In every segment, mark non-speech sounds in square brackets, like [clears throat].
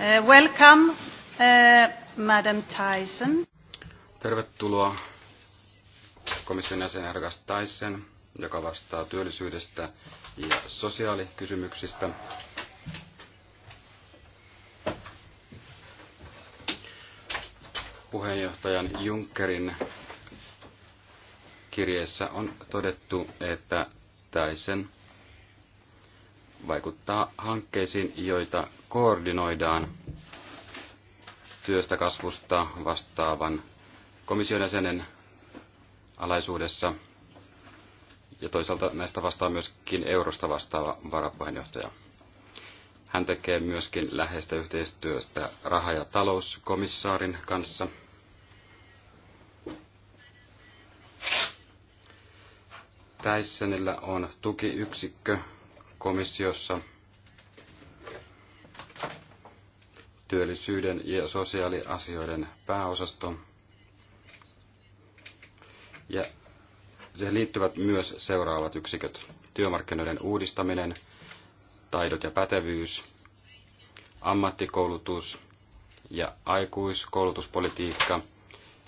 Uh, welcome, uh, Madam Tyson. Tervetuloa komission jäsen Ergas Tyson, joka vastaa työllisyydestä ja sosiaalikysymyksistä. puheenjohtajan Junckerin kirjeessä on todettu, että Täisen vaikuttaa hankkeisiin, joita koordinoidaan työstä kasvusta vastaavan komission jäsenen alaisuudessa. Ja toisaalta näistä vastaa myöskin eurosta vastaava varapuheenjohtaja. Hän tekee myöskin läheistä yhteistyöstä raha- ja talouskomissaarin kanssa. Täissenillä on tukiyksikkö komissiossa työllisyyden ja sosiaaliasioiden pääosasto. Ja siihen liittyvät myös seuraavat yksiköt. Työmarkkinoiden uudistaminen – taidot ja pätevyys, ammattikoulutus ja aikuiskoulutuspolitiikka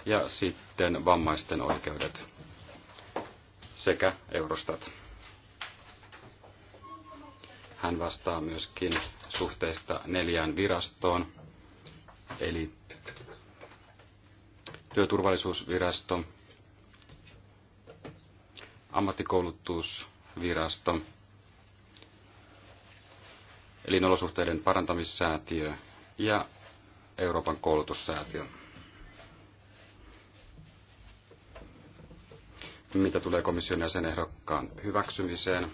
ja sitten vammaisten oikeudet sekä Eurostat. Hän vastaa myöskin suhteesta neljään virastoon, eli työturvallisuusvirasto, ammattikoulutusvirasto, elinolosuhteiden parantamissäätiö ja Euroopan koulutussäätiö. Mitä tulee komission jäsenehdokkaan hyväksymiseen,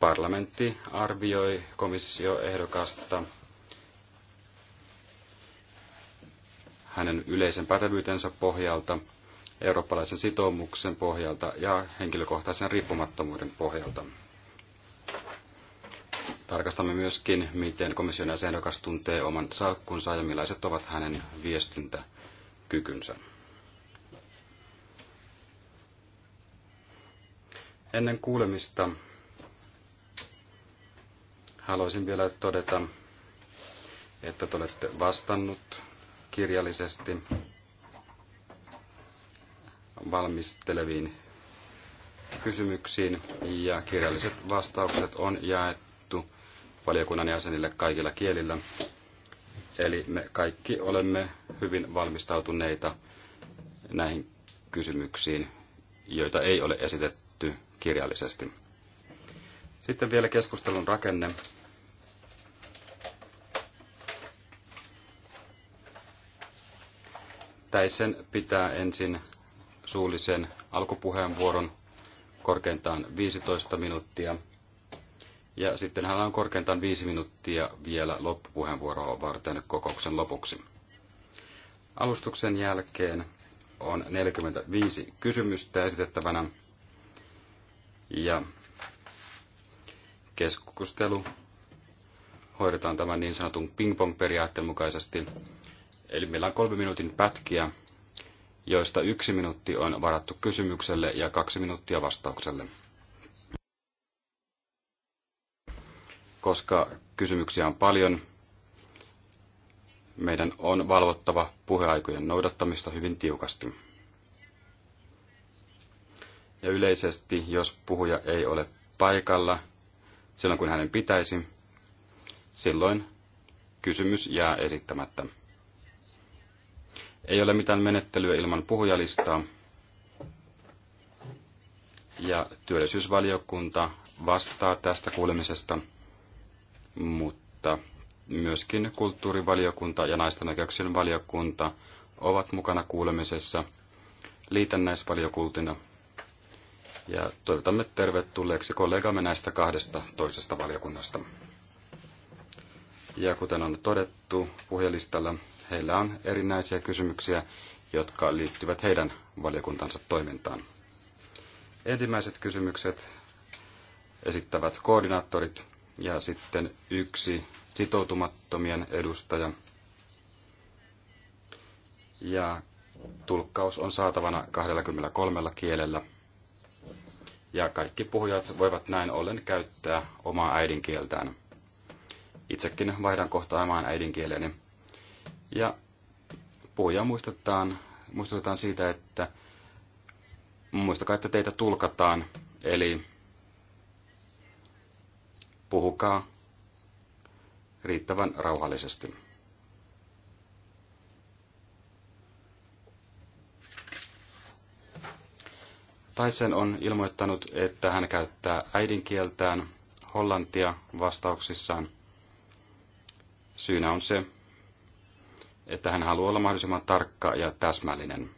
parlamentti arvioi komissioehdokasta hänen yleisen pätevyytensä pohjalta, eurooppalaisen sitoumuksen pohjalta ja henkilökohtaisen riippumattomuuden pohjalta. Tarkastamme myöskin, miten komission jäsenrakas tuntee oman salkkunsa ja millaiset ovat hänen viestintäkykynsä. Ennen kuulemista haluaisin vielä todeta, että te olette vastannut kirjallisesti valmisteleviin kysymyksiin ja kirjalliset vastaukset on jaettu valiokunnan jäsenille kaikilla kielillä. Eli me kaikki olemme hyvin valmistautuneita näihin kysymyksiin, joita ei ole esitetty kirjallisesti. Sitten vielä keskustelun rakenne. Täisen pitää ensin suullisen alkupuheenvuoron korkeintaan 15 minuuttia – ja sitten hänellä on korkeintaan viisi minuuttia vielä loppupuheenvuoroa varten kokouksen lopuksi. Alustuksen jälkeen on 45 kysymystä esitettävänä. Ja keskustelu hoidetaan tämän niin sanotun ping-pong-periaatteen mukaisesti. Eli meillä on kolme minuutin pätkiä, joista yksi minuutti on varattu kysymykselle ja kaksi minuuttia vastaukselle. koska kysymyksiä on paljon. Meidän on valvottava puheaikojen noudattamista hyvin tiukasti. Ja yleisesti, jos puhuja ei ole paikalla silloin, kun hänen pitäisi, silloin kysymys jää esittämättä. Ei ole mitään menettelyä ilman puhujalistaa. Ja työllisyysvaliokunta vastaa tästä kuulemisesta mutta myöskin kulttuurivaliokunta ja naisten oikeuksien valiokunta ovat mukana kuulemisessa liitännäisvaliokuntina. Ja toivotamme tervetulleeksi kollegamme näistä kahdesta toisesta valiokunnasta. Ja kuten on todettu puhelistalla, heillä on erinäisiä kysymyksiä, jotka liittyvät heidän valiokuntansa toimintaan. Ensimmäiset kysymykset esittävät koordinaattorit ja sitten yksi sitoutumattomien edustaja. Ja tulkkaus on saatavana 23 kielellä. Ja kaikki puhujat voivat näin ollen käyttää omaa äidinkieltään. Itsekin vaihdan kohta omaan äidinkieleni. Ja puhuja muistetaan, muistutetaan siitä, että muistakaa, että teitä tulkataan, eli puhukaa riittävän rauhallisesti. Taisen on ilmoittanut, että hän käyttää äidinkieltään hollantia vastauksissaan. Syynä on se, että hän haluaa olla mahdollisimman tarkka ja täsmällinen.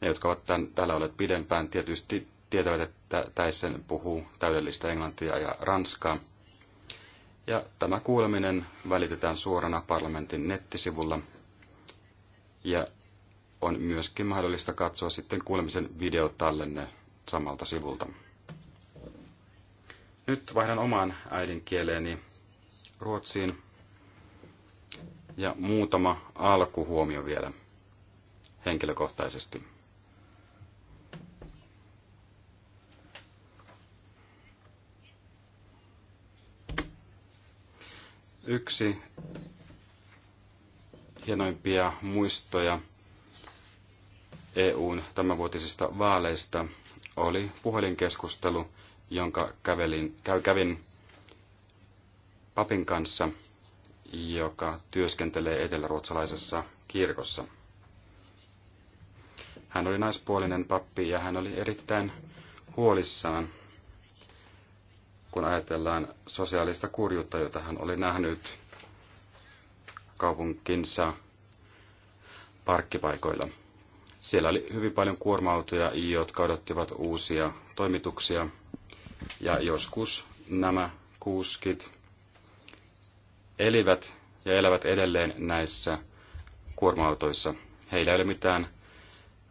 Ne, jotka ovat tämän, täällä olleet pidempään, tietysti tietävät, että Täissen puhuu täydellistä englantia ja ranskaa. Ja tämä kuuleminen välitetään suorana parlamentin nettisivulla. Ja on myöskin mahdollista katsoa sitten kuulemisen videotallenne samalta sivulta. Nyt vaihdan omaan äidinkieleeni ruotsiin. Ja muutama alkuhuomio vielä henkilökohtaisesti. Yksi hienoimpia muistoja EUn tämänvuotisista vaaleista oli puhelinkeskustelu, jonka kävelin, kävin papin kanssa, joka työskentelee eteläruotsalaisessa kirkossa. Hän oli naispuolinen pappi ja hän oli erittäin huolissaan kun ajatellaan sosiaalista kurjuutta, jota hän oli nähnyt kaupunkinsa parkkipaikoilla. Siellä oli hyvin paljon kuorma-autoja, jotka odottivat uusia toimituksia. Ja joskus nämä kuuskit elivät ja elävät edelleen näissä kuorma-autoissa. Heillä ei ole mitään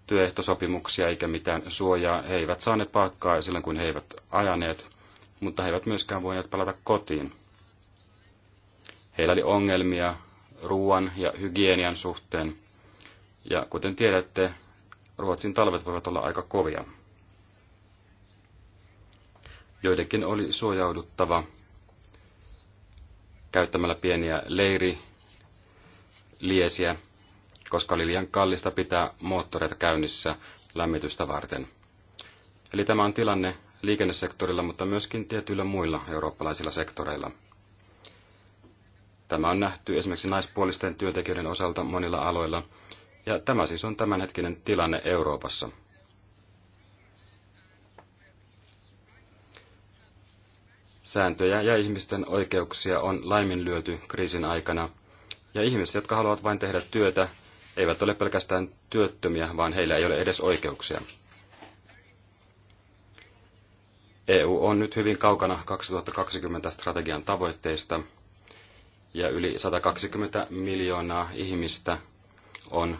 työehtosopimuksia eikä mitään suojaa. He eivät saaneet palkkaa silloin, kun he eivät ajaneet mutta he eivät myöskään voineet palata kotiin. Heillä oli ongelmia ruoan ja hygienian suhteen, ja kuten tiedätte, Ruotsin talvet voivat olla aika kovia. Joidenkin oli suojauduttava käyttämällä pieniä leiriliesiä, koska oli liian kallista pitää moottoreita käynnissä lämmitystä varten. Eli tämä on tilanne, liikennesektorilla, mutta myöskin tietyillä muilla eurooppalaisilla sektoreilla. Tämä on nähty esimerkiksi naispuolisten työntekijöiden osalta monilla aloilla, ja tämä siis on tämänhetkinen tilanne Euroopassa. Sääntöjä ja ihmisten oikeuksia on laiminlyöty kriisin aikana, ja ihmiset, jotka haluavat vain tehdä työtä, eivät ole pelkästään työttömiä, vaan heillä ei ole edes oikeuksia. EU on nyt hyvin kaukana 2020 strategian tavoitteista ja yli 120 miljoonaa ihmistä on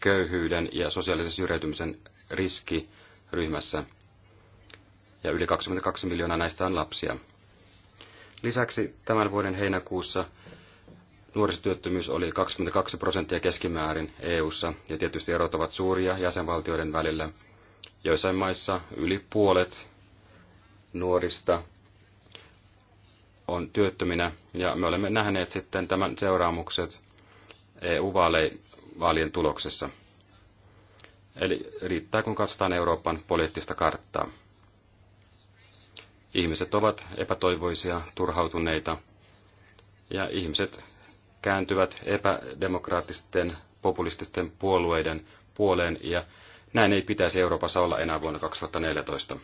köyhyyden ja sosiaalisen syrjäytymisen riskiryhmässä ja yli 22 miljoonaa näistä on lapsia. Lisäksi tämän vuoden heinäkuussa nuorisotyöttömyys oli 22 prosenttia keskimäärin EU:ssa ja tietysti erot ovat suuria jäsenvaltioiden välillä. Joissain maissa yli puolet nuorista on työttöminä ja me olemme nähneet sitten tämän seuraamukset EU-vaalien tuloksessa. Eli riittää, kun katsotaan Euroopan poliittista karttaa. Ihmiset ovat epätoivoisia, turhautuneita ja ihmiset kääntyvät epädemokraattisten populististen puolueiden puoleen ja näin ei pitäisi Euroopassa olla enää vuonna 2014.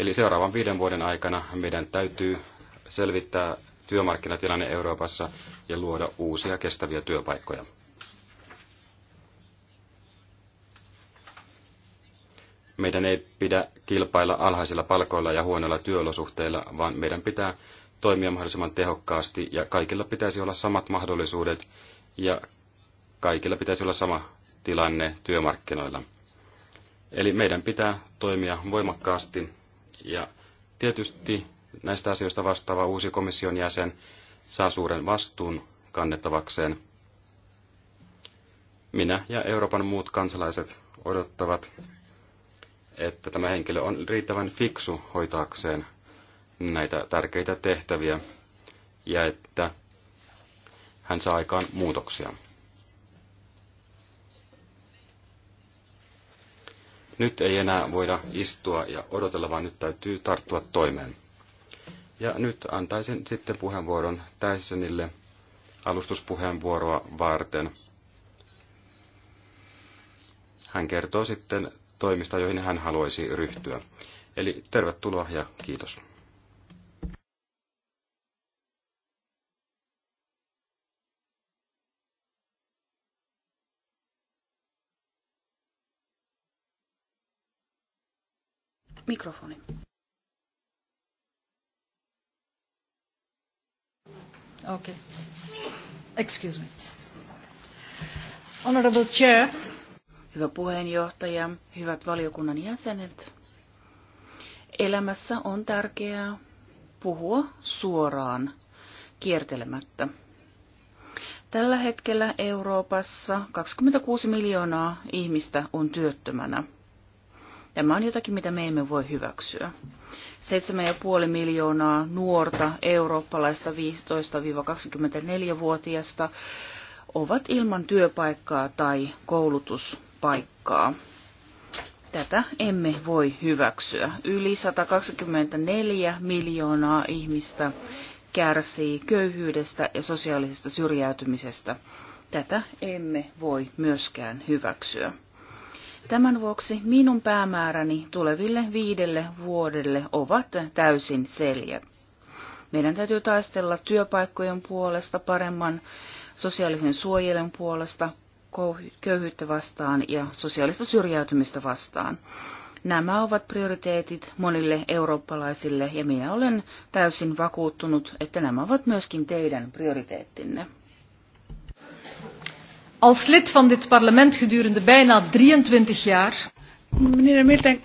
Eli seuraavan viiden vuoden aikana meidän täytyy selvittää työmarkkinatilanne Euroopassa ja luoda uusia kestäviä työpaikkoja. Meidän ei pidä kilpailla alhaisilla palkoilla ja huonoilla työolosuhteilla, vaan meidän pitää toimia mahdollisimman tehokkaasti ja kaikilla pitäisi olla samat mahdollisuudet ja kaikilla pitäisi olla sama tilanne työmarkkinoilla. Eli meidän pitää toimia voimakkaasti ja tietysti näistä asioista vastaava uusi komission jäsen saa suuren vastuun kannettavakseen. Minä ja Euroopan muut kansalaiset odottavat, että tämä henkilö on riittävän fiksu hoitaakseen näitä tärkeitä tehtäviä ja että hän saa aikaan muutoksia. Nyt ei enää voida istua ja odotella, vaan nyt täytyy tarttua toimeen. Ja nyt antaisin sitten puheenvuoron täysenille alustuspuheenvuoroa varten. Hän kertoo sitten toimista, joihin hän haluaisi ryhtyä. Eli tervetuloa ja kiitos. Mikrofoni. Okay. Excuse me. Honorable Chair. Hyvä puheenjohtaja, hyvät valiokunnan jäsenet. Elämässä on tärkeää puhua suoraan, kiertelemättä. Tällä hetkellä Euroopassa 26 miljoonaa ihmistä on työttömänä. Tämä on jotakin, mitä me emme voi hyväksyä. 7,5 miljoonaa nuorta eurooppalaista 15-24-vuotiasta ovat ilman työpaikkaa tai koulutuspaikkaa. Tätä emme voi hyväksyä. Yli 124 miljoonaa ihmistä kärsii köyhyydestä ja sosiaalisesta syrjäytymisestä. Tätä emme voi myöskään hyväksyä. Tämän vuoksi minun päämääräni tuleville viidelle vuodelle ovat täysin selje. Meidän täytyy taistella työpaikkojen puolesta, paremman sosiaalisen suojelun puolesta, köyhyyttä vastaan ja sosiaalista syrjäytymistä vastaan. Nämä ovat prioriteetit monille eurooppalaisille ja minä olen täysin vakuuttunut, että nämä ovat myöskin teidän prioriteettinne. Als lid van dit parlement gedurende bijna 23 jaar. Niin, miltei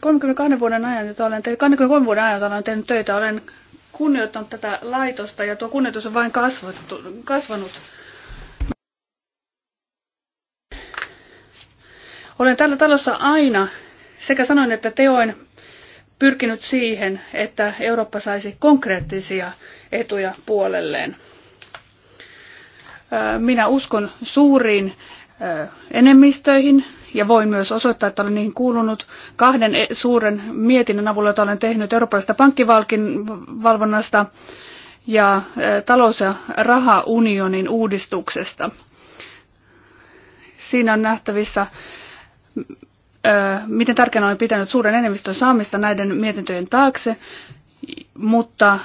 32 vuoden ajan, jota olen tehnyt, 23 vuoden ajan, jota olen tehnyt töitä, olen kunnioittanut tätä laitosta ja tuo kunnioitus on vain kasvattu, kasvanut. Olen tällä talossa aina sekä sanoin että teoin pyrkinyt siihen, että Eurooppa saisi konkreettisia etuja puolelleen. Minä uskon suuriin enemmistöihin ja voin myös osoittaa, että olen niihin kuulunut kahden e-, suuren mietinnön avulla, jota olen tehnyt eurooppalaisesta pankkivalvonnasta ja talous- ja rahaunionin uudistuksesta. Siinä on nähtävissä, miten tärkeänä olen pitänyt suuren enemmistön saamista näiden mietintöjen taakse, mutta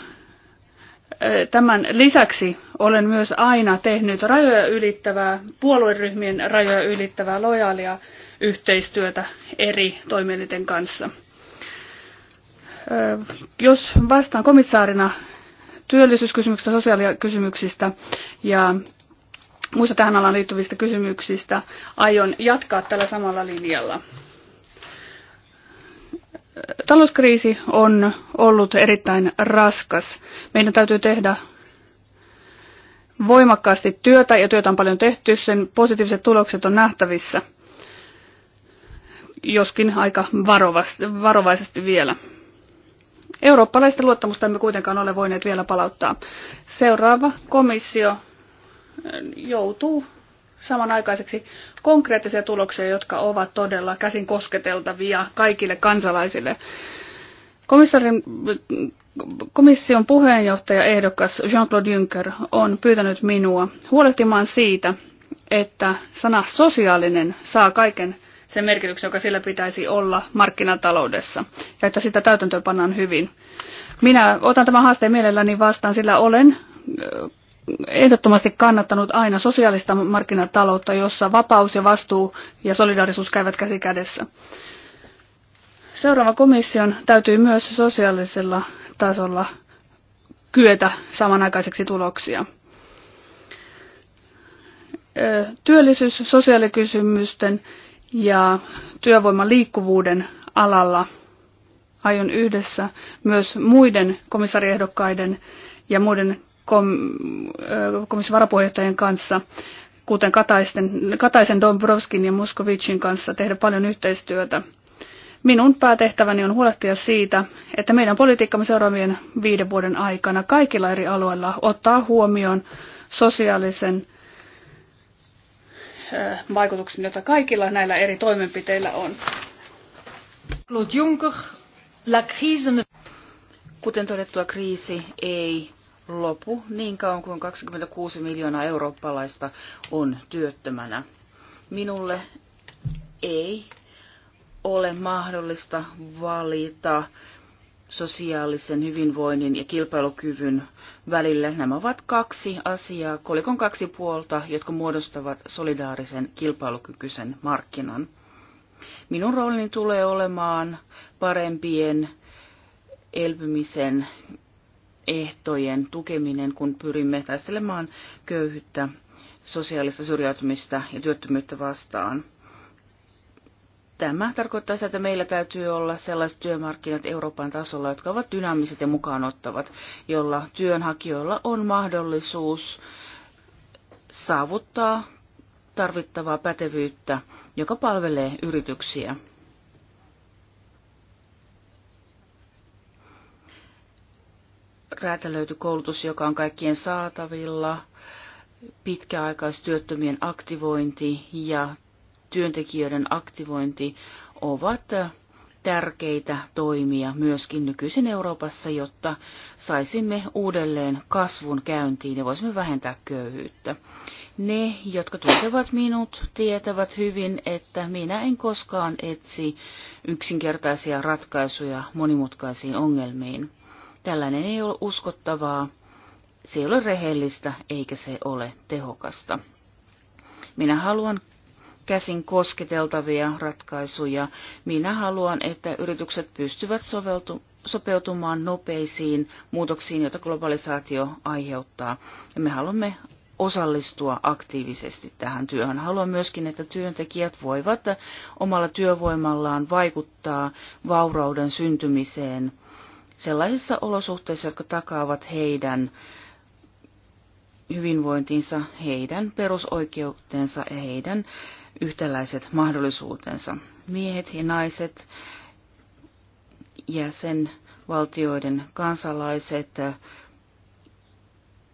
Tämän lisäksi olen myös aina tehnyt rajoja ylittävää, puolueryhmien rajoja ylittävää lojaalia yhteistyötä eri toimielinten kanssa. Jos vastaan komissaarina työllisyyskysymyksistä, sosiaalikysymyksistä ja muista tähän alaan liittyvistä kysymyksistä, aion jatkaa tällä samalla linjalla talouskriisi on ollut erittäin raskas. Meidän täytyy tehdä voimakkaasti työtä ja työtä on paljon tehty, sen positiiviset tulokset on nähtävissä, joskin aika varovaisesti vielä. Eurooppalaista luottamusta emme kuitenkaan ole voineet vielä palauttaa. Seuraava komissio joutuu samanaikaiseksi konkreettisia tuloksia, jotka ovat todella käsin kosketeltavia kaikille kansalaisille. Komissarin, komission puheenjohtaja ehdokas Jean-Claude Juncker on pyytänyt minua huolehtimaan siitä, että sana sosiaalinen saa kaiken sen merkityksen, joka sillä pitäisi olla markkinataloudessa, ja että sitä täytäntöön pannaan hyvin. Minä otan tämän haasteen mielelläni vastaan, sillä olen ehdottomasti kannattanut aina sosiaalista markkinataloutta, jossa vapaus ja vastuu ja solidaarisuus käyvät käsi kädessä. Seuraava komission täytyy myös sosiaalisella tasolla kyetä samanaikaiseksi tuloksia. Työllisyys, sosiaalikysymysten ja työvoiman liikkuvuuden alalla aion yhdessä myös muiden komissariehdokkaiden ja muiden komission varapuheenjohtajien kanssa, kuten Kataisen, Kataisen Dombrovskin ja Muskovicin kanssa, tehdä paljon yhteistyötä. Minun päätehtäväni on huolehtia siitä, että meidän politiikkamme seuraavien viiden vuoden aikana kaikilla eri alueilla ottaa huomioon sosiaalisen vaikutuksen, jota kaikilla näillä eri toimenpiteillä on. Claude Juncker, la Kuten todettua, kriisi ei lopu niin kauan kuin 26 miljoonaa eurooppalaista on työttömänä. Minulle ei ole mahdollista valita sosiaalisen hyvinvoinnin ja kilpailukyvyn välille. Nämä ovat kaksi asiaa, kolikon kaksi puolta, jotka muodostavat solidaarisen kilpailukykyisen markkinan. Minun roolini tulee olemaan parempien elpymisen ehtojen tukeminen, kun pyrimme taistelemaan köyhyyttä, sosiaalista syrjäytymistä ja työttömyyttä vastaan. Tämä tarkoittaa sitä, että meillä täytyy olla sellaiset työmarkkinat Euroopan tasolla, jotka ovat dynaamiset ja mukaanottavat, jolla työnhakijoilla on mahdollisuus saavuttaa tarvittavaa pätevyyttä, joka palvelee yrityksiä. räätälöity koulutus, joka on kaikkien saatavilla, pitkäaikaistyöttömien aktivointi ja työntekijöiden aktivointi ovat tärkeitä toimia myöskin nykyisin Euroopassa, jotta saisimme uudelleen kasvun käyntiin ja voisimme vähentää köyhyyttä. Ne, jotka tuntevat minut, tietävät hyvin, että minä en koskaan etsi yksinkertaisia ratkaisuja monimutkaisiin ongelmiin. Tällainen ei ole uskottavaa, se ei ole rehellistä eikä se ole tehokasta. Minä haluan käsin kosketeltavia ratkaisuja. Minä haluan, että yritykset pystyvät soveltu, sopeutumaan nopeisiin muutoksiin, joita globalisaatio aiheuttaa. Ja me haluamme osallistua aktiivisesti tähän työhön. Haluan myöskin, että työntekijät voivat omalla työvoimallaan vaikuttaa vaurauden syntymiseen sellaisissa olosuhteissa, jotka takaavat heidän hyvinvointinsa, heidän perusoikeutensa ja heidän yhtäläiset mahdollisuutensa. Miehet ja naiset, jäsenvaltioiden kansalaiset,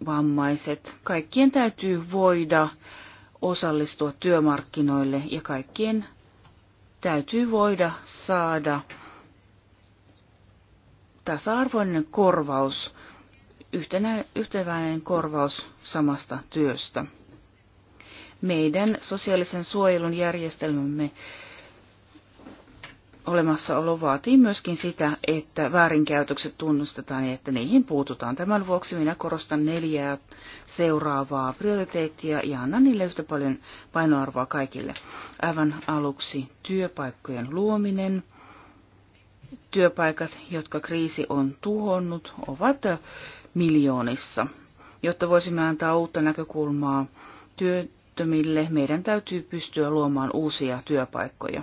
vammaiset, kaikkien täytyy voida osallistua työmarkkinoille ja kaikkien täytyy voida saada tasa-arvoinen korvaus, yhtenä, yhtenäinen korvaus samasta työstä. Meidän sosiaalisen suojelun järjestelmämme olemassaolo vaatii myöskin sitä, että väärinkäytökset tunnustetaan ja että niihin puututaan. Tämän vuoksi minä korostan neljää seuraavaa prioriteettia ja annan niille yhtä paljon painoarvoa kaikille. Aivan aluksi työpaikkojen luominen – työpaikat, jotka kriisi on tuhonnut, ovat miljoonissa. Jotta voisimme antaa uutta näkökulmaa työttömille, meidän täytyy pystyä luomaan uusia työpaikkoja.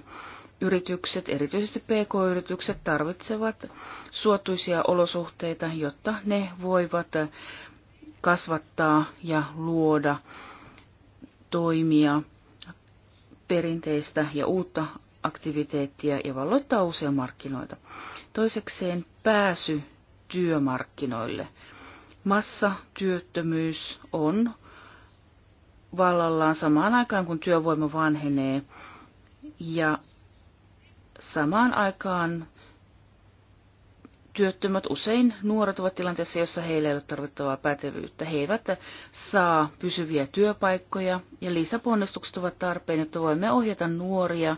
Yritykset, erityisesti pk-yritykset, tarvitsevat suotuisia olosuhteita, jotta ne voivat kasvattaa ja luoda toimia perinteistä ja uutta aktiviteettia ja valloittaa uusia markkinoita. Toisekseen pääsy työmarkkinoille. Massa työttömyys on vallallaan samaan aikaan, kun työvoima vanhenee ja samaan aikaan työttömät, usein nuoret ovat tilanteessa, jossa heillä ei ole tarvittavaa pätevyyttä. He eivät saa pysyviä työpaikkoja ja lisäponnistukset ovat tarpeen, että voimme ohjata nuoria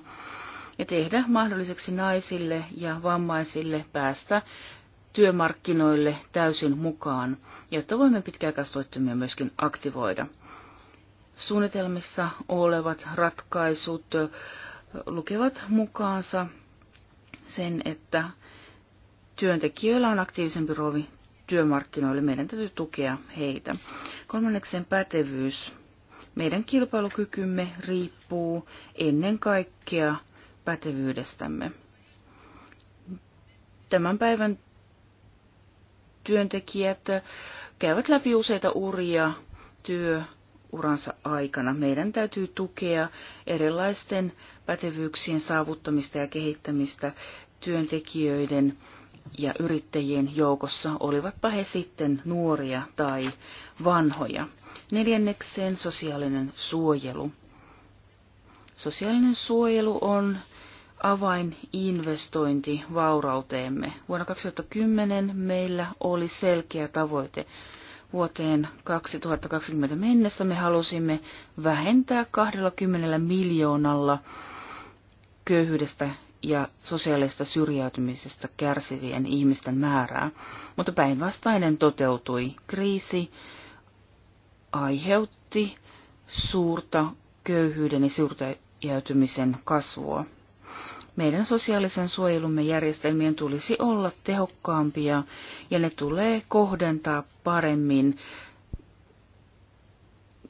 ja tehdä mahdolliseksi naisille ja vammaisille päästä työmarkkinoille täysin mukaan, jotta voimme pitkäaikaistoittumia myöskin aktivoida. Suunnitelmissa olevat ratkaisut lukevat mukaansa sen, että työntekijöillä on aktiivisempi rooli työmarkkinoille. Meidän täytyy tukea heitä. Kolmannekseen pätevyys. Meidän kilpailukykymme riippuu ennen kaikkea pätevyydestämme. Tämän päivän työntekijät käyvät läpi useita uria työuransa aikana. Meidän täytyy tukea erilaisten pätevyyksien saavuttamista ja kehittämistä työntekijöiden ja yrittäjien joukossa, olivatpa he sitten nuoria tai vanhoja. Neljännekseen sosiaalinen suojelu. Sosiaalinen suojelu on avaininvestointi vaurauteemme. Vuonna 2010 meillä oli selkeä tavoite. Vuoteen 2020 mennessä me halusimme vähentää 20 miljoonalla köyhyydestä ja sosiaalista syrjäytymisestä kärsivien ihmisten määrää, mutta päinvastainen toteutui. Kriisi aiheutti suurta köyhyyden ja syrjäytymisen kasvua meidän sosiaalisen suojelumme järjestelmien tulisi olla tehokkaampia ja ne tulee kohdentaa paremmin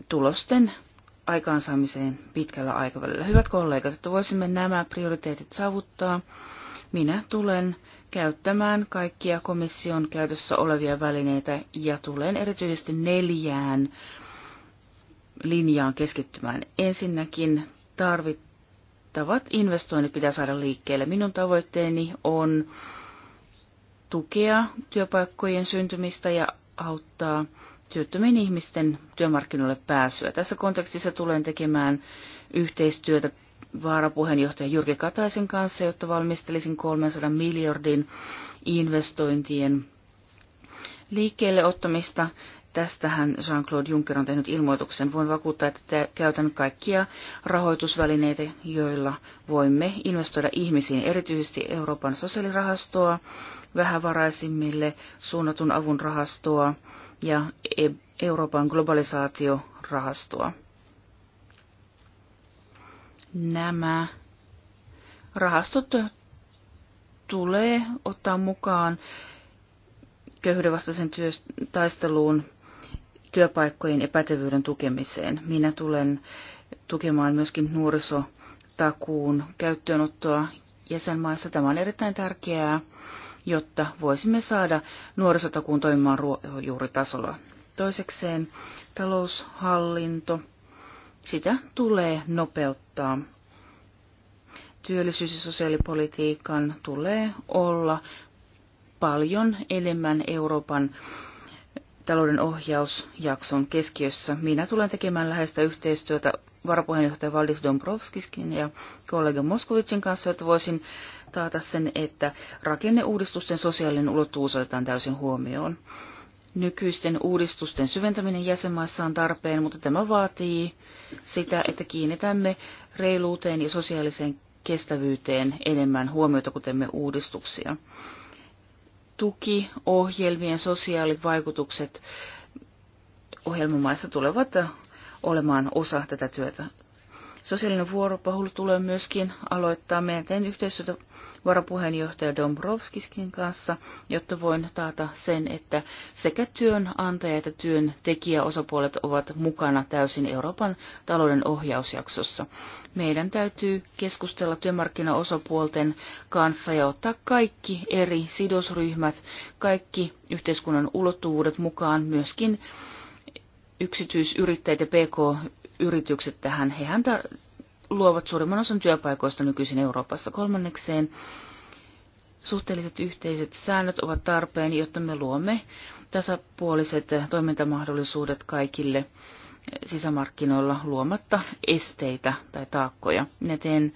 tulosten aikaansaamiseen pitkällä aikavälillä. Hyvät kollegat, että voisimme nämä prioriteetit saavuttaa, minä tulen käyttämään kaikkia komission käytössä olevia välineitä ja tulen erityisesti neljään linjaan keskittymään. Ensinnäkin tarvit, kattavat investoinnit pitää saada liikkeelle. Minun tavoitteeni on tukea työpaikkojen syntymistä ja auttaa työttömien ihmisten työmarkkinoille pääsyä. Tässä kontekstissa tulen tekemään yhteistyötä vaarapuheenjohtaja Jyrki Kataisen kanssa, jotta valmistelisin 300 miljardin investointien liikkeelle ottamista Tästähän Jean-Claude Juncker on tehnyt ilmoituksen. Voin vakuuttaa, että käytän kaikkia rahoitusvälineitä, joilla voimme investoida ihmisiin, erityisesti Euroopan sosiaalirahastoa, vähävaraisimmille suunnatun avun rahastoa ja e- Euroopan globalisaatiorahastoa. Nämä rahastot tulee ottaa mukaan köyhyydenvastaisen taisteluun työpaikkojen ja pätevyyden tukemiseen. Minä tulen tukemaan myöskin nuorisotakuun käyttöönottoa jäsenmaissa. Tämä on erittäin tärkeää, jotta voisimme saada nuorisotakuun toimimaan ruohonjuuritasolla. Toisekseen taloushallinto. Sitä tulee nopeuttaa. Työllisyys- ja sosiaalipolitiikan tulee olla paljon enemmän Euroopan talouden ohjausjakson keskiössä. Minä tulen tekemään läheistä yhteistyötä varapuheenjohtaja Valdis Dombrovskiskin ja kollega Moskovitsin kanssa, jotta voisin taata sen, että rakenneuudistusten sosiaalinen ulottuvuus otetaan täysin huomioon. Nykyisten uudistusten syventäminen jäsenmaissa on tarpeen, mutta tämä vaatii sitä, että kiinnitämme reiluuteen ja sosiaaliseen kestävyyteen enemmän huomiota, kuten me uudistuksia tukiohjelmien sosiaaliset vaikutukset ohjelmamaissa tulevat olemaan osa tätä työtä. Sosiaalinen vuoropuhelu tulee myöskin aloittaa meidän teen yhteistyötä varapuheenjohtaja Dombrovskiskin kanssa, jotta voin taata sen, että sekä työnantaja että osapuolet ovat mukana täysin Euroopan talouden ohjausjaksossa. Meidän täytyy keskustella työmarkkinaosapuolten kanssa ja ottaa kaikki eri sidosryhmät, kaikki yhteiskunnan ulottuvuudet mukaan myöskin yksityisyrittäjät ja pk yritykset tähän. Hehän luovat suurimman osan työpaikoista nykyisin Euroopassa. Kolmannekseen suhteelliset yhteiset säännöt ovat tarpeen, jotta me luomme tasapuoliset toimintamahdollisuudet kaikille sisämarkkinoilla luomatta esteitä tai taakkoja. Minä teen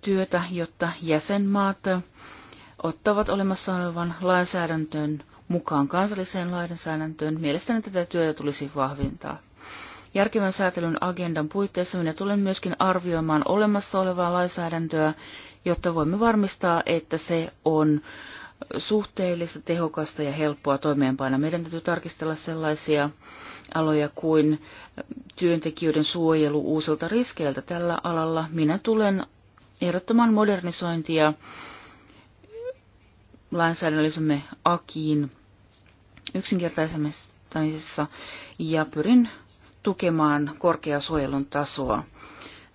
työtä, jotta jäsenmaat ottavat olemassa olevan lainsäädäntöön mukaan kansalliseen lainsäädäntöön. Mielestäni tätä työtä tulisi vahvintaa Järkevän säätelyn agendan puitteissa minä tulen myöskin arvioimaan olemassa olevaa lainsäädäntöä, jotta voimme varmistaa, että se on suhteellista, tehokasta ja helppoa toimeenpana. Meidän täytyy tarkistella sellaisia aloja kuin työntekijöiden suojelu uusilta riskeiltä tällä alalla. Minä tulen ehdottamaan modernisointia lainsäädännöllisemme akiin yksinkertaisemmissa ja pyrin tukemaan korkeasuojelun tasoa.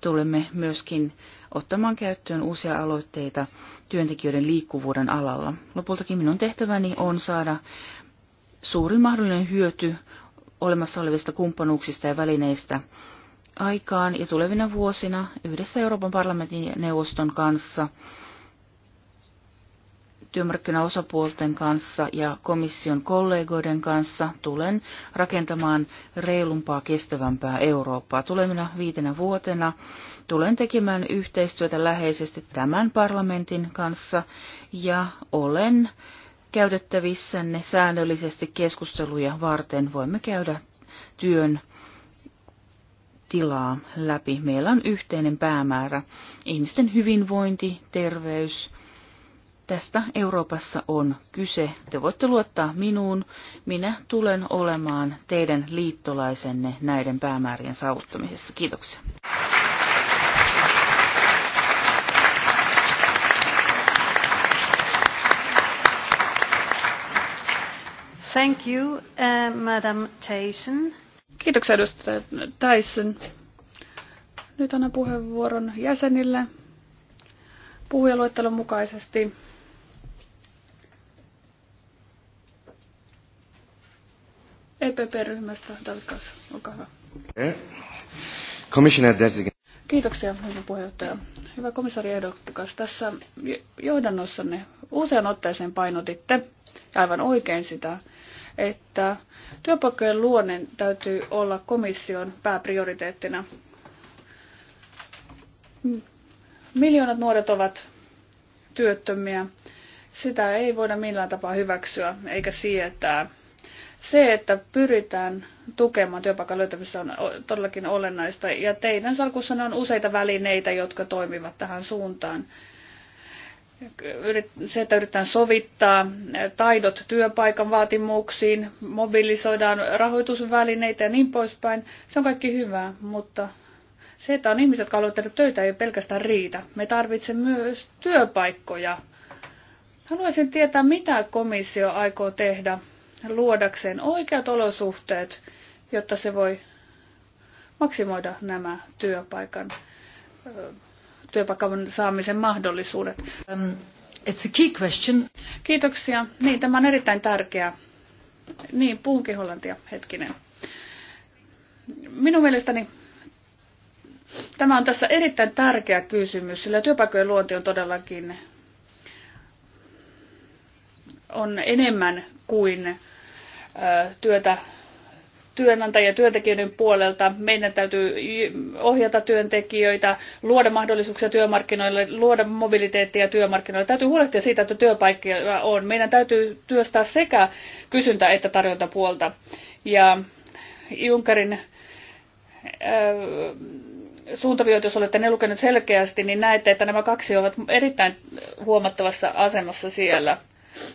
Tulemme myöskin ottamaan käyttöön uusia aloitteita työntekijöiden liikkuvuuden alalla. Lopultakin minun tehtäväni on saada suurin mahdollinen hyöty olemassa olevista kumppanuuksista ja välineistä aikaan ja tulevina vuosina yhdessä Euroopan parlamentin ja neuvoston kanssa – työmarkkinaosapuolten kanssa ja komission kollegoiden kanssa tulen rakentamaan reilumpaa, kestävämpää Eurooppaa. Tulemina viitenä vuotena tulen tekemään yhteistyötä läheisesti tämän parlamentin kanssa ja olen käytettävissänne säännöllisesti keskusteluja varten. Voimme käydä työn tilaa läpi. Meillä on yhteinen päämäärä. Ihmisten hyvinvointi, terveys, Tästä Euroopassa on kyse. Te voitte luottaa minuun. Minä tulen olemaan teidän liittolaisenne näiden päämäärien saavuttamisessa. Kiitoksia. Thank you, uh, Madam Tyson. Kiitoksia edustaja Tyson. Nyt annan puheenvuoron jäsenille puhujaluettelon mukaisesti. EPP-ryhmästä David olkaa hyvä. Eh? Commissioner designate. Kiitoksia, hyvä puheenjohtaja. Hyvä komissaari ehdokkas, tässä johdannossanne usean otteeseen painotitte, ja aivan oikein sitä, että työpaikkojen luonne täytyy olla komission pääprioriteettina. Miljoonat nuoret ovat työttömiä. Sitä ei voida millään tapaa hyväksyä eikä sietää. Se, että pyritään tukemaan työpaikan löytämistä on todellakin olennaista ja teidän salkussa on useita välineitä, jotka toimivat tähän suuntaan se, että yritetään sovittaa taidot työpaikan vaatimuksiin, mobilisoidaan rahoitusvälineitä ja niin poispäin, se on kaikki hyvää, mutta se, että on ihmiset, jotka haluavat tehdä töitä, ei pelkästään riitä. Me tarvitsemme myös työpaikkoja. Haluaisin tietää, mitä komissio aikoo tehdä luodakseen oikeat olosuhteet, jotta se voi maksimoida nämä työpaikan, työpaikan saamisen mahdollisuudet. Um, it's a key question. Kiitoksia. Niin, tämä on erittäin tärkeä. Niin, puhunkin hollantia hetkinen. Minun mielestäni tämä on tässä erittäin tärkeä kysymys, sillä työpaikkojen luonti on todellakin on enemmän kuin työtä työnantajien ja työntekijöiden puolelta. Meidän täytyy ohjata työntekijöitä, luoda mahdollisuuksia työmarkkinoille, luoda mobiliteettia työmarkkinoille. Täytyy huolehtia siitä, että työpaikkoja on. Meidän täytyy työstää sekä kysyntä- että tarjontapuolta. Ja Junkerin suuntaviot, jos olette ne lukenut selkeästi, niin näette, että nämä kaksi ovat erittäin huomattavassa asemassa siellä.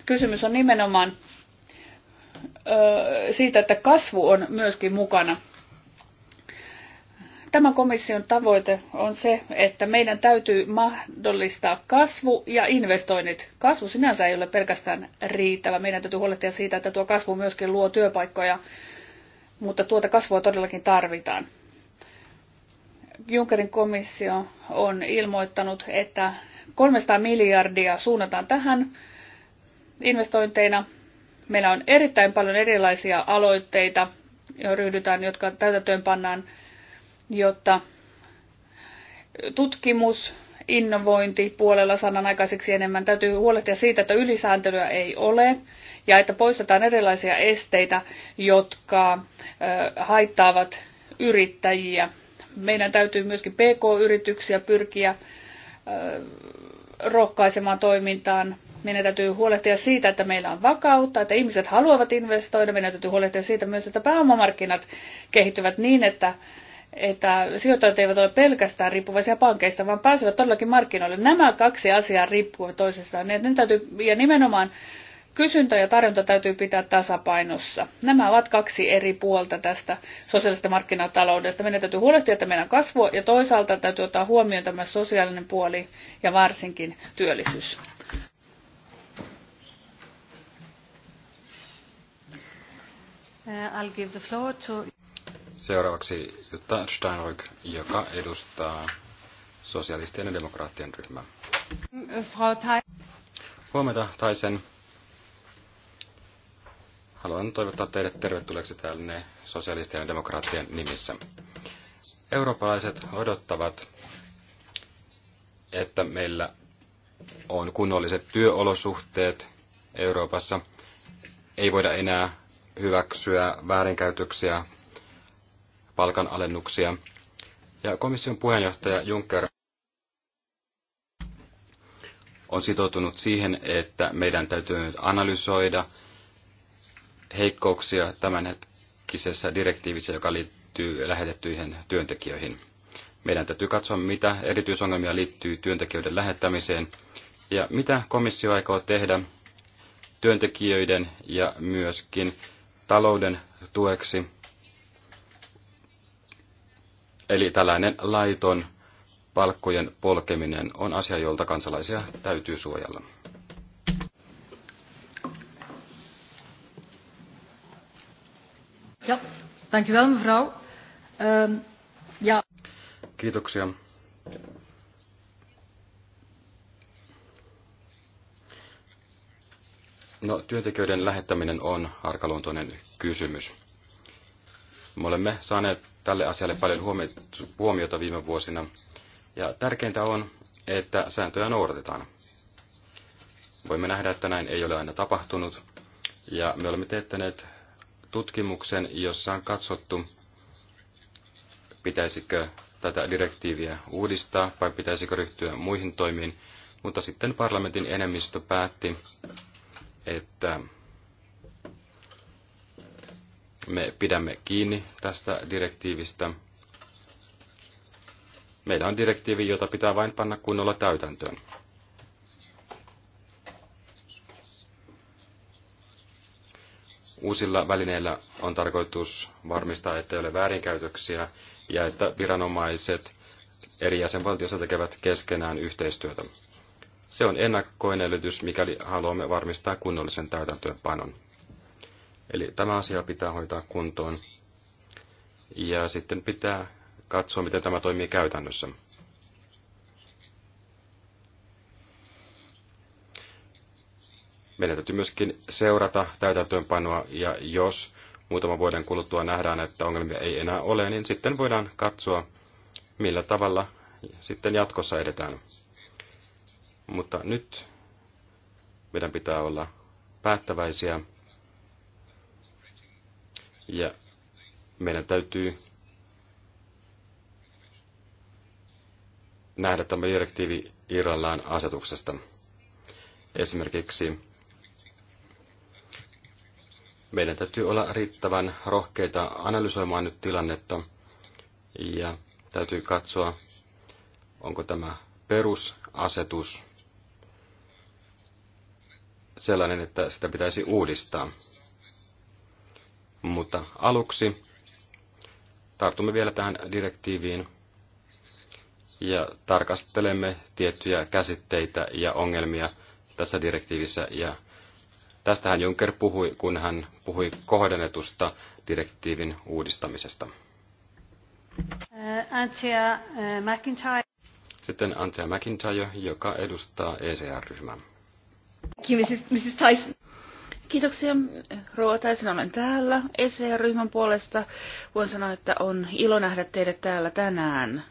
Kysymys on nimenomaan siitä, että kasvu on myöskin mukana. Tämä komission tavoite on se, että meidän täytyy mahdollistaa kasvu ja investoinnit. Kasvu sinänsä ei ole pelkästään riittävä. Meidän täytyy huolehtia siitä, että tuo kasvu myöskin luo työpaikkoja, mutta tuota kasvua todellakin tarvitaan. Junckerin komissio on ilmoittanut, että 300 miljardia suunnataan tähän investointeina Meillä on erittäin paljon erilaisia aloitteita, joihin ryhdytään, jotka täytäntöön pannaan, jotta tutkimus, innovointi puolella saadaan aikaiseksi enemmän. Täytyy huolehtia siitä, että ylisääntelyä ei ole ja että poistetaan erilaisia esteitä, jotka haittaavat yrittäjiä. Meidän täytyy myöskin PK-yrityksiä pyrkiä rohkaisemaan toimintaan meidän täytyy huolehtia siitä, että meillä on vakautta, että ihmiset haluavat investoida. Meidän täytyy huolehtia siitä myös, että pääomamarkkinat kehittyvät niin, että, että sijoittajat eivät ole pelkästään riippuvaisia pankeista, vaan pääsevät todellakin markkinoille. Nämä kaksi asiaa riippuvat toisistaan. Ne niin, täytyy, ja nimenomaan kysyntä ja tarjonta täytyy pitää tasapainossa. Nämä ovat kaksi eri puolta tästä sosiaalisesta markkinataloudesta. Meidän täytyy huolehtia, että meidän kasvua ja toisaalta täytyy ottaa huomioon tämä sosiaalinen puoli ja varsinkin työllisyys. Uh, I'll give the floor to... Seuraavaksi Jutta Steinrück, joka edustaa sosialistien ja demokraattien ryhmää. Frau Thein. Huomenta, Taisen. Haluan toivottaa teidät tervetulleeksi tänne sosialistien ja demokraattien nimissä. Eurooppalaiset odottavat, että meillä on kunnolliset työolosuhteet Euroopassa. Ei voida enää hyväksyä väärinkäytöksiä, palkanalennuksia. Ja komission puheenjohtaja Juncker on sitoutunut siihen, että meidän täytyy nyt analysoida heikkouksia tämänhetkisessä direktiivissä, joka liittyy lähetettyihin työntekijöihin. Meidän täytyy katsoa, mitä erityisongelmia liittyy työntekijöiden lähettämiseen ja mitä komissio aikoo tehdä työntekijöiden ja myöskin talouden tueksi. Eli tällainen laiton palkkojen polkeminen on asia, jolta kansalaisia täytyy suojella. Ja, dank u wel mevrouw. Uh, ja. Kiitoksia. No, työntekijöiden lähettäminen on arkaluontoinen kysymys. Me olemme saaneet tälle asialle paljon huomiota viime vuosina, ja tärkeintä on, että sääntöjä noudatetaan. Voimme nähdä, että näin ei ole aina tapahtunut, ja me olemme teettäneet tutkimuksen, jossa on katsottu, pitäisikö tätä direktiiviä uudistaa vai pitäisikö ryhtyä muihin toimiin, mutta sitten parlamentin enemmistö päätti, että me pidämme kiinni tästä direktiivistä. Meillä on direktiivi, jota pitää vain panna kunnolla täytäntöön. Uusilla välineillä on tarkoitus varmistaa, että ei ole väärinkäytöksiä ja että viranomaiset eri jäsenvaltioissa tekevät keskenään yhteistyötä. Se on ennakkoinen edellytys, mikäli haluamme varmistaa kunnollisen täytäntöönpanon. Eli tämä asia pitää hoitaa kuntoon. Ja sitten pitää katsoa, miten tämä toimii käytännössä. Meidän täytyy myöskin seurata täytäntöönpanoa, ja jos muutaman vuoden kuluttua nähdään, että ongelmia ei enää ole, niin sitten voidaan katsoa, millä tavalla sitten jatkossa edetään. Mutta nyt meidän pitää olla päättäväisiä ja meidän täytyy nähdä tämä direktiivi irrallaan asetuksesta. Esimerkiksi meidän täytyy olla riittävän rohkeita analysoimaan nyt tilannetta ja täytyy katsoa, onko tämä perusasetus sellainen, että sitä pitäisi uudistaa. Mutta aluksi tartumme vielä tähän direktiiviin ja tarkastelemme tiettyjä käsitteitä ja ongelmia tässä direktiivissä. Ja tästähän Juncker puhui, kun hän puhui kohdennetusta direktiivin uudistamisesta. Äh, Antia äh, McIntyre. Sitten Antia McIntyre, joka edustaa ECR-ryhmää. Mrs. Tyson. Kiitoksia. Rouva Tyson, olen täällä ECR-ryhmän puolesta. Voin sanoa, että on ilo nähdä teidät täällä tänään.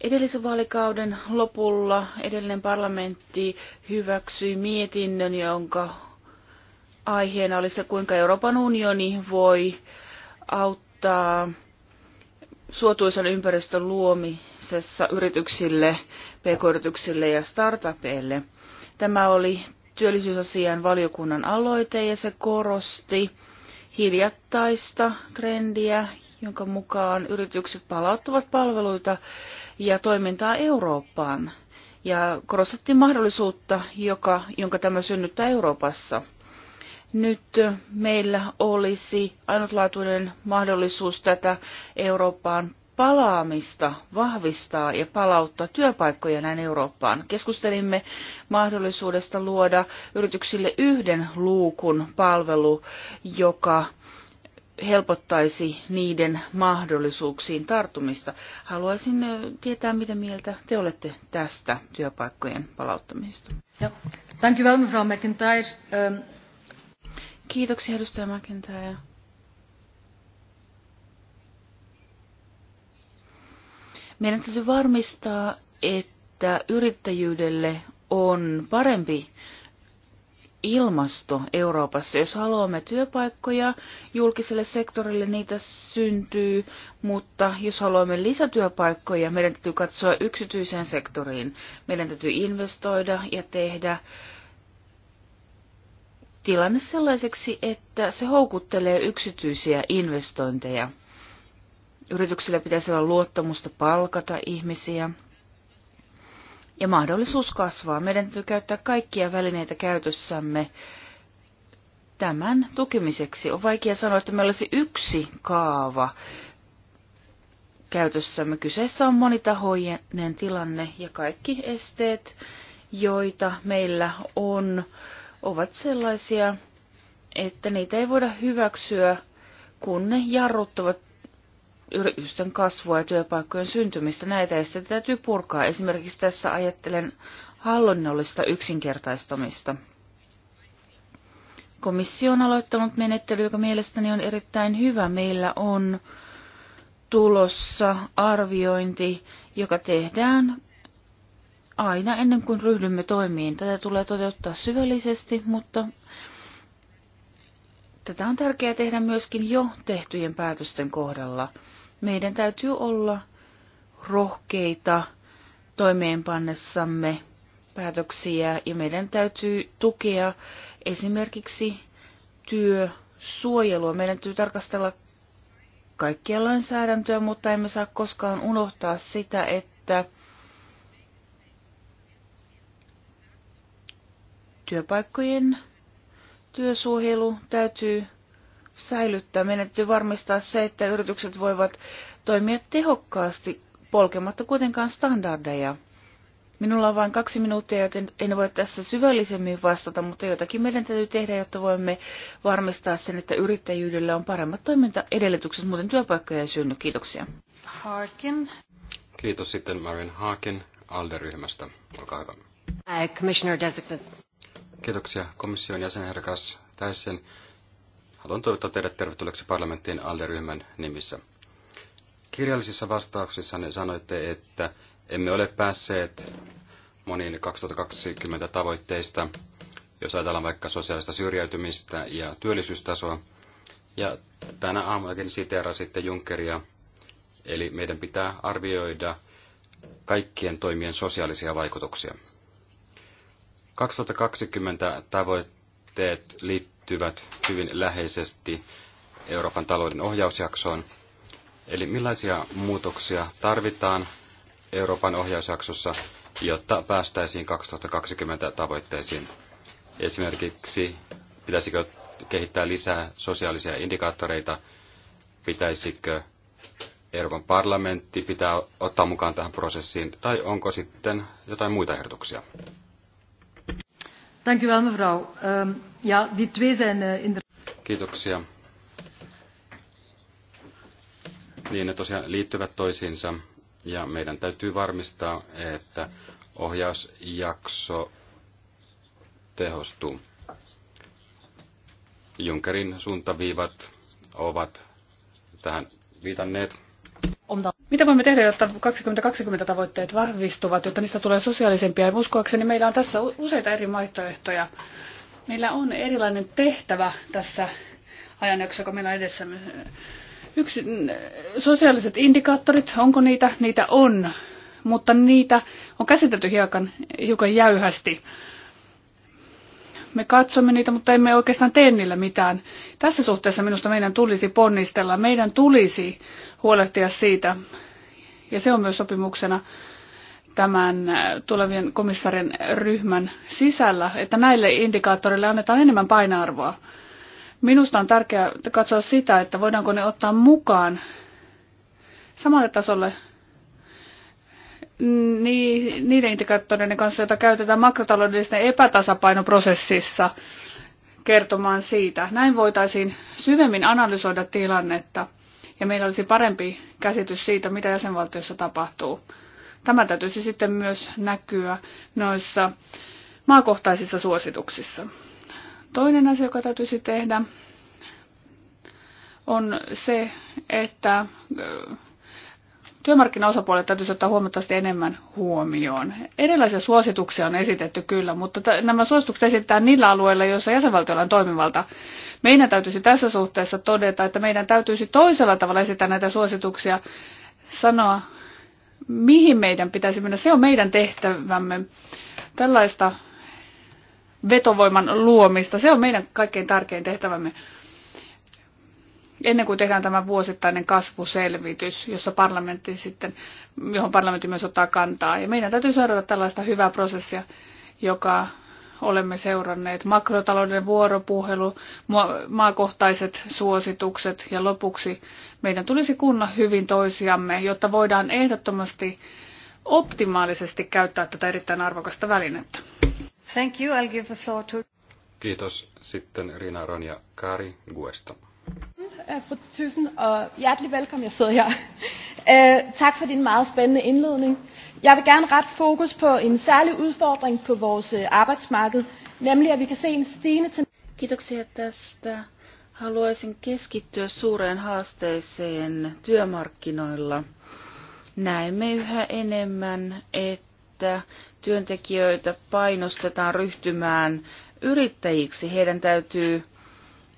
Edellisen vaalikauden lopulla edellinen parlamentti hyväksyi mietinnön, jonka aiheena oli se, kuinka Euroopan unioni voi auttaa suotuisan ympäristön luomisessa yrityksille, pk-yrityksille ja startupeille. Tämä oli työllisyysasian valiokunnan aloite ja se korosti hiljattaista trendiä, jonka mukaan yritykset palauttavat palveluita ja toimintaa Eurooppaan. Ja korostettiin mahdollisuutta, joka, jonka tämä synnyttää Euroopassa. Nyt meillä olisi ainutlaatuinen mahdollisuus tätä Eurooppaan palaamista vahvistaa ja palauttaa työpaikkoja näin Eurooppaan. Keskustelimme mahdollisuudesta luoda yrityksille yhden luukun palvelu, joka helpottaisi niiden mahdollisuuksiin tartumista. Haluaisin tietää, mitä mieltä te olette tästä työpaikkojen palauttamisesta. Thank you well, ähm, Kiitoksia, edustaja McIntyre. Meidän täytyy varmistaa, että yrittäjyydelle on parempi ilmasto Euroopassa. Jos haluamme työpaikkoja julkiselle sektorille, niitä syntyy, mutta jos haluamme lisätyöpaikkoja, meidän täytyy katsoa yksityiseen sektoriin. Meidän täytyy investoida ja tehdä tilanne sellaiseksi, että se houkuttelee yksityisiä investointeja. Yrityksillä pitäisi olla luottamusta palkata ihmisiä ja mahdollisuus kasvaa. Meidän täytyy käyttää kaikkia välineitä käytössämme tämän tukemiseksi. On vaikea sanoa, että meillä olisi yksi kaava käytössämme. Kyseessä on monitahoinen tilanne ja kaikki esteet, joita meillä on, ovat sellaisia, että niitä ei voida hyväksyä, kun ne jarruttavat yritysten kasvua ja työpaikkojen syntymistä. Näitä esteitä täytyy purkaa. Esimerkiksi tässä ajattelen hallinnollista yksinkertaistamista. Komissio on aloittanut menettely, joka mielestäni on erittäin hyvä. Meillä on tulossa arviointi, joka tehdään aina ennen kuin ryhdymme toimiin. Tätä tulee toteuttaa syvällisesti, mutta Tätä on tärkeää tehdä myöskin jo tehtyjen päätösten kohdalla. Meidän täytyy olla rohkeita toimeenpannessamme päätöksiä ja meidän täytyy tukea esimerkiksi työsuojelua. Meidän täytyy tarkastella kaikkia lainsäädäntöä, mutta emme saa koskaan unohtaa sitä, että työpaikkojen työsuojelu täytyy säilyttää. Meidän täytyy varmistaa se, että yritykset voivat toimia tehokkaasti polkematta kuitenkaan standardeja. Minulla on vain kaksi minuuttia, joten en voi tässä syvällisemmin vastata, mutta jotakin meidän täytyy tehdä, jotta voimme varmistaa sen, että yrittäjyydellä on paremmat toimintaedellytykset, muuten työpaikkoja ei synny. Kiitoksia. Harkin. Kiitos sitten Marin Haakin ALDE-ryhmästä. Olkaa hyvä. Uh, Commissioner Designate. Kiitoksia komission jäsenherkas Täissen. Haluan toivottaa teidät tervetulleeksi parlamenttiin alderyhmän nimissä. Kirjallisissa vastauksissa sanoitte, että emme ole päässeet moniin 2020 tavoitteista, jos ajatellaan vaikka sosiaalista syrjäytymistä ja työllisyystasoa. Ja tänä aamunakin siteerasitte Junckeria, eli meidän pitää arvioida kaikkien toimien sosiaalisia vaikutuksia. 2020 tavoitteet liittyvät hyvin läheisesti Euroopan talouden ohjausjaksoon. Eli millaisia muutoksia tarvitaan Euroopan ohjausjaksossa, jotta päästäisiin 2020 tavoitteisiin? Esimerkiksi pitäisikö kehittää lisää sosiaalisia indikaattoreita, pitäisikö Euroopan parlamentti pitää ottaa mukaan tähän prosessiin, tai onko sitten jotain muita ehdotuksia? Ehm, eh, Kiitoksia. Niin, ne tosiaan liittyvät toisiinsa ja meidän täytyy varmistaa, että ohjausjakso tehostuu. Junkerin suuntaviivat ovat tähän viitanneet. Mitä voimme tehdä, jotta 2020 tavoitteet vahvistuvat, jotta niistä tulee sosiaalisempia? Ja uskoakseni meillä on tässä useita eri vaihtoehtoja. Meillä on erilainen tehtävä tässä ajanjaksossa, kun meillä on edessä. Yksi, sosiaaliset indikaattorit, onko niitä? Niitä on, mutta niitä on käsitelty hiukan, hiukan jäyhästi. Me katsomme niitä, mutta emme oikeastaan tee niillä mitään. Tässä suhteessa minusta meidän tulisi ponnistella, meidän tulisi huolehtia siitä, ja se on myös sopimuksena tämän äh, tulevien komissarin ryhmän sisällä, että näille indikaattoreille annetaan enemmän painoarvoa. Minusta on tärkeää katsoa sitä, että voidaanko ne ottaa mukaan samalle tasolle niiden indikaattoreiden kanssa, joita käytetään makrotaloudellisten epätasapainoprosessissa kertomaan siitä. Näin voitaisiin syvemmin analysoida tilannetta ja meillä olisi parempi käsitys siitä, mitä jäsenvaltiossa tapahtuu. Tämä täytyisi sitten myös näkyä noissa maakohtaisissa suosituksissa. Toinen asia, joka täytyisi tehdä, on se, että työmarkkinaosapuolet täytyisi ottaa huomattavasti enemmän huomioon. Erilaisia suosituksia on esitetty kyllä, mutta nämä suositukset esitetään niillä alueilla, joissa jäsenvaltioilla on toimivalta. Meidän täytyisi tässä suhteessa todeta, että meidän täytyisi toisella tavalla esittää näitä suosituksia, sanoa, mihin meidän pitäisi mennä. Se on meidän tehtävämme. Tällaista vetovoiman luomista, se on meidän kaikkein tärkein tehtävämme ennen kuin tehdään tämä vuosittainen kasvuselvitys, jossa parlamentti sitten, johon parlamentti myös ottaa kantaa. Ja meidän täytyy seurata tällaista hyvää prosessia, joka olemme seuranneet. Makrotalouden vuoropuhelu, maakohtaiset suositukset ja lopuksi meidän tulisi kunna hyvin toisiamme, jotta voidaan ehdottomasti optimaalisesti käyttää tätä erittäin arvokasta välinettä. Thank you. I'll give the floor to... Kiitos. Sitten Rina Ronja Kari Guesta. Øh, fru Thyssen, og hjertelig velkommen, jeg sidder her. Øh, tak for din meget spændende indledning. Jeg vil gerne ret fokus på en særlig udfordring på vores øh, arbejdsmarked, nemlig at vi kan se en stigende til... Kiitoksia tästä. Haluaisin keskittyä suureen haasteeseen työmarkkinoilla. Näemme yhä enemmän, että työntekijöitä painostetaan ryhtymään yrittäjiksi. Heidän täytyy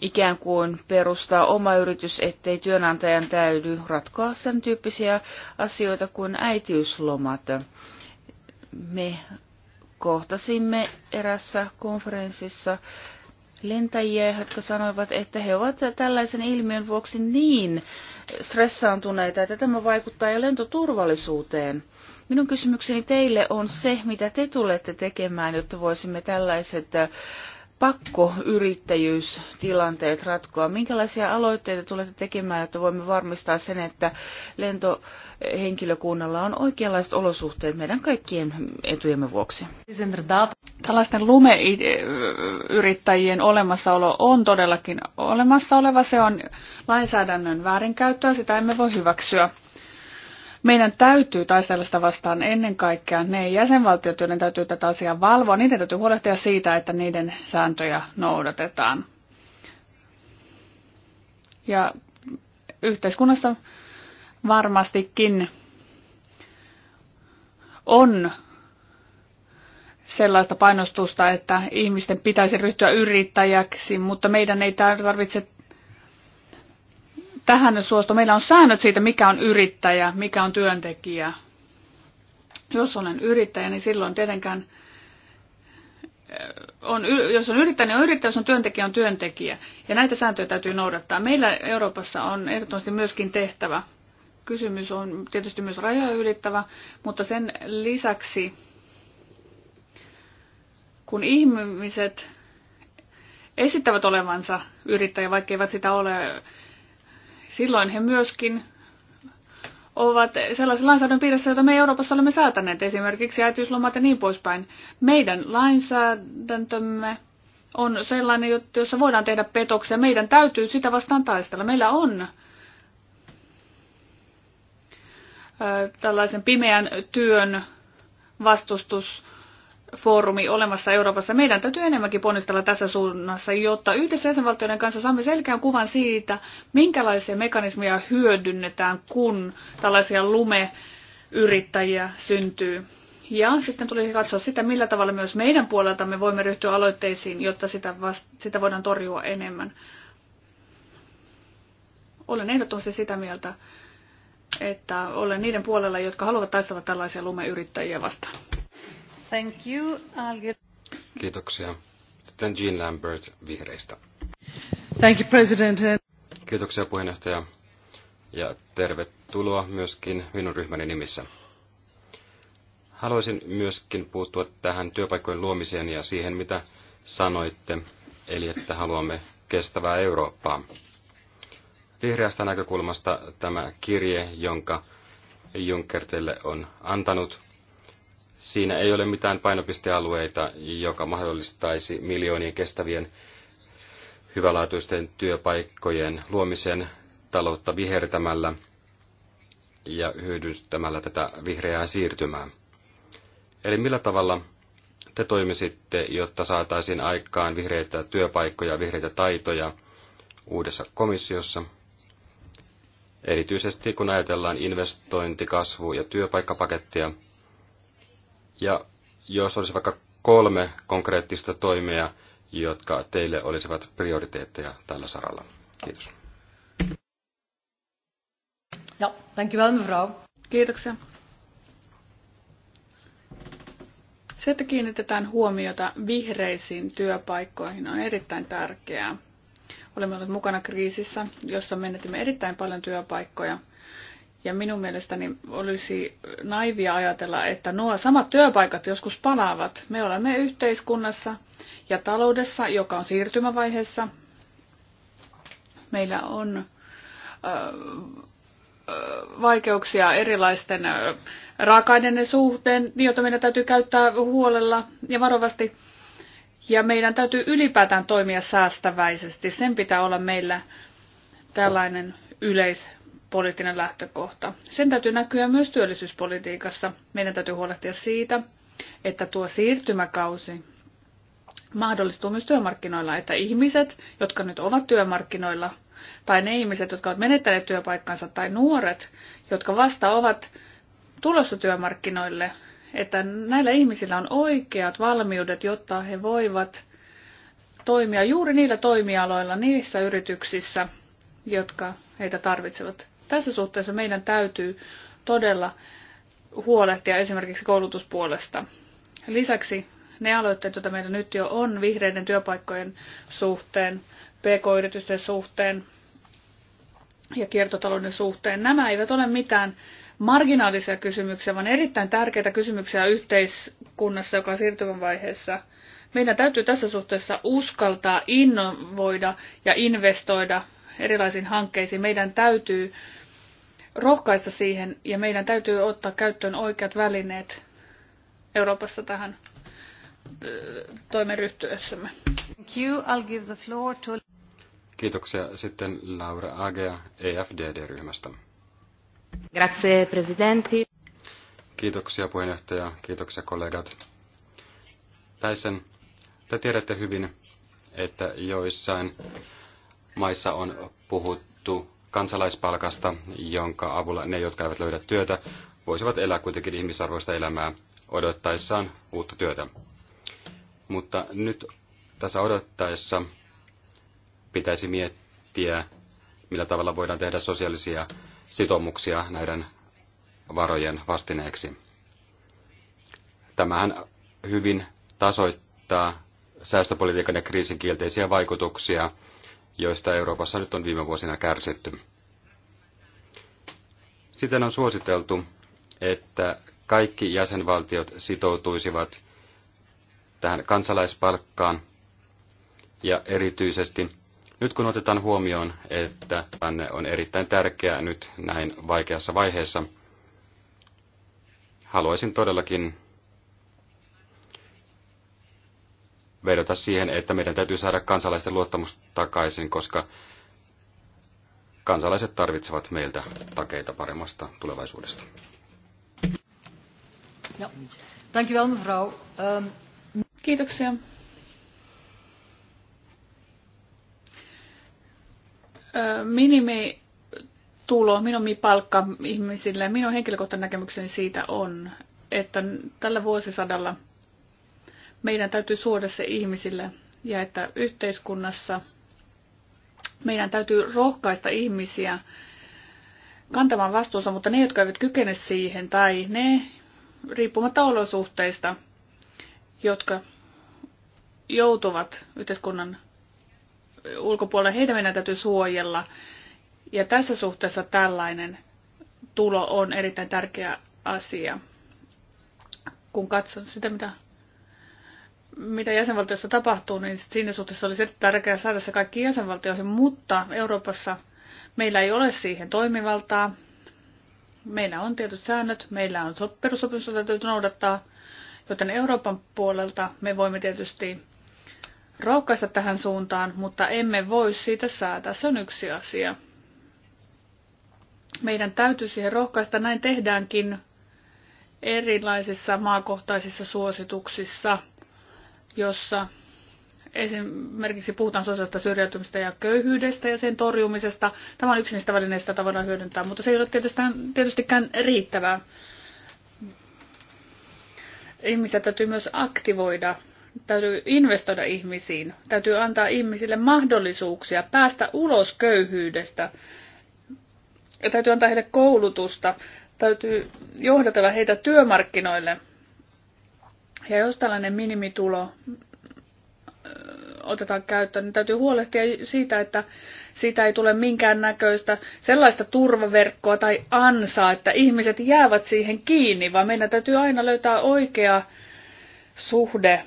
ikään kuin perustaa oma yritys, ettei työnantajan täydy ratkoa sen tyyppisiä asioita kuin äitiyslomat. Me kohtasimme erässä konferenssissa lentäjiä, jotka sanoivat, että he ovat tällaisen ilmiön vuoksi niin stressaantuneita, että tämä vaikuttaa jo lentoturvallisuuteen. Minun kysymykseni teille on se, mitä te tulette tekemään, jotta voisimme tällaiset pakkoyrittäjyystilanteet ratkoa. Minkälaisia aloitteita tulette tekemään, että voimme varmistaa sen, että lentohenkilökunnalla on oikeanlaiset olosuhteet meidän kaikkien etujemme vuoksi? Tällaisten lumeyrittäjien olemassaolo on todellakin olemassa oleva. Se on lainsäädännön väärinkäyttöä, sitä emme voi hyväksyä. Meidän täytyy taistella sitä vastaan ennen kaikkea ne jäsenvaltiot, joiden täytyy tätä asiaa valvoa. Niiden täytyy huolehtia siitä, että niiden sääntöjä noudatetaan. Ja yhteiskunnassa varmastikin on sellaista painostusta, että ihmisten pitäisi ryhtyä yrittäjäksi, mutta meidän ei tarvitse tähän suostu. Meillä on säännöt siitä, mikä on yrittäjä, mikä on työntekijä. Jos olen yrittäjä, niin silloin tietenkään, eh, on, jos on yrittäjä, niin on yrittäjä, jos on työntekijä, on työntekijä. Ja näitä sääntöjä täytyy noudattaa. Meillä Euroopassa on ehdottomasti myöskin tehtävä. Kysymys on tietysti myös rajoja ylittävä, mutta sen lisäksi, kun ihmiset esittävät olevansa yrittäjä, vaikka eivät sitä ole, silloin he myöskin ovat sellaisen lainsäädännön piirissä, jota me Euroopassa olemme säätäneet, esimerkiksi äitiyslomat ja niin poispäin. Meidän lainsäädäntömme on sellainen, jossa voidaan tehdä petoksia. Meidän täytyy sitä vastaan taistella. Meillä on tällaisen pimeän työn vastustus foorumi olemassa Euroopassa. Meidän täytyy enemmänkin ponnistella tässä suunnassa, jotta yhdessä jäsenvaltioiden kanssa saamme selkeän kuvan siitä, minkälaisia mekanismeja hyödynnetään, kun tällaisia lumeyrittäjiä syntyy. Ja sitten tulisi katsoa sitä, millä tavalla myös meidän puolelta me voimme ryhtyä aloitteisiin, jotta sitä, vasta, sitä voidaan torjua enemmän. Olen ehdottomasti sitä mieltä, että olen niiden puolella, jotka haluavat taistella tällaisia lumeyrittäjiä vastaan. Thank you. get... Kiitoksia. Sitten Jean Lambert vihreistä. Thank you, President. Kiitoksia puheenjohtaja ja tervetuloa myöskin minun ryhmäni nimissä. Haluaisin myöskin puuttua tähän työpaikkojen luomiseen ja siihen, mitä sanoitte, eli että haluamme kestävää Eurooppaa. Vihreästä näkökulmasta tämä kirje, jonka Juncker on antanut, Siinä ei ole mitään painopistealueita, joka mahdollistaisi miljoonien kestävien hyvälaatuisten työpaikkojen luomisen taloutta vihertämällä ja hyödyntämällä tätä vihreää siirtymää. Eli millä tavalla te toimisitte, jotta saataisiin aikaan vihreitä työpaikkoja, vihreitä taitoja uudessa komissiossa? Erityisesti kun ajatellaan investointi-, kasvu- ja työpaikkapakettia – ja jos olisi vaikka kolme konkreettista toimea, jotka teille olisivat prioriteetteja tällä saralla. Kiitos. Ja, dankjewel mevrouw. Kiitoksia. Se, että kiinnitetään huomiota vihreisiin työpaikkoihin on erittäin tärkeää. Olemme olleet mukana kriisissä, jossa menetimme erittäin paljon työpaikkoja. Ja minun mielestäni olisi naivia ajatella, että nuo samat työpaikat joskus palaavat. Me olemme yhteiskunnassa ja taloudessa, joka on siirtymävaiheessa. Meillä on vaikeuksia erilaisten raaka-aineiden suhteen, niin joita meidän täytyy käyttää huolella ja varovasti. Ja meidän täytyy ylipäätään toimia säästäväisesti. Sen pitää olla meillä tällainen yleis poliittinen lähtökohta. Sen täytyy näkyä myös työllisyyspolitiikassa. Meidän täytyy huolehtia siitä, että tuo siirtymäkausi mahdollistuu myös työmarkkinoilla, että ihmiset, jotka nyt ovat työmarkkinoilla, tai ne ihmiset, jotka ovat menettäneet työpaikkansa, tai nuoret, jotka vasta ovat tulossa työmarkkinoille, että näillä ihmisillä on oikeat valmiudet, jotta he voivat toimia juuri niillä toimialoilla, niissä yrityksissä, jotka heitä tarvitsevat. Tässä suhteessa meidän täytyy todella huolehtia esimerkiksi koulutuspuolesta. Lisäksi ne aloitteet, joita meillä nyt jo on vihreiden työpaikkojen suhteen, pk-yritysten suhteen ja kiertotalouden suhteen, nämä eivät ole mitään marginaalisia kysymyksiä, vaan erittäin tärkeitä kysymyksiä yhteiskunnassa, joka on siirtymän vaiheessa. Meidän täytyy tässä suhteessa uskaltaa innovoida ja investoida erilaisiin hankkeisiin. Meidän täytyy rohkaista siihen ja meidän täytyy ottaa käyttöön oikeat välineet Euroopassa tähän toimeryhtyessämme. Thank you. I'll give the floor to... Kiitoksia. Sitten Laura Agea EFDD-ryhmästä. Grazie, presidenti. Kiitoksia puheenjohtaja, kiitoksia kollegat. Päisen, te tiedätte hyvin, että joissain maissa on puhuttu kansalaispalkasta, jonka avulla ne, jotka eivät löydä työtä, voisivat elää kuitenkin ihmisarvoista elämää odottaessaan uutta työtä. Mutta nyt tässä odottaessa pitäisi miettiä, millä tavalla voidaan tehdä sosiaalisia sitoumuksia näiden varojen vastineeksi. Tämähän hyvin tasoittaa säästöpolitiikan ja kriisin kielteisiä vaikutuksia joista Euroopassa nyt on viime vuosina kärsitty. Siten on suositeltu, että kaikki jäsenvaltiot sitoutuisivat tähän kansalaispalkkaan ja erityisesti nyt kun otetaan huomioon, että tänne on erittäin tärkeää nyt näin vaikeassa vaiheessa, haluaisin todellakin vedota siihen, että meidän täytyy saada kansalaisten luottamus takaisin, koska kansalaiset tarvitsevat meiltä takeita paremmasta tulevaisuudesta. Ja. Dankjewel mevrouw. Um... Kiitoksia. Ehm, Minimi tulo, minun palkka ihmisille. Minun henkilökohtainen näkemykseni siitä on, että tällä vuosisadalla – meidän täytyy suoda se ihmisille ja että yhteiskunnassa meidän täytyy rohkaista ihmisiä kantamaan vastuunsa, mutta ne, jotka eivät kykene siihen tai ne riippumatta olosuhteista, jotka joutuvat yhteiskunnan ulkopuolelle, heitä meidän täytyy suojella. Ja tässä suhteessa tällainen tulo on erittäin tärkeä asia, kun katson sitä, mitä mitä jäsenvaltiossa tapahtuu, niin siinä suhteessa olisi tärkeää saada se kaikki jäsenvaltioihin, mutta Euroopassa meillä ei ole siihen toimivaltaa. Meillä on tietyt säännöt, meillä on perussopimus, jota täytyy noudattaa, joten Euroopan puolelta me voimme tietysti rohkaista tähän suuntaan, mutta emme voi siitä säätää. Se on yksi asia. Meidän täytyy siihen rohkaista, näin tehdäänkin erilaisissa maakohtaisissa suosituksissa – jossa esimerkiksi puhutaan sosiaalista syrjäytymistä ja köyhyydestä ja sen torjumisesta. Tämä on yksi niistä välineistä, jota voidaan hyödyntää, mutta se ei ole tietystikään riittävää. Ihmisiä täytyy myös aktivoida, täytyy investoida ihmisiin, täytyy antaa ihmisille mahdollisuuksia päästä ulos köyhyydestä. Ja täytyy antaa heille koulutusta, täytyy johdatella heitä työmarkkinoille – ja jos tällainen minimitulo otetaan käyttöön, niin täytyy huolehtia siitä, että siitä ei tule minkään näköistä sellaista turvaverkkoa tai ansaa, että ihmiset jäävät siihen kiinni, vaan meidän täytyy aina löytää oikea suhde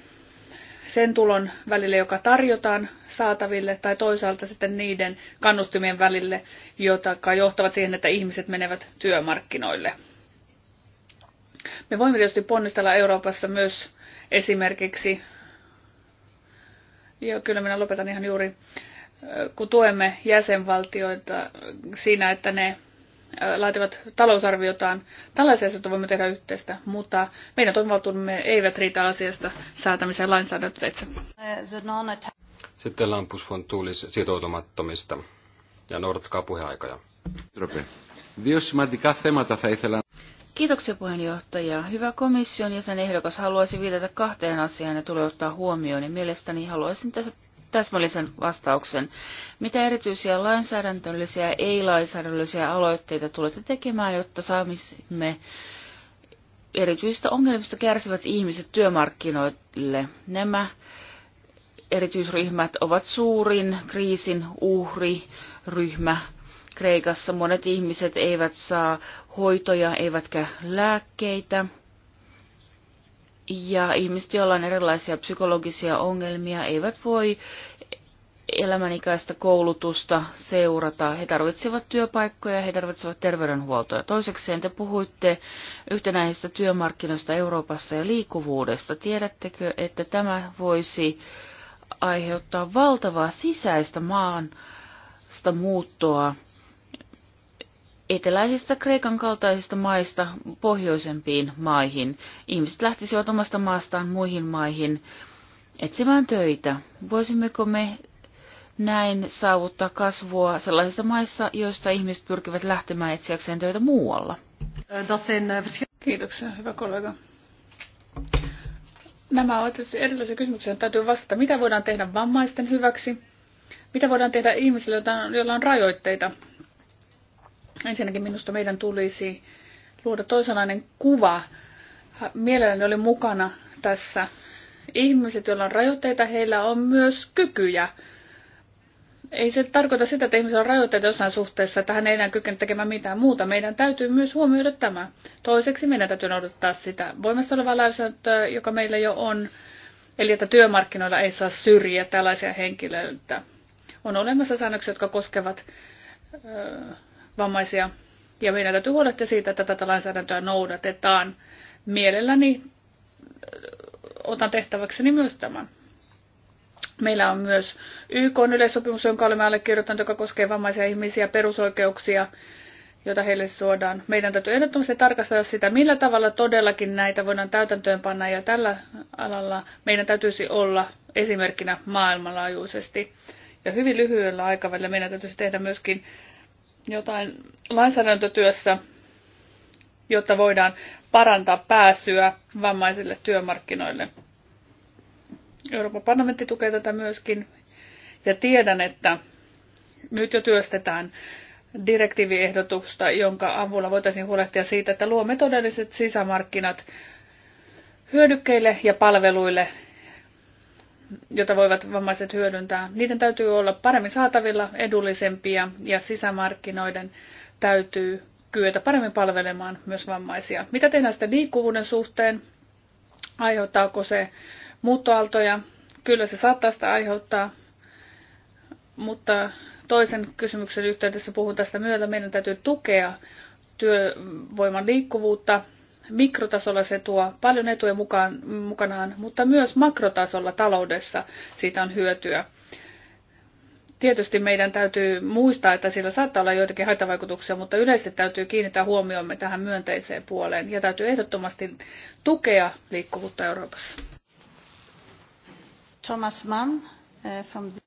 sen tulon välille, joka tarjotaan saataville, tai toisaalta sitten niiden kannustimien välille, jotka johtavat siihen, että ihmiset menevät työmarkkinoille. Me voimme tietysti ponnistella Euroopassa myös esimerkiksi, ja kyllä minä lopetan ihan juuri, kun tuemme jäsenvaltioita siinä, että ne laativat talousarviotaan. Tällaisia asioita voimme tehdä yhteistä, mutta meidän toimivaltuutemme eivät riitä asiasta säätämiseen lainsäädäntöteitse. Sitten Lampus von Tuulis sitoutumattomista ja noudattakaa puheaikoja. Δύο σημαντικά θέματα θα ήθελα Kiitoksia puheenjohtaja. Hyvä komission jäsen ehdokas, haluaisi viitata kahteen asiaan ja tulee ottaa huomioon. Ja niin mielestäni haluaisin tässä täsmällisen vastauksen. Mitä erityisiä lainsäädäntöllisiä ja ei-lainsäädännöllisiä aloitteita tulette tekemään, jotta saamisimme erityisistä ongelmista kärsivät ihmiset työmarkkinoille? Nämä erityisryhmät ovat suurin kriisin uhriryhmä Kreikassa monet ihmiset eivät saa hoitoja eivätkä lääkkeitä. Ja ihmiset, joilla on erilaisia psykologisia ongelmia, eivät voi elämänikäistä koulutusta seurata. He tarvitsevat työpaikkoja, he tarvitsevat terveydenhuoltoa. Toisekseen te puhuitte yhtenäisistä työmarkkinoista Euroopassa ja liikkuvuudesta. Tiedättekö, että tämä voisi aiheuttaa valtavaa sisäistä maan muuttoa eteläisistä Kreikan kaltaisista maista pohjoisempiin maihin. Ihmiset lähtisivät omasta maastaan muihin maihin etsimään töitä. Voisimmeko me näin saavuttaa kasvua sellaisissa maissa, joista ihmiset pyrkivät lähtemään etsiäkseen töitä muualla? Kiitoksia, hyvä kollega. Nämä ovat erilaisia kysymyksiä, täytyy vastata. Mitä voidaan tehdä vammaisten hyväksi? Mitä voidaan tehdä ihmisille, joilla on rajoitteita? Ensinnäkin minusta meidän tulisi luoda toisenlainen kuva. Mielelläni oli mukana tässä. Ihmiset, joilla on rajoitteita, heillä on myös kykyjä. Ei se tarkoita sitä, että ihmisellä on rajoitteita jossain suhteessa, että hän ei enää kykene tekemään mitään muuta. Meidän täytyy myös huomioida tämä. Toiseksi meidän täytyy noudattaa sitä voimassa olevaa lainsäädäntöä, joka meillä jo on. Eli että työmarkkinoilla ei saa syrjiä tällaisia henkilöitä. On olemassa säännöksiä, jotka koskevat vammaisia. Ja meidän täytyy huolehtia siitä, että tätä lainsäädäntöä noudatetaan. Mielelläni äh, otan tehtäväkseni myös tämän. Meillä on myös YK yleissopimus, jonka olemme allekirjoittaneet, joka koskee vammaisia ihmisiä, perusoikeuksia, joita heille suodaan. Meidän täytyy ehdottomasti tarkastella sitä, millä tavalla todellakin näitä voidaan täytäntöönpanna ja tällä alalla meidän täytyisi olla esimerkkinä maailmanlaajuisesti. Ja hyvin lyhyellä aikavälillä meidän täytyisi tehdä myöskin jotain lainsäädäntötyössä, jotta voidaan parantaa pääsyä vammaisille työmarkkinoille. Euroopan parlamentti tukee tätä myöskin ja tiedän, että nyt jo työstetään direktiiviehdotusta, jonka avulla voitaisiin huolehtia siitä, että luomme todelliset sisämarkkinat hyödykkeille ja palveluille, jota voivat vammaiset hyödyntää, niiden täytyy olla paremmin saatavilla, edullisempia ja sisämarkkinoiden täytyy kyetä paremmin palvelemaan myös vammaisia. Mitä tehdään sitten liikkuvuuden suhteen? Aiheuttaako se muuttoaaltoja? Kyllä se saattaa sitä aiheuttaa, mutta toisen kysymyksen yhteydessä puhun tästä myötä. Meidän täytyy tukea työvoiman liikkuvuutta mikrotasolla se tuo paljon etuja mukaan, mukanaan, mutta myös makrotasolla taloudessa siitä on hyötyä. Tietysti meidän täytyy muistaa, että sillä saattaa olla joitakin haittavaikutuksia, mutta yleisesti täytyy kiinnittää huomiomme tähän myönteiseen puoleen ja täytyy ehdottomasti tukea liikkuvuutta Euroopassa. Thomas Mann eh, from the...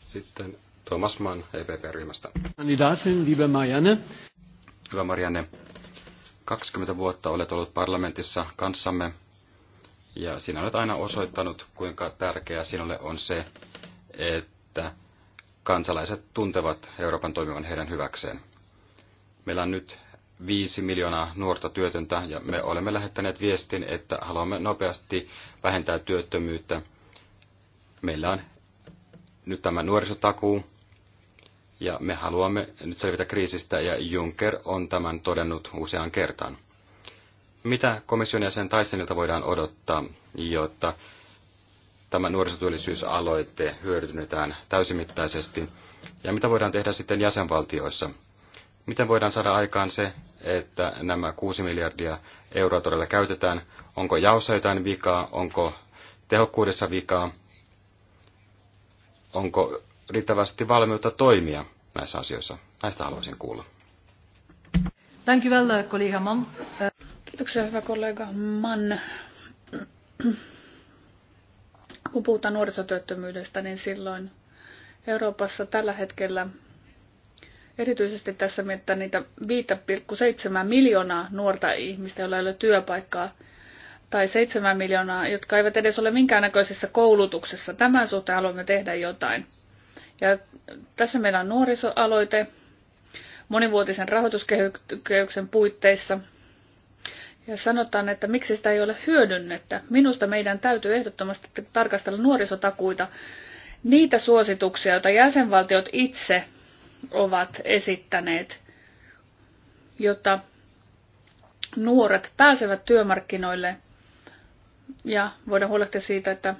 Sitten Thomas Mann EPP-ryhmästä. Kandidaatin, liebe Marianne. Hyvä Marianne. 20 vuotta olet ollut parlamentissa kanssamme ja sinä olet aina osoittanut, kuinka tärkeää sinulle on se, että kansalaiset tuntevat Euroopan toimivan heidän hyväkseen. Meillä on nyt viisi miljoonaa nuorta työtöntä ja me olemme lähettäneet viestin, että haluamme nopeasti vähentää työttömyyttä. Meillä on nyt tämä nuorisotakuu, ja me haluamme nyt selvitä kriisistä, ja Juncker on tämän todennut useaan kertaan. Mitä komission jäsen Tysonilta voidaan odottaa, jotta tämä nuorisotyöllisyysaloite hyödynnetään täysimittaisesti? Ja mitä voidaan tehdä sitten jäsenvaltioissa? Miten voidaan saada aikaan se, että nämä 6 miljardia euroa todella käytetään? Onko jaossa jotain vikaa? Onko tehokkuudessa vikaa? Onko riittävästi valmiutta toimia? näissä asioissa. Näistä haluaisin kuulla. Thank you well, kollega uh, Mann. Uh, Kiitoksia, hyvä kollega Mann. Kun puhutaan nuorisotyöttömyydestä, niin silloin Euroopassa tällä hetkellä erityisesti tässä miettää niitä 5,7 miljoonaa nuorta ihmistä, joilla ei ole työpaikkaa, tai 7 miljoonaa, jotka eivät edes ole minkäännäköisessä koulutuksessa. Tämän suhteen haluamme tehdä jotain. Ja tässä meillä on nuorisoaloite monivuotisen rahoituskehyksen puitteissa. Ja sanotaan, että miksi sitä ei ole hyödynnettä. Minusta meidän täytyy ehdottomasti tarkastella nuorisotakuita, niitä suosituksia, joita jäsenvaltiot itse ovat esittäneet, jotta nuoret pääsevät työmarkkinoille ja voidaan huolehtia siitä, että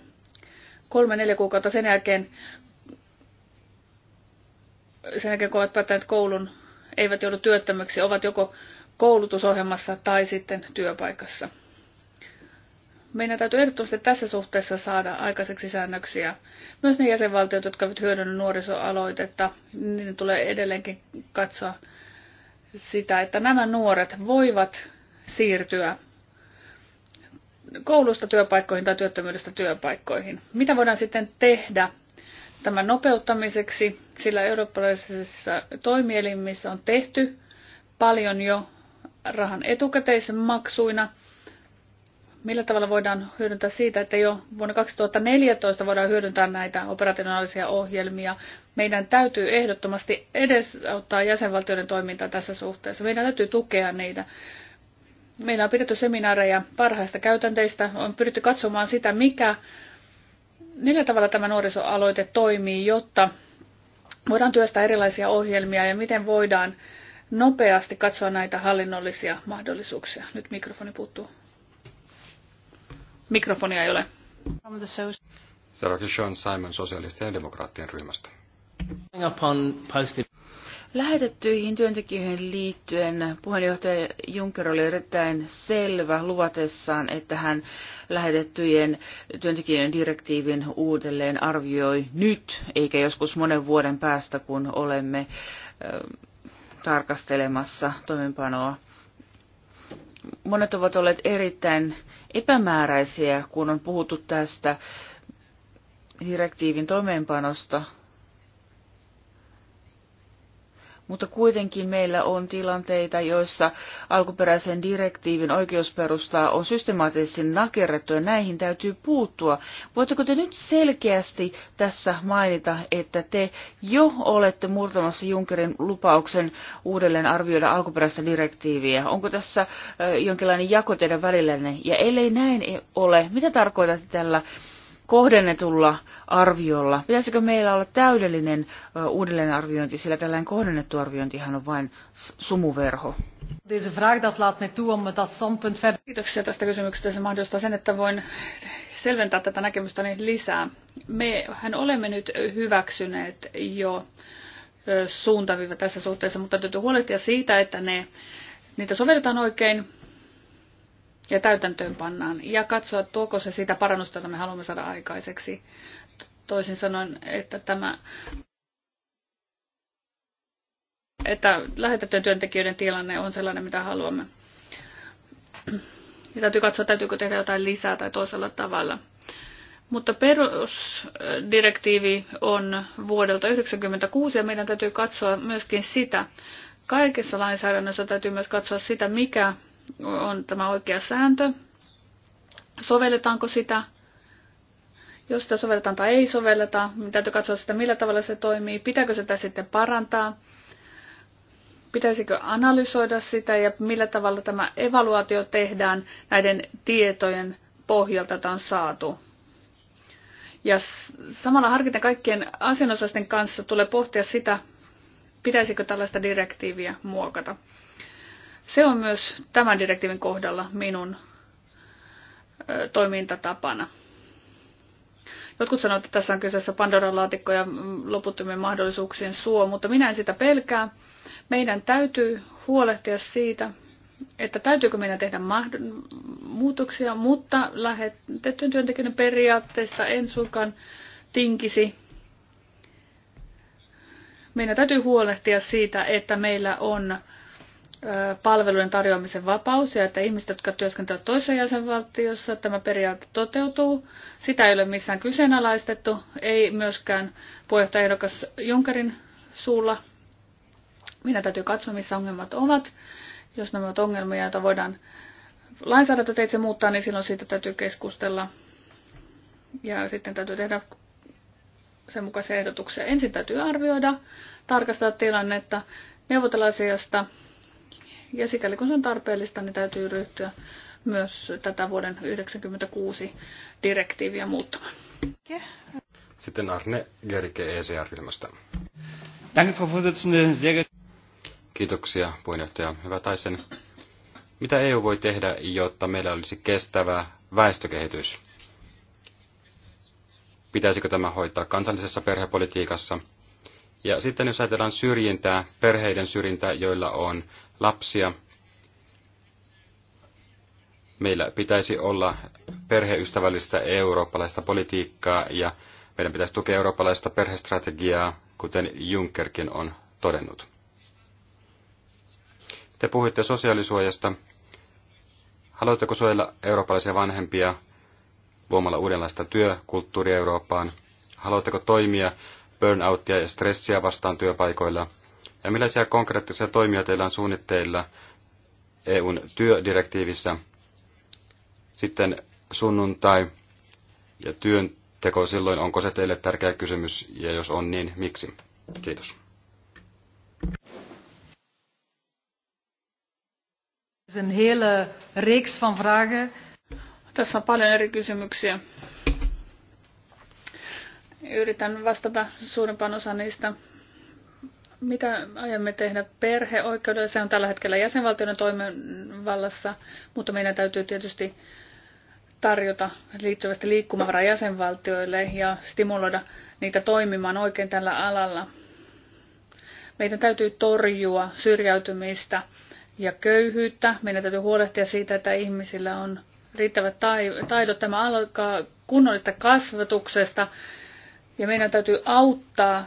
kolme neljä kuukautta sen jälkeen, sen jälkeen kun ovat päättäneet koulun, eivät joudu työttömäksi, ovat joko koulutusohjelmassa tai sitten työpaikassa. Meidän täytyy ehdottomasti tässä suhteessa saada aikaiseksi säännöksiä. Myös ne jäsenvaltiot, jotka ovat hyödynneet nuorisoaloitetta, niin tulee edelleenkin katsoa sitä, että nämä nuoret voivat siirtyä koulusta työpaikkoihin tai työttömyydestä työpaikkoihin. Mitä voidaan sitten tehdä tämän nopeuttamiseksi, sillä eurooppalaisissa toimielimissä on tehty paljon jo rahan etukäteisen maksuina. Millä tavalla voidaan hyödyntää siitä, että jo vuonna 2014 voidaan hyödyntää näitä operationaalisia ohjelmia? Meidän täytyy ehdottomasti edesauttaa jäsenvaltioiden toimintaa tässä suhteessa. Meidän täytyy tukea niitä. Meillä on pidetty seminaareja parhaista käytänteistä. On pyritty katsomaan sitä, mikä millä tavalla tämä nuorisoaloite toimii, jotta voidaan työstää erilaisia ohjelmia ja miten voidaan nopeasti katsoa näitä hallinnollisia mahdollisuuksia. Nyt mikrofoni puuttuu. Mikrofonia ei ole. Sarah Simon sosialistien ja demokraattien ryhmästä. Lähetettyihin työntekijöihin liittyen puheenjohtaja Juncker oli erittäin selvä luvatessaan, että hän lähetettyjen työntekijöiden direktiivin uudelleen arvioi nyt, eikä joskus monen vuoden päästä, kun olemme tarkastelemassa toimenpanoa. Monet ovat olleet erittäin epämääräisiä, kun on puhuttu tästä direktiivin toimeenpanosta mutta kuitenkin meillä on tilanteita, joissa alkuperäisen direktiivin oikeusperustaa on systemaattisesti nakerrettu ja näihin täytyy puuttua. Voitteko te nyt selkeästi tässä mainita, että te jo olette murtamassa Junckerin lupauksen uudelleen arvioida alkuperäistä direktiiviä? Onko tässä jonkinlainen jako teidän välillänne? Ja ellei näin ole, mitä tarkoitatte tällä kohdennetulla arviolla? Pitäisikö meillä olla täydellinen uudelleenarviointi, sillä tällainen kohdennettu arviointihan on vain sumuverho? Deze vraag dat laat me toe om dat standpunt verder. Kiitoksia tästä kysymyksestä. Se mahdollistaa sen, että voin selventää tätä näkemystäni lisää. Mehän olemme nyt hyväksyneet jo suuntaviiva tässä suhteessa, mutta täytyy huolehtia siitä, että ne, niitä sovelletaan oikein ja täytäntöön pannaan ja katsoa, tuoko se sitä parannusta, jota me haluamme saada aikaiseksi. Toisin sanoen, että tämä että lähetettyjen työntekijöiden tilanne on sellainen, mitä haluamme. Ja täytyy katsoa, täytyykö tehdä jotain lisää tai toisella tavalla. Mutta perusdirektiivi on vuodelta 1996 ja meidän täytyy katsoa myöskin sitä. Kaikessa lainsäädännössä täytyy myös katsoa sitä, mikä on tämä oikea sääntö, sovelletaanko sitä, jos sitä sovelletaan tai ei sovelleta, niin täytyy katsoa sitä, millä tavalla se toimii, pitääkö sitä sitten parantaa, pitäisikö analysoida sitä ja millä tavalla tämä evaluaatio tehdään näiden tietojen pohjalta, jota on saatu. Ja samalla harkiten kaikkien asianosaisten kanssa tulee pohtia sitä, pitäisikö tällaista direktiiviä muokata. Se on myös tämän direktiivin kohdalla minun toimintatapana. Jotkut sanovat, että tässä on kyseessä Pandoran laatikko ja mm, loputtomien mahdollisuuksien suo, mutta minä en sitä pelkää. Meidän täytyy huolehtia siitä, että täytyykö meidän tehdä muutoksia, mutta lähetettyjen työntekijöiden periaatteista en suinkaan tinkisi. Meidän täytyy huolehtia siitä, että meillä on palvelujen tarjoamisen vapaus ja että ihmiset, jotka työskentelevät toisessa jäsenvaltiossa, tämä periaate toteutuu. Sitä ei ole missään kyseenalaistettu, ei myöskään puheenjohtajaehdokas Junckerin suulla. Minä täytyy katsoa, missä ongelmat ovat. Jos nämä ovat ongelmia, joita voidaan lainsäädäntöteitse muuttaa, niin silloin siitä täytyy keskustella. Ja sitten täytyy tehdä sen mukaisia ehdotuksia. Ensin täytyy arvioida, tarkastaa tilannetta, neuvotella asiasta, ja sikäli kun se on tarpeellista, niin täytyy ryhtyä myös tätä vuoden 1996 direktiiviä muuttamaan. Sitten Arne Gerke ECR-ryhmästä. Kiitoksia puheenjohtaja. Hyvä Taisen. Mitä EU voi tehdä, jotta meillä olisi kestävä väestökehitys? Pitäisikö tämä hoitaa kansallisessa perhepolitiikassa – ja sitten jos ajatellaan syrjintää, perheiden syrjintää, joilla on lapsia, meillä pitäisi olla perheystävällistä eurooppalaista politiikkaa ja meidän pitäisi tukea eurooppalaista perhestrategiaa, kuten Junckerkin on todennut. Te puhuitte sosiaalisuojasta. Haluatteko suojella eurooppalaisia vanhempia luomalla uudenlaista työkulttuuria Eurooppaan? Haluatteko toimia burnoutia ja stressiä vastaan työpaikoilla? Ja millaisia konkreettisia toimia teillä on suunnitteilla EUn työdirektiivissä? Sitten sunnuntai ja työnteko silloin, onko se teille tärkeä kysymys ja jos on, niin miksi? Kiitos. Tässä on paljon eri kysymyksiä. Yritän vastata suurimpaan osaan niistä. Mitä aiomme tehdä perheoikeudelle? Se on tällä hetkellä jäsenvaltioiden toimenvallassa, mutta meidän täytyy tietysti tarjota liittyvästi liikkumavaraa jäsenvaltioille ja stimuloida niitä toimimaan oikein tällä alalla. Meidän täytyy torjua syrjäytymistä ja köyhyyttä. Meidän täytyy huolehtia siitä, että ihmisillä on riittävät taidot. Tämä alkaa kunnollista kasvatuksesta ja meidän täytyy auttaa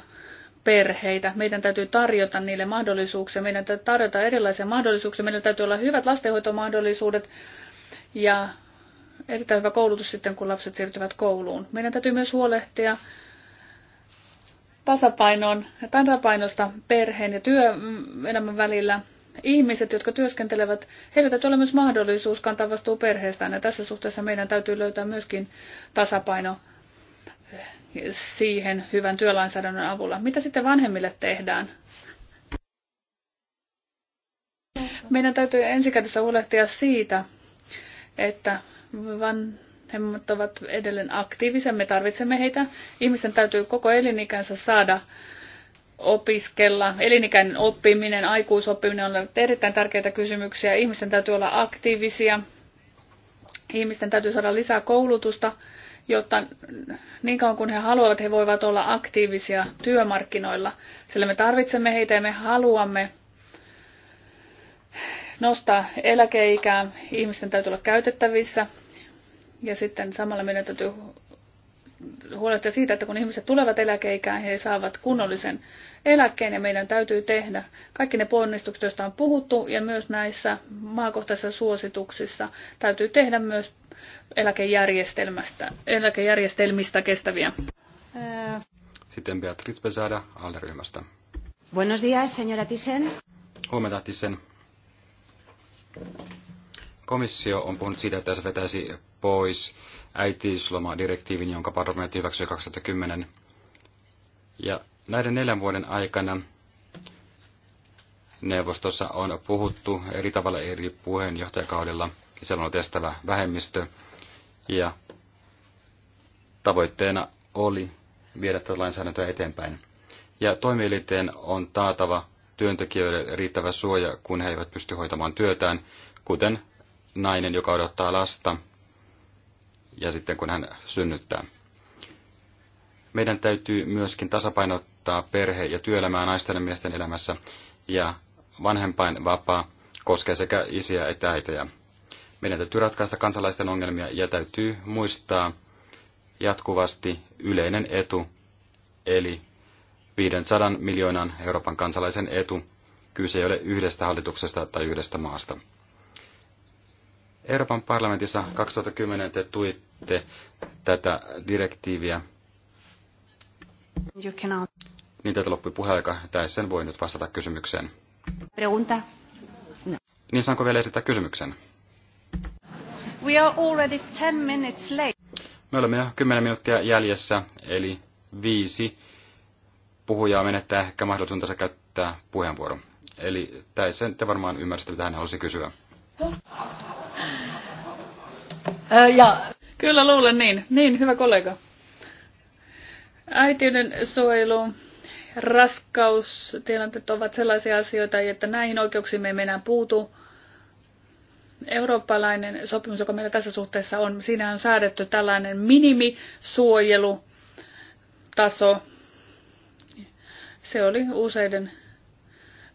perheitä, meidän täytyy tarjota niille mahdollisuuksia, meidän täytyy tarjota erilaisia mahdollisuuksia, meillä täytyy olla hyvät lastenhoitomahdollisuudet ja erittäin hyvä koulutus sitten, kun lapset siirtyvät kouluun. Meidän täytyy myös huolehtia tasapainon, tasapainosta perheen ja työelämän välillä. Ihmiset, jotka työskentelevät, heillä täytyy olla myös mahdollisuus kantaa vastuu perheestään ja tässä suhteessa meidän täytyy löytää myöskin tasapaino siihen hyvän työlainsäädännön avulla. Mitä sitten vanhemmille tehdään? Meidän täytyy ensikädessä huolehtia siitä, että vanhemmat ovat edelleen aktiivisia. Me tarvitsemme heitä. Ihmisten täytyy koko elinikänsä saada opiskella. Elinikäinen oppiminen, aikuisoppiminen ovat erittäin tärkeitä kysymyksiä. Ihmisten täytyy olla aktiivisia. Ihmisten täytyy saada lisää koulutusta jotta niin kauan kuin he haluavat, he voivat olla aktiivisia työmarkkinoilla, sillä me tarvitsemme heitä ja me haluamme nostaa eläkeikää, ihmisten täytyy olla käytettävissä ja sitten samalla meidän täytyy huolehtia siitä, että kun ihmiset tulevat eläkeikään, he saavat kunnollisen eläkkeen ja meidän täytyy tehdä kaikki ne ponnistukset, joista on puhuttu ja myös näissä maakohtaisissa suosituksissa täytyy tehdä myös eläkejärjestelmästä, eläkejärjestelmistä kestäviä. Sitten Beatriz Pesada ALDE-ryhmästä. Buenos días, señora Thyssen. Huomenta, Thyssen. Komissio on puhunut siitä, että se vetäisi pois äitiyslomadirektiivin, jonka parlamentti hyväksyi 2010. Ja näiden neljän vuoden aikana neuvostossa on puhuttu eri tavalla eri puheenjohtajakaudella – siellä on kestävä vähemmistö. Ja tavoitteena oli viedä tätä lainsäädäntöä eteenpäin. Ja toimielinten on taatava työntekijöille riittävä suoja, kun he eivät pysty hoitamaan työtään, kuten nainen, joka odottaa lasta ja sitten kun hän synnyttää. Meidän täytyy myöskin tasapainottaa perhe- ja työelämää naisten ja miesten elämässä, ja vanhempainvapaa koskee sekä isiä että äitejä. Meidän täytyy ratkaista kansalaisten ongelmia ja täytyy muistaa jatkuvasti yleinen etu, eli 500 miljoonan Euroopan kansalaisen etu. Kyse ei ole yhdestä hallituksesta tai yhdestä maasta. Euroopan parlamentissa 2010 te tuitte tätä direktiiviä. Niin tätä loppui puheaika, tai sen voi nyt vastata kysymykseen. Pregunta. No. Niin saanko vielä esittää kysymyksen? We are already minutes late. Me olemme jo kymmenen minuuttia jäljessä, eli viisi puhujaa menettää ehkä mahdollisuutensa käyttää puheenvuoro. Eli sen te varmaan ymmärsitte, mitä hän halusi kysyä. Ja. Kyllä luulen niin. Niin, hyvä kollega. Äitiyden suojelu, raskaustilanteet ovat sellaisia asioita, että näihin oikeuksiin me ei enää puutu eurooppalainen sopimus, joka meillä tässä suhteessa on, siinä on säädetty tällainen minimisuojelutaso. Se oli useiden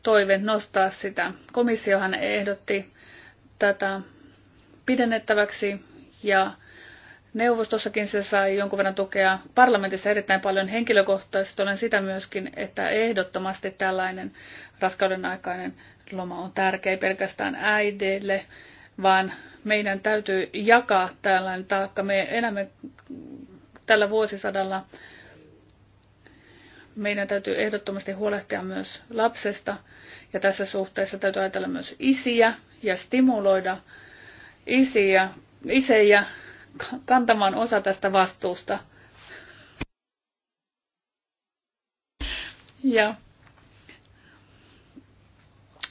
toive nostaa sitä. Komissiohan ehdotti tätä pidennettäväksi ja neuvostossakin se sai jonkun verran tukea. Parlamentissa erittäin paljon henkilökohtaisesti olen sitä myöskin, että ehdottomasti tällainen raskauden aikainen loma on tärkeä pelkästään äideille, vaan meidän täytyy jakaa tällainen taakka. Me elämme tällä vuosisadalla. Meidän täytyy ehdottomasti huolehtia myös lapsesta ja tässä suhteessa täytyy ajatella myös isiä ja stimuloida isiä, isejä kantamaan osa tästä vastuusta. Ja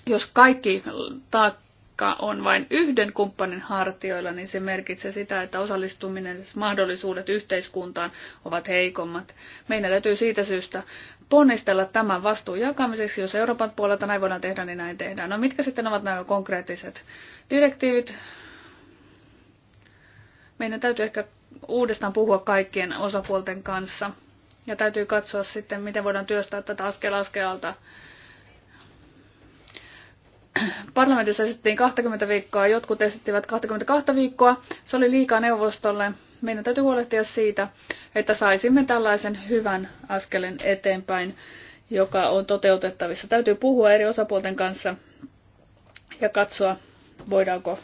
jos kaikki taakka vaikka on vain yhden kumppanin hartioilla, niin se merkitsee sitä, että osallistuminen mahdollisuudet yhteiskuntaan ovat heikommat. Meidän täytyy siitä syystä ponnistella tämän vastuun jakamiseksi. Jos Euroopan puolelta näin voidaan tehdä, niin näin tehdään. No mitkä sitten ovat nämä konkreettiset direktiivit? Meidän täytyy ehkä uudestaan puhua kaikkien osapuolten kanssa. Ja täytyy katsoa sitten, miten voidaan työstää tätä askel askelalta parlamentissa esitettiin 20 viikkoa, jotkut esittivät 22 viikkoa. Se oli liikaa neuvostolle. Meidän täytyy huolehtia siitä, että saisimme tällaisen hyvän askelen eteenpäin, joka on toteutettavissa. Täytyy puhua eri osapuolten kanssa ja katsoa, voidaanko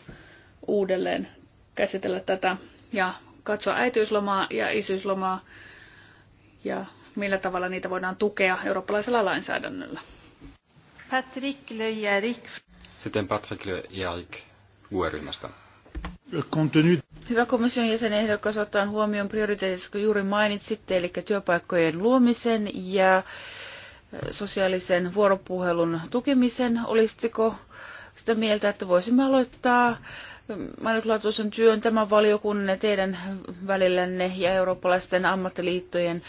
uudelleen käsitellä tätä ja katsoa äitiyslomaa ja isyyslomaa ja millä tavalla niitä voidaan tukea eurooppalaisella lainsäädännöllä. Patrick Le Sitten Patrick Le Jarik UE-ryhmästä. Hyvä komission jäsenehdokas ottaen huomioon prioriteetit, jotka juuri mainitsitte, eli työpaikkojen luomisen ja eh, sosiaalisen vuoropuhelun tukemisen. Olisitteko sitä mieltä, että voisimme aloittaa mainitlaatuisen eh, työn tämän valiokunnan ja teidän välillänne ja eurooppalaisten ammattiliittojen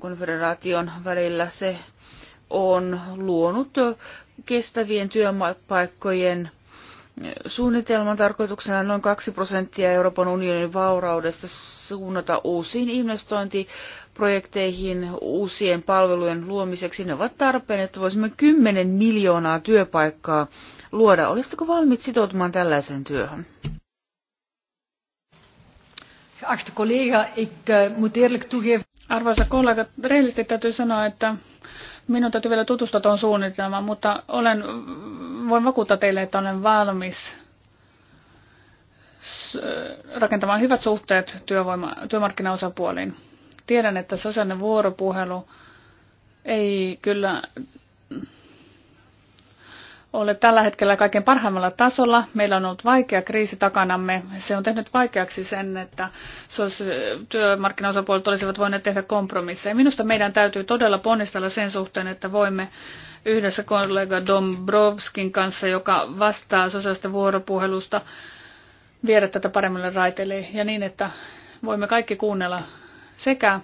konfederaation välillä se on luonut kestävien työpaikkojen Suunnitelman tarkoituksena on noin 2 prosenttia Euroopan unionin vauraudesta suunnata uusiin investointiprojekteihin uusien palvelujen luomiseksi. Ne ovat tarpeen, että voisimme 10 miljoonaa työpaikkaa luoda. Olisitko valmiit sitoutumaan tällaiseen työhön? Eh, Arvoisa kollega, rehellisesti täytyy sanoa, että Minun täytyy vielä tutustua tuon suunnitelmaan, mutta olen, voin vakuuttaa teille, että olen valmis rakentamaan hyvät suhteet työvoima, työmarkkinaosapuoliin. Tiedän, että sosiaalinen vuoropuhelu ei kyllä ole tällä hetkellä kaiken parhaimmalla tasolla. Meillä on ollut vaikea kriisi takanamme. Se on tehnyt vaikeaksi sen, että työmarkkinaosapuolet olisivat voineet tehdä kompromisseja. Minusta meidän täytyy todella ponnistella sen suhteen, että voimme yhdessä kollega Dombrovskin kanssa, joka vastaa sosiaalista vuoropuhelusta, viedä tätä paremmille raiteille ja niin, että voimme kaikki kuunnella sekä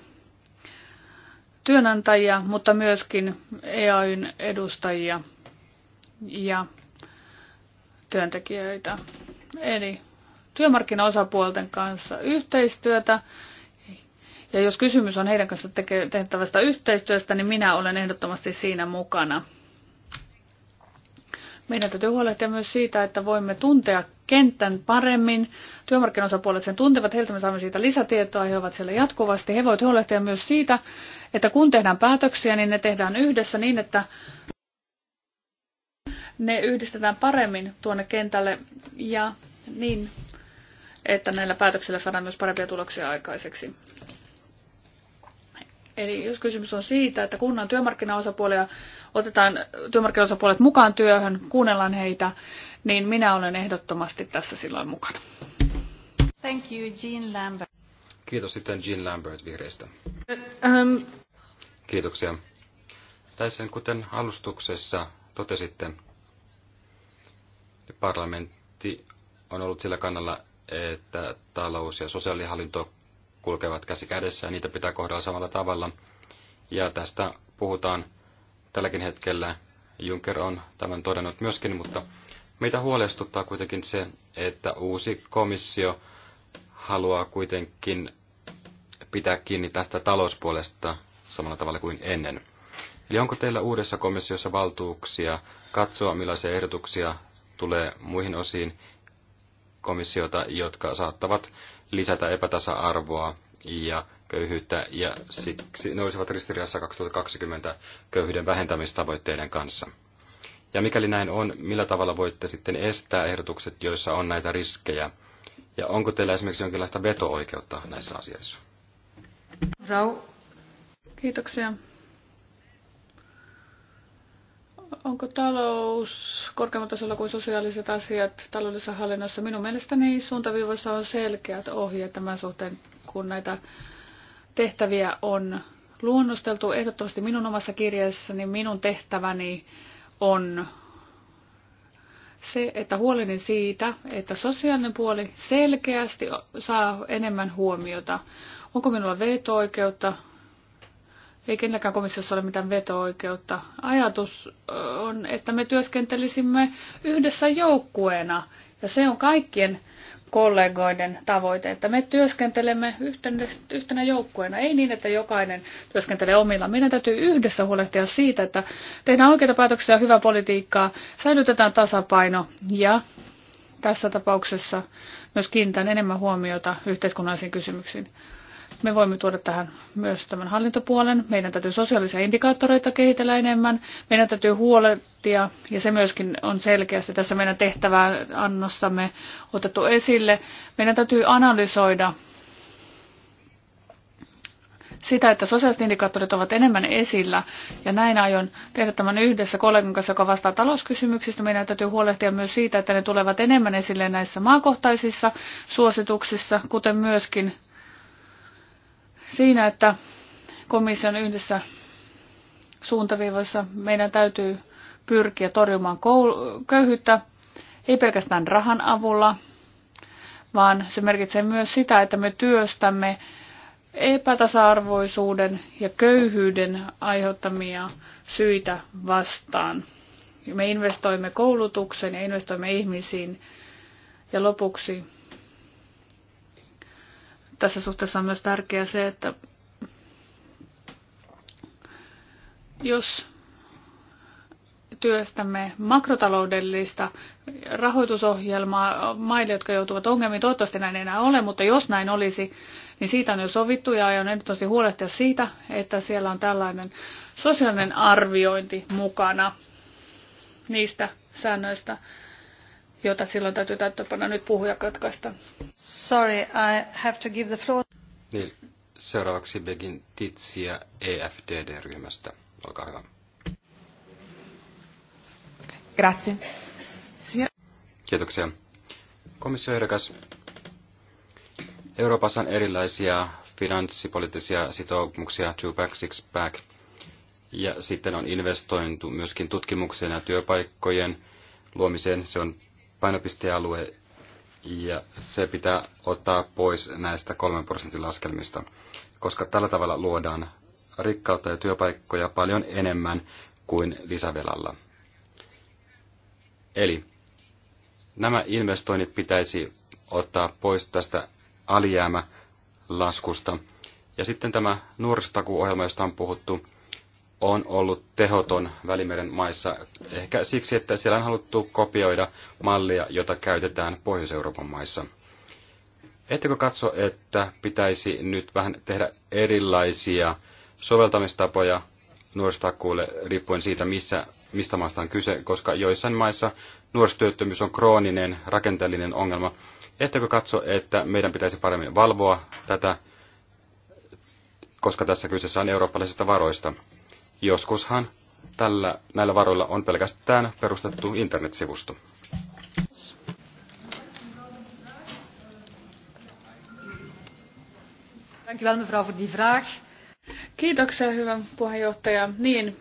työnantajia, mutta myöskin EAYn edustajia – ja työntekijöitä. Eli työmarkkinaosapuolten kanssa yhteistyötä. Ja jos kysymys on heidän kanssa tehtävästä yhteistyöstä, niin minä olen ehdottomasti siinä mukana. Meidän täytyy huolehtia myös siitä, että voimme tuntea kentän paremmin. Työmarkkinaosapuolet sen tuntevat, heiltä me saamme siitä lisätietoa, he ovat siellä jatkuvasti. He voivat huolehtia myös siitä, että kun tehdään päätöksiä, niin ne tehdään yhdessä niin, että ne yhdistetään paremmin tuonne kentälle ja niin, että näillä päätöksillä saadaan myös parempia tuloksia aikaiseksi. Eli jos kysymys on siitä, että kunnan työmarkkinaosapuolia otetaan työmarkkinaosapuolet mukaan työhön, kuunnellaan heitä, niin minä olen ehdottomasti tässä silloin mukana. Thank you, Jean Lambert. Kiitos sitten Jean Lambert vihreistä. Um. Kiitoksia. Tässä kuten alustuksessa totesitte. Parlamentti on ollut sillä kannalla, että talous ja sosiaalihallinto kulkevat käsi kädessä ja niitä pitää kohdella samalla tavalla. Ja tästä puhutaan tälläkin hetkellä. Juncker on tämän todennut myöskin, mutta meitä huolestuttaa kuitenkin se, että uusi komissio haluaa kuitenkin pitää kiinni tästä talouspuolesta samalla tavalla kuin ennen. Eli onko teillä uudessa komissiossa valtuuksia katsoa, millaisia ehdotuksia tulee muihin osiin komissiota, jotka saattavat lisätä epätasa-arvoa ja köyhyyttä, ja siksi ne olisivat ristiriidassa 2020 köyhyyden vähentämistavoitteiden kanssa. Ja mikäli näin on, millä tavalla voitte sitten estää ehdotukset, joissa on näitä riskejä? Ja onko teillä esimerkiksi jonkinlaista veto-oikeutta näissä asioissa? Rau. Kiitoksia. Onko talous korkeammalla tasolla kuin sosiaaliset asiat taloudellisessa hallinnossa? Minun mielestäni suuntaviivoissa on selkeät ohjeet tämän suhteen, kun näitä tehtäviä on luonnosteltu. Ehdottomasti minun omassa kirjassani minun tehtäväni on se, että huolehdin siitä, että sosiaalinen puoli selkeästi saa enemmän huomiota. Onko minulla veto-oikeutta? ei kenelläkään komissiossa ole mitään veto-oikeutta. Ajatus on, että me työskentelisimme yhdessä joukkueena, ja se on kaikkien kollegoiden tavoite, että me työskentelemme yhtenä, yhtenä joukkueena, ei niin, että jokainen työskentelee omilla. Meidän täytyy yhdessä huolehtia siitä, että tehdään oikeita päätöksiä, hyvää politiikkaa, säilytetään tasapaino ja tässä tapauksessa myös kiinnitän enemmän huomiota yhteiskunnallisiin kysymyksiin. Me voimme tuoda tähän myös tämän hallintopuolen. Meidän täytyy sosiaalisia indikaattoreita kehitellä enemmän. Meidän täytyy huolehtia, ja se myöskin on selkeästi tässä meidän tehtävää annossamme otettu esille. Meidän täytyy analysoida sitä, että sosiaaliset indikaattorit ovat enemmän esillä, ja näin aion tehdä tämän yhdessä kollegan kanssa, joka vastaa talouskysymyksistä. Meidän täytyy huolehtia myös siitä, että ne tulevat enemmän esille näissä maakohtaisissa suosituksissa, kuten myöskin siinä, että komission yhdessä suuntaviivoissa meidän täytyy pyrkiä torjumaan köyhyyttä, ei pelkästään rahan avulla, vaan se merkitsee myös sitä, että me työstämme epätasa-arvoisuuden ja köyhyyden aiheuttamia syitä vastaan. Me investoimme koulutukseen ja investoimme ihmisiin. Ja lopuksi tässä suhteessa on myös tärkeää se, että jos työstämme makrotaloudellista rahoitusohjelmaa maille, jotka joutuvat ongelmiin. Toivottavasti näin ei enää ole, mutta jos näin olisi, niin siitä on jo sovittu ja aion ehdottomasti huolehtia siitä, että siellä on tällainen sosiaalinen arviointi mukana niistä säännöistä, jota silloin täytyy täyttöpanna. Nyt puhuja katkaista. Sorry, I have to give the floor. Niin, seuraavaksi Begin Titsiä EFDD-ryhmästä. Olkaa hyvä. Grazie. Kiitoksia. Komissioehdokas, Euroopassa on erilaisia finanssipoliittisia sitoumuksia, two-pack, six-pack, ja sitten on investointu myöskin tutkimukseen ja työpaikkojen luomiseen. Se on painopistealue ja se pitää ottaa pois näistä 3 prosentin laskelmista, koska tällä tavalla luodaan rikkautta ja työpaikkoja paljon enemmän kuin lisävelalla. Eli nämä investoinnit pitäisi ottaa pois tästä alijäämälaskusta. Ja sitten tämä nuorisotakuohjelma, josta on puhuttu, on ollut tehoton Välimeren maissa, ehkä siksi, että siellä on haluttu kopioida mallia, jota käytetään Pohjois-Euroopan maissa. Ettekö katso, että pitäisi nyt vähän tehdä erilaisia soveltamistapoja nuorisotakuulle riippuen siitä, missä, mistä maasta on kyse, koska joissain maissa nuorisotyöttömyys on krooninen, rakenteellinen ongelma. Ettekö katso, että meidän pitäisi paremmin valvoa tätä, koska tässä kyseessä on eurooppalaisista varoista? Joskushan tällä, näillä varoilla on pelkästään perustettu internetsivusto. Kiitoksia hyvä puheenjohtaja. Niin,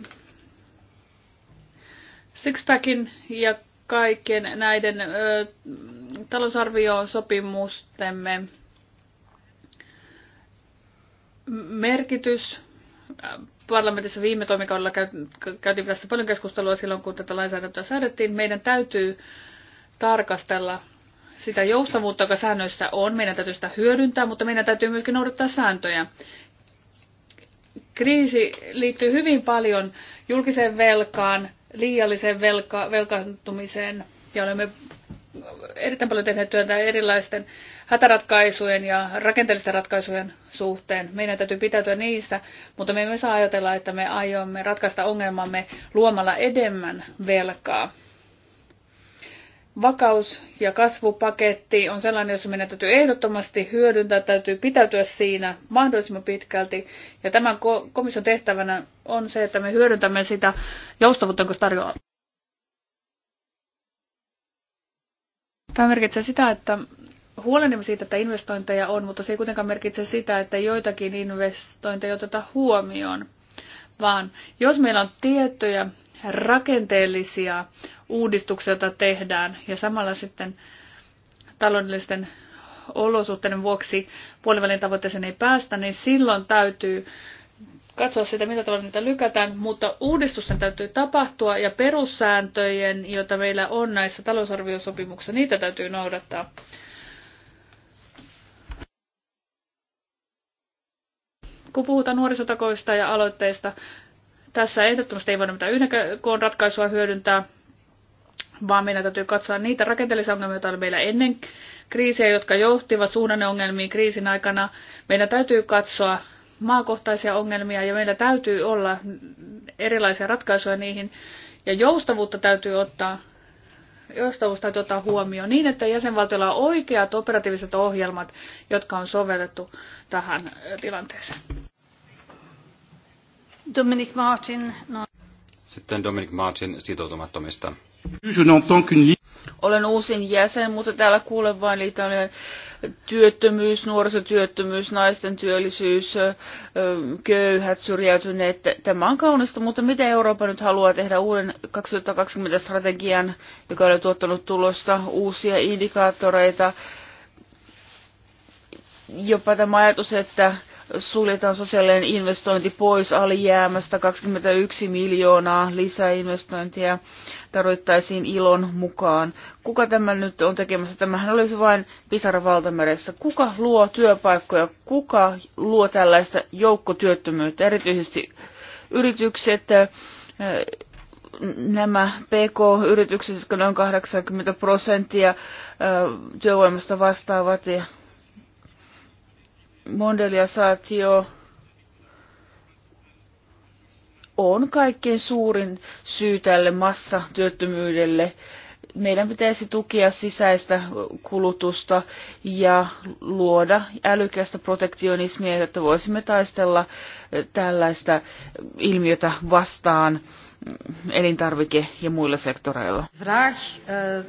Sixpackin ja kaikkien näiden ö, talousarviosopimustemme merkitys parlamentissa viime toimikaudella käytiin tästä paljon keskustelua silloin, kun tätä lainsäädäntöä säädettiin. Meidän täytyy tarkastella sitä joustavuutta, joka säännöissä on. Meidän täytyy sitä hyödyntää, mutta meidän täytyy myöskin noudattaa sääntöjä. Kriisi liittyy hyvin paljon julkiseen velkaan, liialliseen velka, velkaantumiseen ja olemme erittäin paljon tehneet työtä erilaisten hätäratkaisujen ja rakenteellisten ratkaisujen suhteen. Meidän täytyy pitäytyä niissä, mutta me emme saa ajatella, että me aiomme ratkaista ongelmamme luomalla enemmän velkaa. Vakaus- ja kasvupaketti on sellainen, jossa meidän täytyy ehdottomasti hyödyntää, täytyy pitäytyä siinä mahdollisimman pitkälti. Ja tämän komission tehtävänä on se, että me hyödyntämme sitä joustavuutta, kun tarjoaa Tämä merkitsee sitä, että huolenemme siitä, että investointeja on, mutta se ei kuitenkaan merkitse sitä, että joitakin investointeja oteta huomioon, vaan jos meillä on tiettyjä rakenteellisia uudistuksia, joita tehdään ja samalla sitten taloudellisten olosuhteiden vuoksi puolivälin tavoitteeseen ei päästä, niin silloin täytyy katsoa sitä, mitä tavalla niitä lykätään, mutta uudistusten täytyy tapahtua ja perussääntöjen, joita meillä on näissä talousarviosopimuksissa, niitä täytyy noudattaa. Kun puhutaan nuorisotakoista ja aloitteista, tässä ehdottomasti ei voida mitään yhden koon ratkaisua hyödyntää, vaan meidän täytyy katsoa niitä rakenteellisia ongelmia, joita oli meillä ennen kriisiä, jotka johtivat suhdanneongelmiin kriisin aikana. Meidän täytyy katsoa maakohtaisia ongelmia ja meillä täytyy olla erilaisia ratkaisuja niihin. Ja joustavuutta täytyy ottaa, joustavuus täytyy ottaa huomioon niin, että jäsenvaltioilla on oikeat operatiiviset ohjelmat, jotka on sovellettu tähän tilanteeseen. Dominic Martin. No. Sitten Dominic Martin sitoutumattomista. Olen uusin jäsen, mutta täällä kuulen vain liittyen eh, työttömyys, nuorisotyöttömyys, naisten työllisyys, eh, köyhät, syrjäytyneet. Tämä on kaunista, mutta mitä Eurooppa nyt haluaa tehdä uuden 2020-strategian, joka oli tuottanut tulosta uusia indikaattoreita, jopa tämä ajatus, että suljetaan sosiaalinen investointi pois alijäämästä 21 miljoonaa lisäinvestointia tarvittaisiin ilon mukaan. Kuka tämä nyt on tekemässä? Tämähän olisi vain pisara valtameressä. Kuka luo työpaikkoja? Kuka luo tällaista joukkotyöttömyyttä? Erityisesti yritykset, äh, nämä PK-yritykset, jotka noin 80 prosenttia äh, työvoimasta vastaavat ja mondeliasaatio on kaikkein suurin syy tälle massatyöttömyydelle. Meidän pitäisi tukea sisäistä kulutusta ja luoda älykästä protektionismia, jotta voisimme taistella tällaista ilmiötä vastaan elintarvike- ja muilla sektoreilla. Vraag, uh,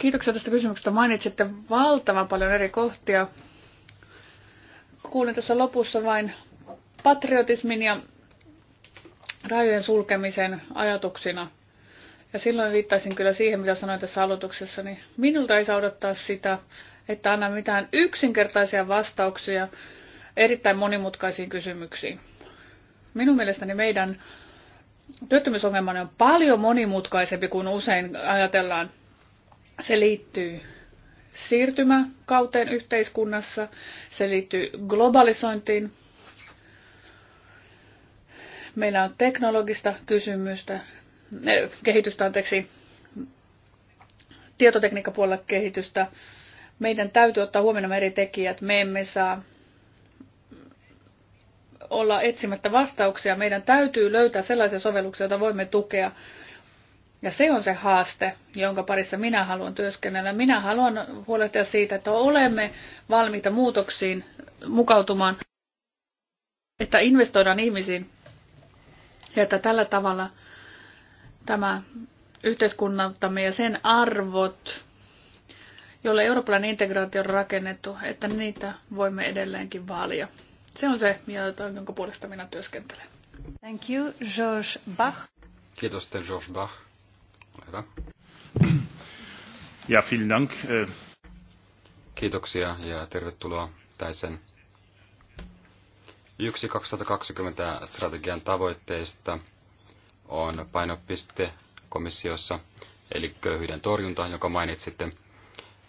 Kiitoksia tästä kysymyksestä. Mainitsitte valtavan paljon eri kohtia. Kuulin tuossa lopussa vain patriotismin ja rajojen sulkemisen ajatuksina. Ja silloin viittaisin kyllä siihen, mitä sanoin tässä aloituksessa, niin minulta ei saa odottaa sitä, että anna mitään yksinkertaisia vastauksia erittäin monimutkaisiin kysymyksiin. Minun mielestäni meidän työttömyysongelmamme on paljon monimutkaisempi kuin usein ajatellaan. Se liittyy siirtymäkauteen yhteiskunnassa, se liittyy globalisointiin. Meillä on teknologista kysymystä, eh, kehitystä, anteeksi, tietotekniikkapuolella kehitystä. Meidän täytyy ottaa huomioon eri tekijät. Me emme saa olla etsimättä vastauksia. Meidän täytyy löytää sellaisia sovelluksia, joita voimme tukea ja se on se haaste, jonka parissa minä haluan työskennellä. Minä haluan huolehtia siitä, että olemme valmiita muutoksiin mukautumaan, että investoidaan ihmisiin ja että tällä tavalla tämä yhteiskunnattamme ja sen arvot, jolle eurooppalainen integraatio on rakennettu, että niitä voimme edelleenkin vaalia. Se on se, jonka puolesta minä työskentelen. Thank you, George Bach. Kiitos George Bach hyvä. Ja vielen dank. Äh, Kiitoksia ja tervetuloa Täisen. Yksi 2020 strategian tavoitteista on painopiste komissiossa, eli köyhyyden torjunta, joka mainitsitte.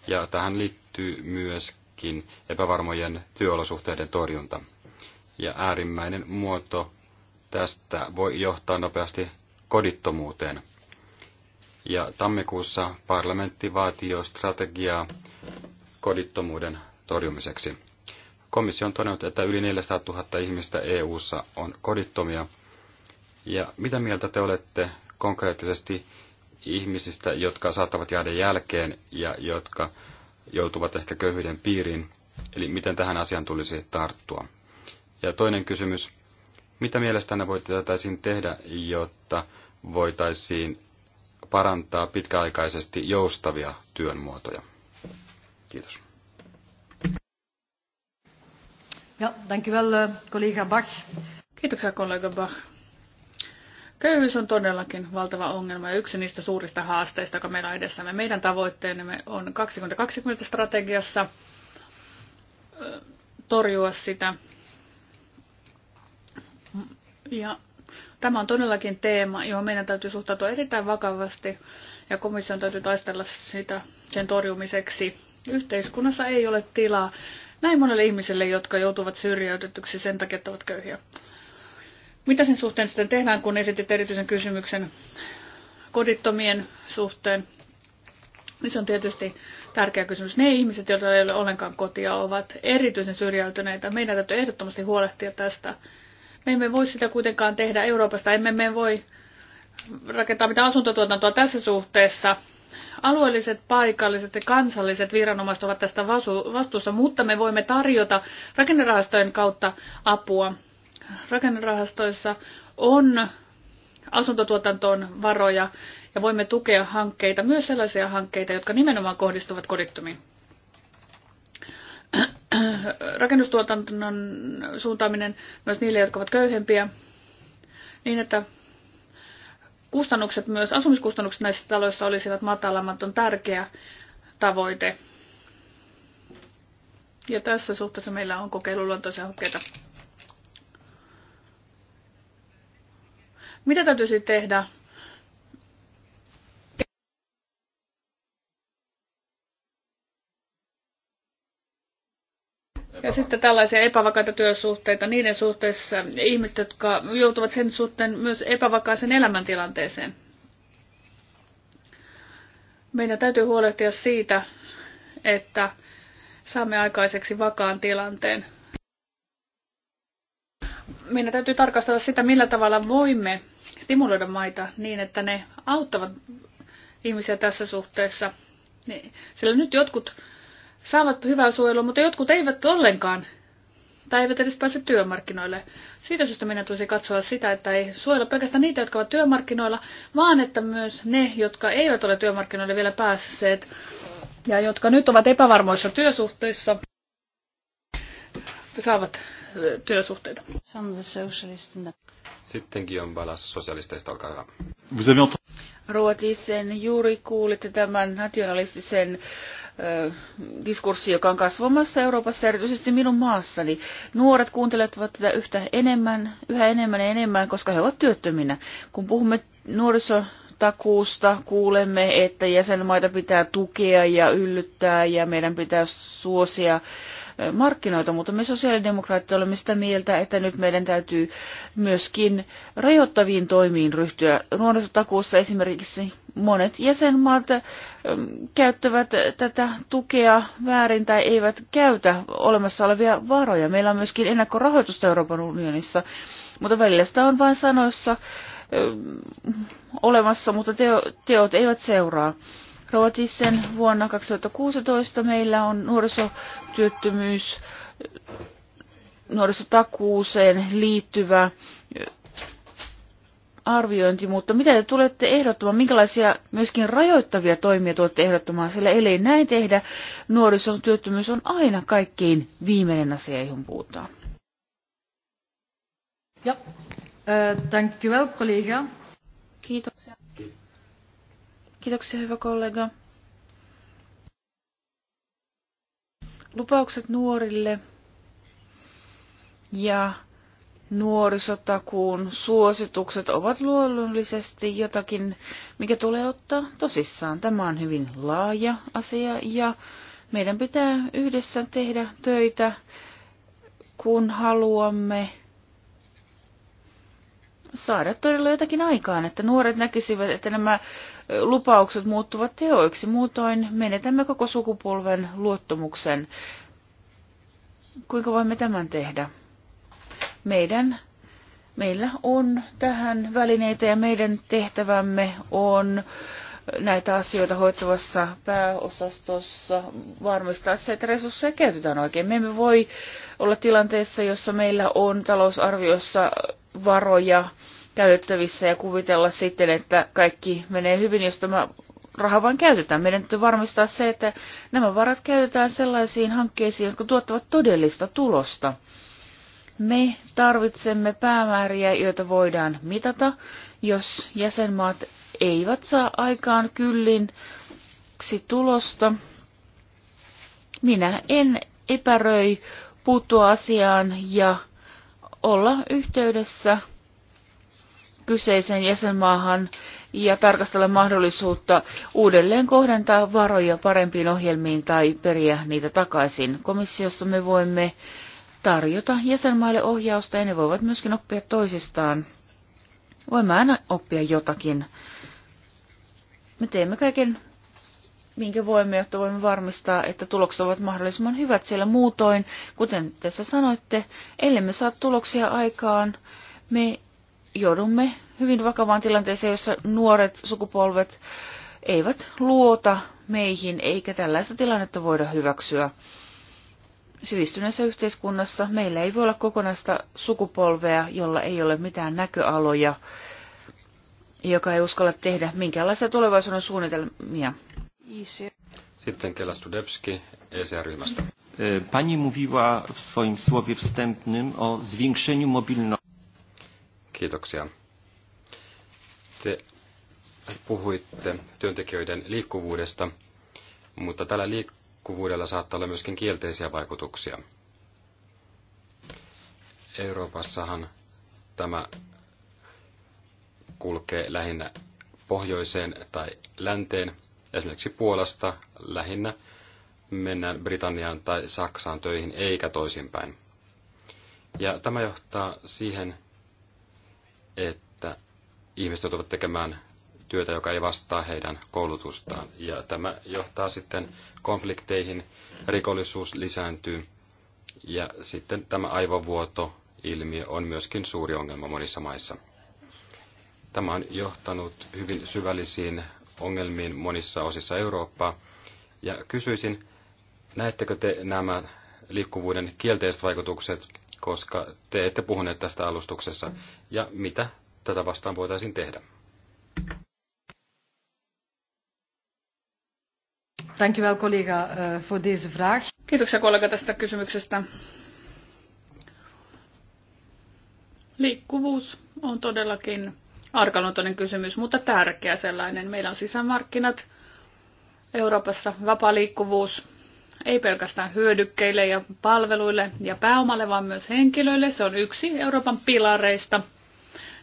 Ja tähän liittyy myöskin epävarmojen työolosuhteiden torjunta. Ja äärimmäinen muoto tästä voi johtaa nopeasti kodittomuuteen – ja tammikuussa parlamentti vaatii jo strategiaa kodittomuuden torjumiseksi. Komissio on todennut, että yli 400 000 ihmistä EU:ssa on kodittomia. Ja mitä mieltä te olette konkreettisesti ihmisistä, jotka saattavat jäädä jälkeen ja jotka joutuvat ehkä köyhyyden piiriin? Eli miten tähän asiaan tulisi tarttua? Ja toinen kysymys. Mitä mielestänne voitaisiin tehdä, jotta voitaisiin parantaa pitkäaikaisesti joustavia työn muotoja. Kiitos. Ja, dankjewel, collega uh, Bach. Kiitoksia, kollega Bach. Köyhyys on todellakin valtava ongelma ja yksi niistä suurista haasteista, joka meillä on edessämme. Meidän tavoitteemme on 2020-strategiassa torjua sitä. Ja Tämä on todellakin teema, johon meidän täytyy suhtautua erittäin vakavasti ja komission täytyy taistella sitä sen torjumiseksi. Yhteiskunnassa ei ole tilaa näin monelle ihmiselle, jotka joutuvat syrjäytetyksi sen takia, että ovat köyhiä. Mitä sen suhteen sitten tehdään, kun esitit erityisen kysymyksen kodittomien suhteen? Se on tietysti tärkeä kysymys. Ne ihmiset, joilla ei ole ollenkaan kotia, ovat erityisen syrjäytyneitä. Meidän täytyy ehdottomasti huolehtia tästä me emme voi sitä kuitenkaan tehdä Euroopasta, emme me voi rakentaa mitään asuntotuotantoa tässä suhteessa. Alueelliset, paikalliset ja kansalliset viranomaiset ovat tästä vastuussa, mutta me voimme tarjota rakennerahastojen kautta apua. Rakennerahastoissa on asuntotuotantoon varoja ja voimme tukea hankkeita, myös sellaisia hankkeita, jotka nimenomaan kohdistuvat kodittomiin rakennustuotannon suuntaaminen myös niille, jotka ovat köyhempiä, niin että kustannukset, myös asumiskustannukset näissä taloissa olisivat matalammat, on tärkeä tavoite. Ja tässä suhteessa meillä on kokeiluluontoisia hankkeita. Mitä täytyisi tehdä sitten tällaisia epävakaita työsuhteita niiden suhteessa ihmiset, jotka joutuvat sen suhteen myös epävakaisen elämäntilanteeseen. Meidän täytyy huolehtia siitä, että saamme aikaiseksi vakaan tilanteen. Meidän täytyy tarkastella sitä, millä tavalla voimme stimuloida maita niin, että ne auttavat ihmisiä tässä suhteessa. Niin, sillä nyt jotkut saavat hyvää suojelua, mutta jotkut eivät ollenkaan tai eivät edes pääse työmarkkinoille. Siitä syystä minä tulisi katsoa sitä, että ei suojella pelkästään niitä, jotka ovat työmarkkinoilla, vaan että myös ne, jotka eivät ole työmarkkinoille vielä päässeet ja jotka nyt ovat epävarmoissa työsuhteissa, saavat työsuhteita. Sittenkin on palas sosialisteista, olkaa hyvä. Ruotisen juuri kuulitte tämän nationalistisen diskurssi, joka on kasvamassa Euroopassa, erityisesti minun maassani. Nuoret kuuntelevat tätä yhtä enemmän, yhä enemmän ja enemmän, koska he ovat työttöminä. Kun puhumme nuorisotakuusta, kuulemme, että jäsenmaita pitää tukea ja yllyttää ja meidän pitää suosia markkinoita, mutta me sosiaalidemokraatit olemme sitä mieltä, että nyt meidän täytyy myöskin rajoittaviin toimiin ryhtyä. Nuorisotakuussa esimerkiksi monet jäsenmaat käyttävät tätä tukea väärin tai eivät käytä olemassa olevia varoja. Meillä on myöskin ennakkorahoitusta Euroopan unionissa, mutta välillä sitä on vain sanoissa olemassa, mutta teot eivät seuraa. Ruotisen vuonna 2016 meillä on nuorisotyöttömyys, nuorisotakuuseen liittyvä arviointi, mutta mitä te tulette ehdottamaan, minkälaisia myöskin rajoittavia toimia tulette ehdottamaan, sillä ellei näin tehdä, nuorison työttömyys on aina kaikkein viimeinen asia, johon puhutaan. Ja, äh, thank you well, kollega. Kiitoksia. Kiitoksia, hyvä kollega. Lupaukset nuorille ja nuorisotakuun suositukset ovat luonnollisesti jotakin, mikä tulee ottaa tosissaan. Tämä on hyvin laaja asia ja meidän pitää yhdessä tehdä töitä, kun haluamme saada todella jotakin aikaan, että nuoret näkisivät, että nämä lupaukset muuttuvat teoiksi. Muutoin menetämme koko sukupolven luottamuksen. Kuinka voimme tämän tehdä? meidän, meillä on tähän välineitä ja meidän tehtävämme on näitä asioita hoitavassa pääosastossa varmistaa se, että resursseja käytetään oikein. Me emme voi olla tilanteessa, jossa meillä on talousarviossa varoja käytettävissä ja kuvitella sitten, että kaikki menee hyvin, jos tämä raha vain käytetään. Meidän täytyy varmistaa se, että nämä varat käytetään sellaisiin hankkeisiin, jotka tuottavat todellista tulosta. Me tarvitsemme päämääriä, joita voidaan mitata. Jos jäsenmaat eivät saa aikaan kylliksi tulosta, minä en epäröi puuttua asiaan ja olla yhteydessä kyseiseen jäsenmaahan ja tarkastella mahdollisuutta uudelleen kohdentaa varoja parempiin ohjelmiin tai periä niitä takaisin. Komissiossa me voimme tarjota jäsenmaille ohjausta ja ne voivat myöskin oppia toisistaan. Voimme aina oppia jotakin. Me teemme kaiken, minkä voimme, jotta voimme varmistaa, että tulokset ovat mahdollisimman hyvät, siellä muutoin, kuten tässä sanoitte, ellemme saa tuloksia aikaan, me joudumme hyvin vakavaan tilanteeseen, jossa nuoret sukupolvet eivät luota meihin, eikä tällaista tilannetta voida hyväksyä sivistyneessä yhteiskunnassa meillä ei voi olla kokonaista sukupolvea, jolla ei ole mitään näköaloja, joka ei uskalla tehdä minkäänlaisia tulevaisuuden suunnitelmia. Sitten Kela Studebski ESR-ryhmästä. E, pani mówiła w swoim słowie wstępnym o zwiększeniu mobilności. Kiitoksia. Te puhuitte työntekijöiden liikkuvuudesta, mutta tällä liikkuvuudella liikkuvuudella saattaa olla myöskin kielteisiä vaikutuksia. Euroopassahan tämä kulkee lähinnä pohjoiseen tai länteen. Esimerkiksi Puolasta lähinnä mennään Britanniaan tai Saksaan töihin eikä toisinpäin. Ja tämä johtaa siihen, että ihmiset joutuvat tekemään työtä, joka ei vastaa heidän koulutustaan. Ja tämä johtaa sitten konflikteihin, rikollisuus lisääntyy ja sitten tämä aivovuoto-ilmiö on myöskin suuri ongelma monissa maissa. Tämä on johtanut hyvin syvällisiin ongelmiin monissa osissa Eurooppaa. Ja kysyisin, näettekö te nämä liikkuvuuden kielteiset vaikutukset, koska te ette puhuneet tästä alustuksessa, ja mitä tätä vastaan voitaisiin tehdä? Eh, vraag. Kiitoksia kollega tästä kysymyksestä. Liikkuvuus on todellakin arkaluontoinen kysymys, mutta tärkeä sellainen. Meillä on sisämarkkinat, Euroopassa vapaa liikkuvuus, ei pelkästään hyödykkeille ja palveluille ja pääomalle, vaan myös henkilöille. Se on yksi Euroopan pilareista.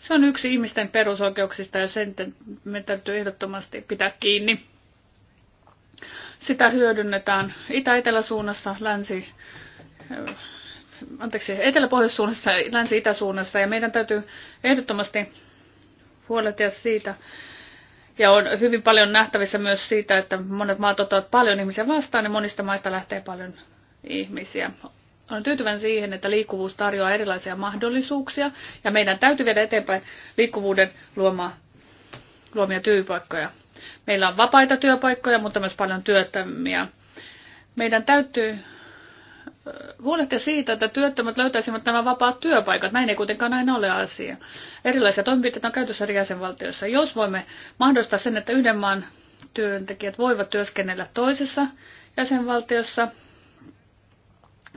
Se on yksi ihmisten perusoikeuksista ja sen me täytyy ehdottomasti pitää kiinni. Sitä hyödynnetään itä-eteläsuunnassa, länsi, eh, anteeksi, etelä-pohjoissuunnassa, länsi-itäsuunnassa ja meidän täytyy ehdottomasti huolehtia siitä, ja on hyvin paljon nähtävissä myös siitä, että monet maat ottavat paljon ihmisiä vastaan ja monista maista lähtee paljon ihmisiä. Olen tyytyväinen siihen, että liikkuvuus tarjoaa erilaisia mahdollisuuksia ja meidän täytyy viedä eteenpäin liikkuvuuden luomaa, luomia työpaikkoja. Meillä on vapaita työpaikkoja, mutta myös paljon työttömiä. Meidän täytyy huolehtia siitä, että työttömät löytäisivät nämä vapaat työpaikat. Näin ei kuitenkaan aina ole asia. Erilaisia toimenpiteitä on käytössä eri jäsenvaltioissa. Jos voimme mahdollistaa sen, että yhden maan työntekijät voivat työskennellä toisessa jäsenvaltiossa,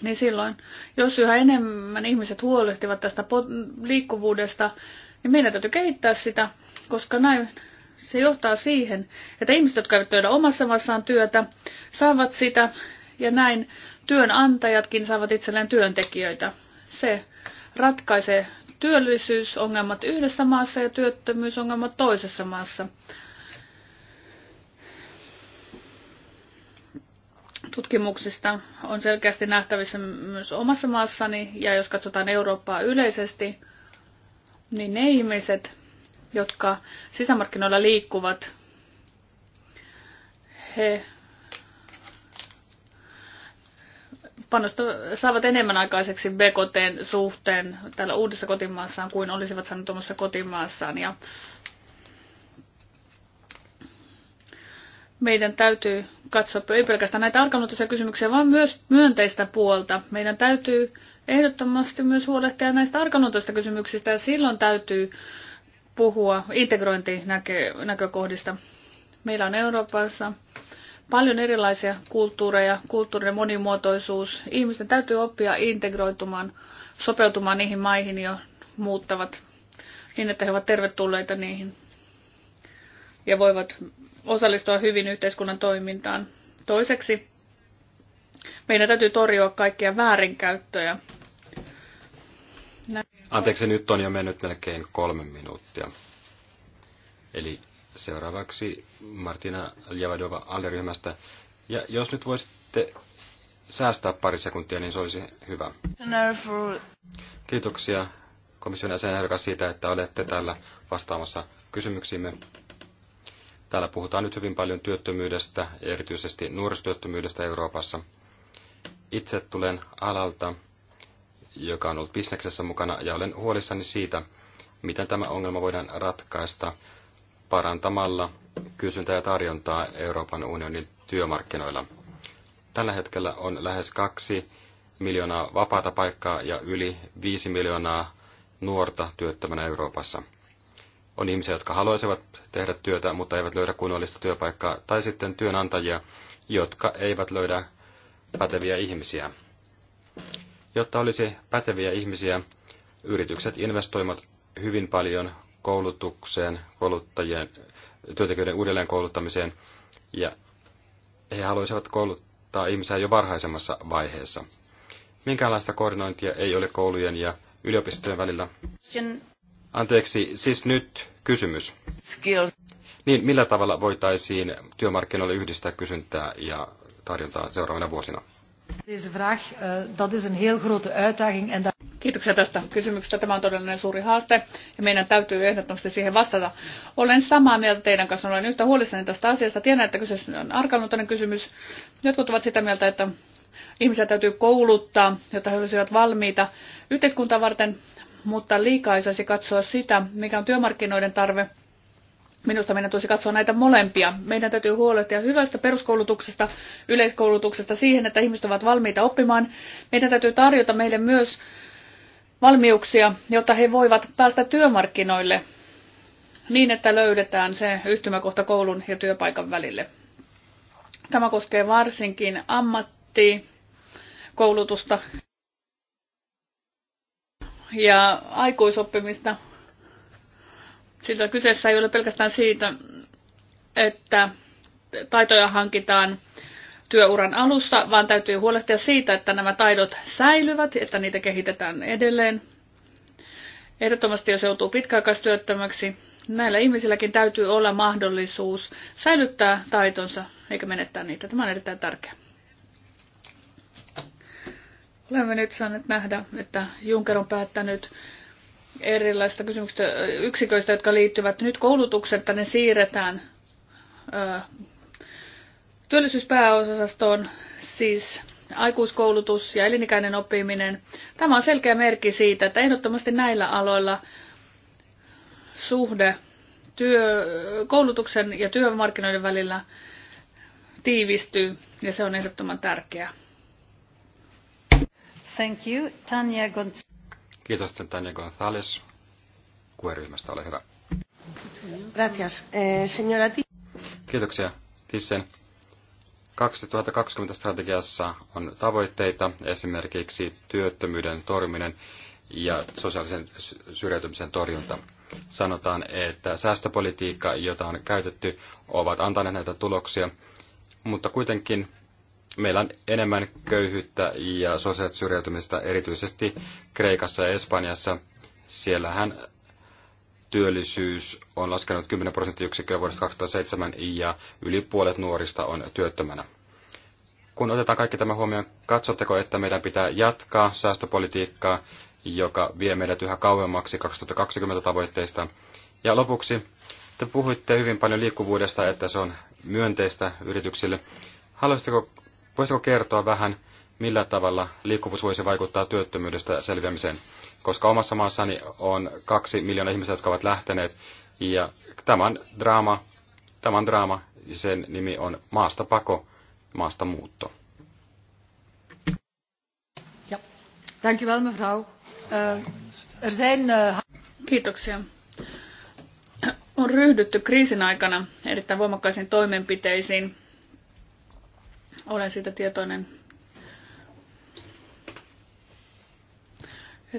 niin silloin, jos yhä enemmän ihmiset huolehtivat tästä liikkuvuudesta, niin meidän täytyy kehittää sitä, koska näin se johtaa siihen, että ihmiset, jotka eivät töitä omassa maassaan työtä, saavat sitä ja näin työnantajatkin saavat itselleen työntekijöitä. Se ratkaisee työllisyysongelmat yhdessä maassa ja työttömyysongelmat toisessa maassa. Tutkimuksista on selkeästi nähtävissä myös omassa maassani, ja jos katsotaan Eurooppaa yleisesti, niin ne ihmiset, jotka sisämarkkinoilla liikkuvat, he saavat enemmän aikaiseksi BKTn suhteen täällä uudessa kotimaassaan kuin olisivat saaneet omassa kotimaassaan. Ja meidän täytyy katsoa ei pelkästään näitä arkaluontoisia kysymyksiä, vaan myös myönteistä puolta. Meidän täytyy ehdottomasti myös huolehtia näistä arkaluontoisista kysymyksistä ja silloin täytyy puhua integrointinäkökohdista. Meillä on Euroopassa paljon erilaisia kulttuureja, kulttuurinen monimuotoisuus. Ihmisten täytyy oppia integroitumaan, sopeutumaan niihin maihin, jo muuttavat niin, että he ovat tervetulleita niihin ja voivat osallistua hyvin yhteiskunnan toimintaan. Toiseksi meidän täytyy torjua kaikkia väärinkäyttöjä. Näin. Anteeksi, nyt on jo mennyt melkein kolme minuuttia. Eli seuraavaksi Martina Ljavadova alleryhmästä. Ja jos nyt voisitte säästää pari sekuntia, niin se olisi hyvä. Kiitoksia komission jäsenehdokas siitä, että olette täällä vastaamassa kysymyksiimme. Täällä puhutaan nyt hyvin paljon työttömyydestä, erityisesti nuorisotyöttömyydestä Euroopassa. Itse tulen alalta, joka on ollut bisneksessä mukana, ja olen huolissani siitä, miten tämä ongelma voidaan ratkaista parantamalla kysyntää ja tarjontaa Euroopan unionin työmarkkinoilla. Tällä hetkellä on lähes kaksi miljoonaa vapaata paikkaa ja yli viisi miljoonaa nuorta työttömänä Euroopassa. On ihmisiä, jotka haluaisivat tehdä työtä, mutta eivät löydä kunnollista työpaikkaa, tai sitten työnantajia, jotka eivät löydä päteviä ihmisiä. Jotta olisi päteviä ihmisiä, yritykset investoivat hyvin paljon koulutukseen, kouluttajien, työntekijöiden uudelleenkouluttamiseen ja he haluaisivat kouluttaa ihmisiä jo varhaisemmassa vaiheessa. Minkäänlaista koordinointia ei ole koulujen ja yliopistojen välillä. Anteeksi, siis nyt kysymys. Skills. Niin, millä tavalla voitaisiin työmarkkinoille yhdistää kysyntää ja tarjontaa seuraavina vuosina? Kiitoksia tästä kysymyksestä. Tämä on todellinen suuri haaste ja meidän täytyy ehdottomasti siihen vastata. Olen samaa mieltä teidän kanssa, olen yhtä huolissani tästä asiasta. Tiedän, että kyseessä on arkaluntainen kysymys. Jotkut ovat sitä mieltä, että ihmisiä täytyy kouluttaa, jotta he olisivat valmiita yhteiskuntaa varten, mutta liikaa ei saisi katsoa sitä, mikä on työmarkkinoiden tarve Minusta meidän tulisi katsoa näitä molempia. Meidän täytyy huolehtia hyvästä peruskoulutuksesta, yleiskoulutuksesta siihen, että ihmiset ovat valmiita oppimaan. Meidän täytyy tarjota meille myös valmiuksia, jotta he voivat päästä työmarkkinoille niin, että löydetään se yhtymäkohta koulun ja työpaikan välille. Tämä koskee varsinkin ammattikoulutusta ja aikuisoppimista sillä kyseessä ei ole pelkästään siitä, että taitoja hankitaan työuran alusta, vaan täytyy huolehtia siitä, että nämä taidot säilyvät, että niitä kehitetään edelleen. Ehdottomasti jos joutuu pitkäaikaistyöttömäksi, näillä ihmisilläkin täytyy olla mahdollisuus säilyttää taitonsa eikä menettää niitä. Tämä on erittäin tärkeää. Olemme nyt saaneet nähdä, että Juncker on päättänyt erilaista kysymyksistä, yksiköistä, jotka liittyvät nyt koulutukseen, että ne siirretään ö, työllisyyspääosastoon, siis aikuiskoulutus ja elinikäinen oppiminen. Tämä on selkeä merkki siitä, että ehdottomasti näillä aloilla suhde työ, koulutuksen ja työmarkkinoiden välillä tiivistyy ja se on ehdottoman tärkeää. Thank you, Tanya Gonzalez. Kiitos Tania González. qe ole hyvä. Gracias. Eh, señora Kiitoksia, Tissen. 2020 strategiassa on tavoitteita, esimerkiksi työttömyyden torjuminen ja sosiaalisen syrjäytymisen torjunta. Sanotaan, että säästöpolitiikka, jota on käytetty, ovat antaneet näitä tuloksia, mutta kuitenkin meillä on enemmän köyhyyttä ja sosiaalista syrjäytymistä erityisesti Kreikassa ja Espanjassa. Siellähän työllisyys on laskenut 10 prosenttiyksikköä vuodesta 2007 ja yli puolet nuorista on työttömänä. Kun otetaan kaikki tämä huomioon, katsotteko, että meidän pitää jatkaa säästöpolitiikkaa, joka vie meidät yhä kauemmaksi 2020 tavoitteista? Ja lopuksi, te puhuitte hyvin paljon liikkuvuudesta, että se on myönteistä yrityksille. Haluaisitteko Voisitko kertoa vähän, millä tavalla liikkuvuus voisi vaikuttaa työttömyydestä selviämiseen? Koska omassa maassani on kaksi miljoonaa ihmistä, jotka ovat lähteneet, ja tämän draama, tämän draama, sen nimi on maasta pako, maasta muutto. Ja. Dank u mevrouw. Uh, er zijn, uh... Kiitoksia on ryhdytty kriisin aikana erittäin voimakkaisiin toimenpiteisiin olen siitä tietoinen.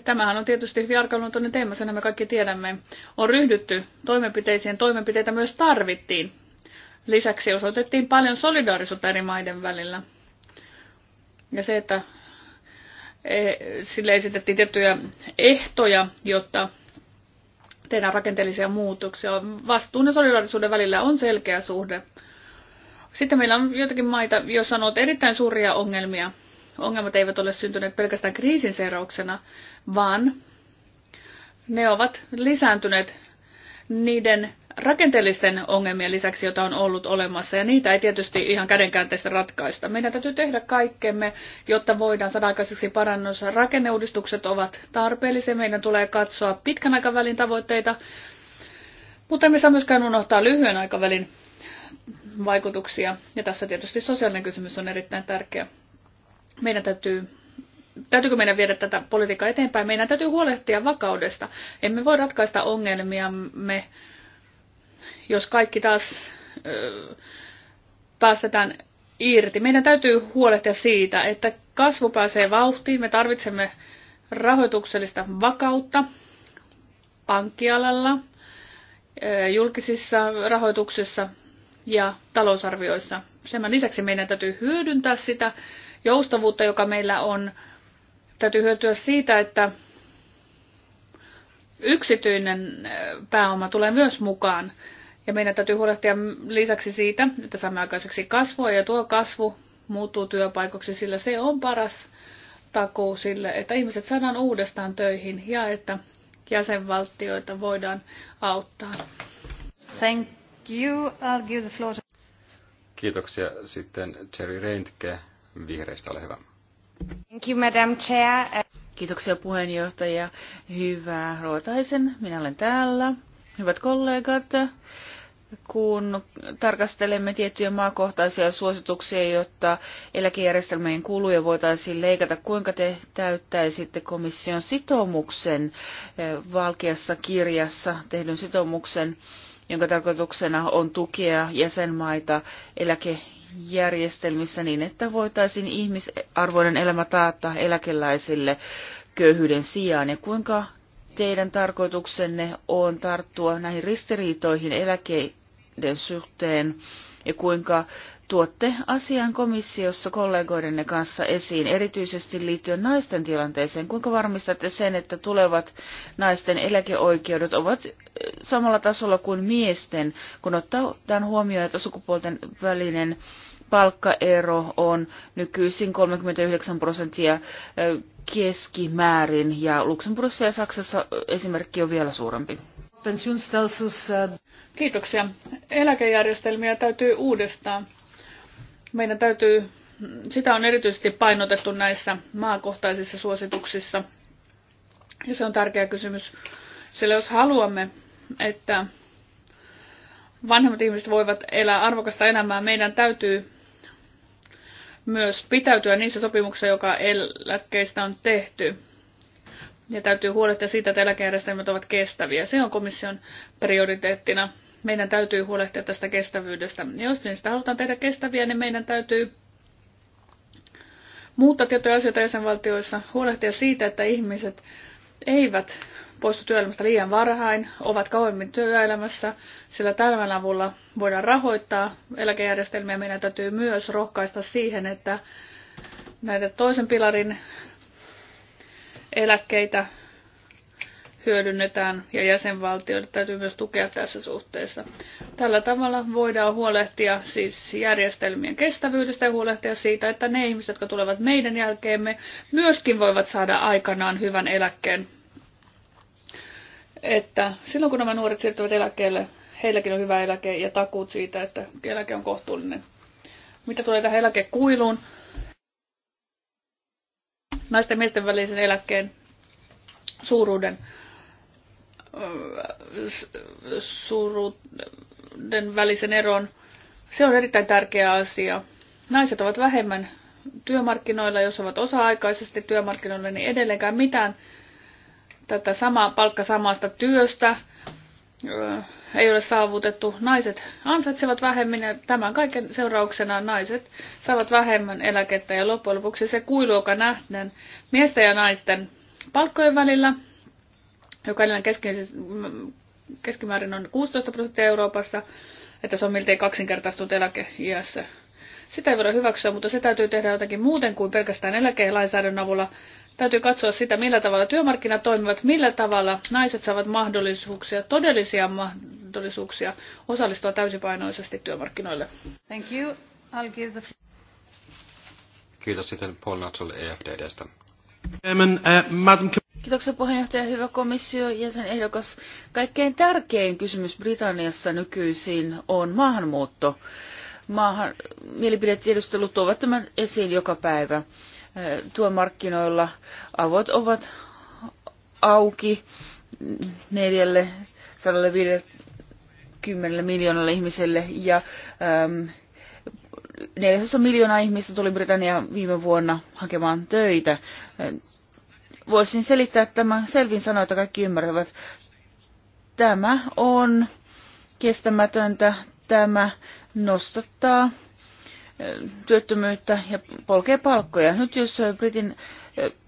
Tämähän on tietysti hyvin arkaluontoinen teema, sen me kaikki tiedämme. On ryhdytty toimenpiteisiin, toimenpiteitä myös tarvittiin. Lisäksi osoitettiin paljon solidaarisuutta eri maiden välillä. Ja se, että e, sille esitettiin tiettyjä ehtoja, jotta tehdään rakenteellisia muutoksia. Vastuun ja solidaarisuuden välillä on selkeä suhde. Sitten meillä on joitakin maita, joissa on ollut erittäin suuria ongelmia. Ongelmat eivät ole syntyneet pelkästään kriisin seurauksena, vaan ne ovat lisääntyneet niiden rakenteellisten ongelmien lisäksi, joita on ollut olemassa, ja niitä ei tietysti ihan kädenkäänteessä ratkaista. Meidän täytyy tehdä kaikkemme, jotta voidaan saada aikaiseksi parannus. Rakenneuudistukset ovat tarpeellisia, meidän tulee katsoa pitkän aikavälin tavoitteita, mutta emme saa myöskään unohtaa lyhyen aikavälin vaikutuksia. Ja tässä tietysti sosiaalinen kysymys on erittäin tärkeä. Meidän täytyy, täytyykö meidän viedä tätä politiikkaa eteenpäin? Meidän täytyy huolehtia vakaudesta. Emme voi ratkaista ongelmiamme, jos kaikki taas ö, päästetään irti. Meidän täytyy huolehtia siitä, että kasvu pääsee vauhtiin. Me tarvitsemme rahoituksellista vakautta pankkialalla, julkisissa rahoituksissa, ja talousarvioissa. Sen lisäksi meidän täytyy hyödyntää sitä joustavuutta, joka meillä on. Täytyy hyötyä siitä, että yksityinen pääoma tulee myös mukaan. Ja meidän täytyy huolehtia lisäksi siitä, että saamme aikaiseksi kasvua ja tuo kasvu muuttuu työpaikoksi, sillä se on paras takuu sille, että ihmiset saadaan uudestaan töihin ja että jäsenvaltioita voidaan auttaa. Thank you. I'll give the floor. Kiitoksia. Sitten Jerry Reintke vihreistä, ole hyvä. Thank you, Madam Chair. Kiitoksia puheenjohtaja. Hyvää Ruotaisen. Minä olen täällä. Hyvät kollegat, kun tarkastelemme tiettyjä maakohtaisia suosituksia, jotta eläkejärjestelmien kuluja voitaisiin leikata, kuinka te täyttäisitte komission sitoumuksen eh, valkeassa kirjassa tehdyn sitoumuksen jonka tarkoituksena on tukea jäsenmaita eläkejärjestelmissä niin, että voitaisiin ihmisarvoinen elämä taata eläkeläisille köyhyyden sijaan. Ja kuinka teidän tarkoituksenne on tarttua näihin ristiriitoihin eläkeiden suhteen ja kuinka tuotte asian komissiossa kollegoidenne kanssa esiin, erityisesti liittyen naisten tilanteeseen? Kuinka varmistatte sen, että tulevat naisten eläkeoikeudet ovat eh, samalla tasolla kuin miesten, kun otetaan huomioon, että sukupuolten välinen palkkaero on nykyisin 39 prosenttia eh, keskimäärin ja Luxemburgissa ja Saksassa eh, esimerkki on vielä suurempi. Kiitoksia. Eläkejärjestelmiä täytyy uudestaan meidän täytyy, sitä on erityisesti painotettu näissä maakohtaisissa suosituksissa. Ja se on tärkeä kysymys, sillä jos haluamme, että vanhemmat ihmiset voivat elää arvokasta elämää, meidän täytyy myös pitäytyä niissä sopimuksissa, joka eläkkeistä on tehty. Ja täytyy huolehtia siitä, että eläkejärjestelmät ovat kestäviä. Se on komission prioriteettina meidän täytyy huolehtia tästä kestävyydestä. Jos niistä halutaan tehdä kestäviä, niin meidän täytyy muuttaa tietoja asioita jäsenvaltioissa, huolehtia siitä, että ihmiset eivät poistu työelämästä liian varhain, ovat kauemmin työelämässä, sillä tämän avulla voidaan rahoittaa eläkejärjestelmiä. Meidän täytyy myös rohkaista siihen, että näitä toisen pilarin eläkkeitä hyödynnetään ja jäsenvaltioita täytyy myös tukea tässä suhteessa. Tällä tavalla voidaan huolehtia siis järjestelmien kestävyydestä ja huolehtia siitä, että ne ihmiset, jotka tulevat meidän jälkeemme, myöskin voivat saada aikanaan hyvän eläkkeen. Että silloin kun nämä nuoret siirtyvät eläkkeelle, heilläkin on hyvä eläke ja takuut siitä, että eläke on kohtuullinen. Mitä tulee tähän eläkekuiluun, naisten ja miesten välisen eläkkeen suuruuden suruuden välisen eron. Se on erittäin tärkeä asia. Naiset ovat vähemmän työmarkkinoilla, jos ovat osa-aikaisesti työmarkkinoilla, niin edelleenkään mitään tätä samaa palkka samasta työstä ei ole saavutettu. Naiset ansaitsevat vähemmän ja tämän kaiken seurauksena naiset saavat vähemmän eläkettä ja loppujen lopuksi se kuilu, joka nähden miesten ja naisten palkkojen välillä, joka keskimäärin on 16 prosenttia Euroopassa, että se on miltei kaksinkertaistunut eläkeiässä. Sitä ei voida hyväksyä, mutta se täytyy tehdä jotenkin muuten kuin pelkästään eläkelainsäädännön avulla. Täytyy katsoa sitä, millä tavalla työmarkkinat toimivat, millä tavalla naiset saavat mahdollisuuksia, todellisia mahdollisuuksia osallistua täysipainoisesti työmarkkinoille. Thank you. I'll give the... Kiitos sitten Paul Natsulle EFDDstä. Uh, Madam Kiitoksia puheenjohtaja, hyvä komissio, jäsenehdokas. Kaikkein tärkein kysymys Britanniassa nykyisin on maahanmuutto. Maahan, mielipidetiedustelut tuovat tämän esiin joka päivä. Työmarkkinoilla avot ovat auki neljälle miljoonalle ihmiselle ja äm, 400 miljoonaa ihmistä tuli Britannia viime vuonna hakemaan töitä voisin selittää tämän selvin sanoin, että kaikki ymmärtävät. Tämä on kestämätöntä, tämä nostattaa työttömyyttä ja polkee palkkoja. Nyt jos Britin,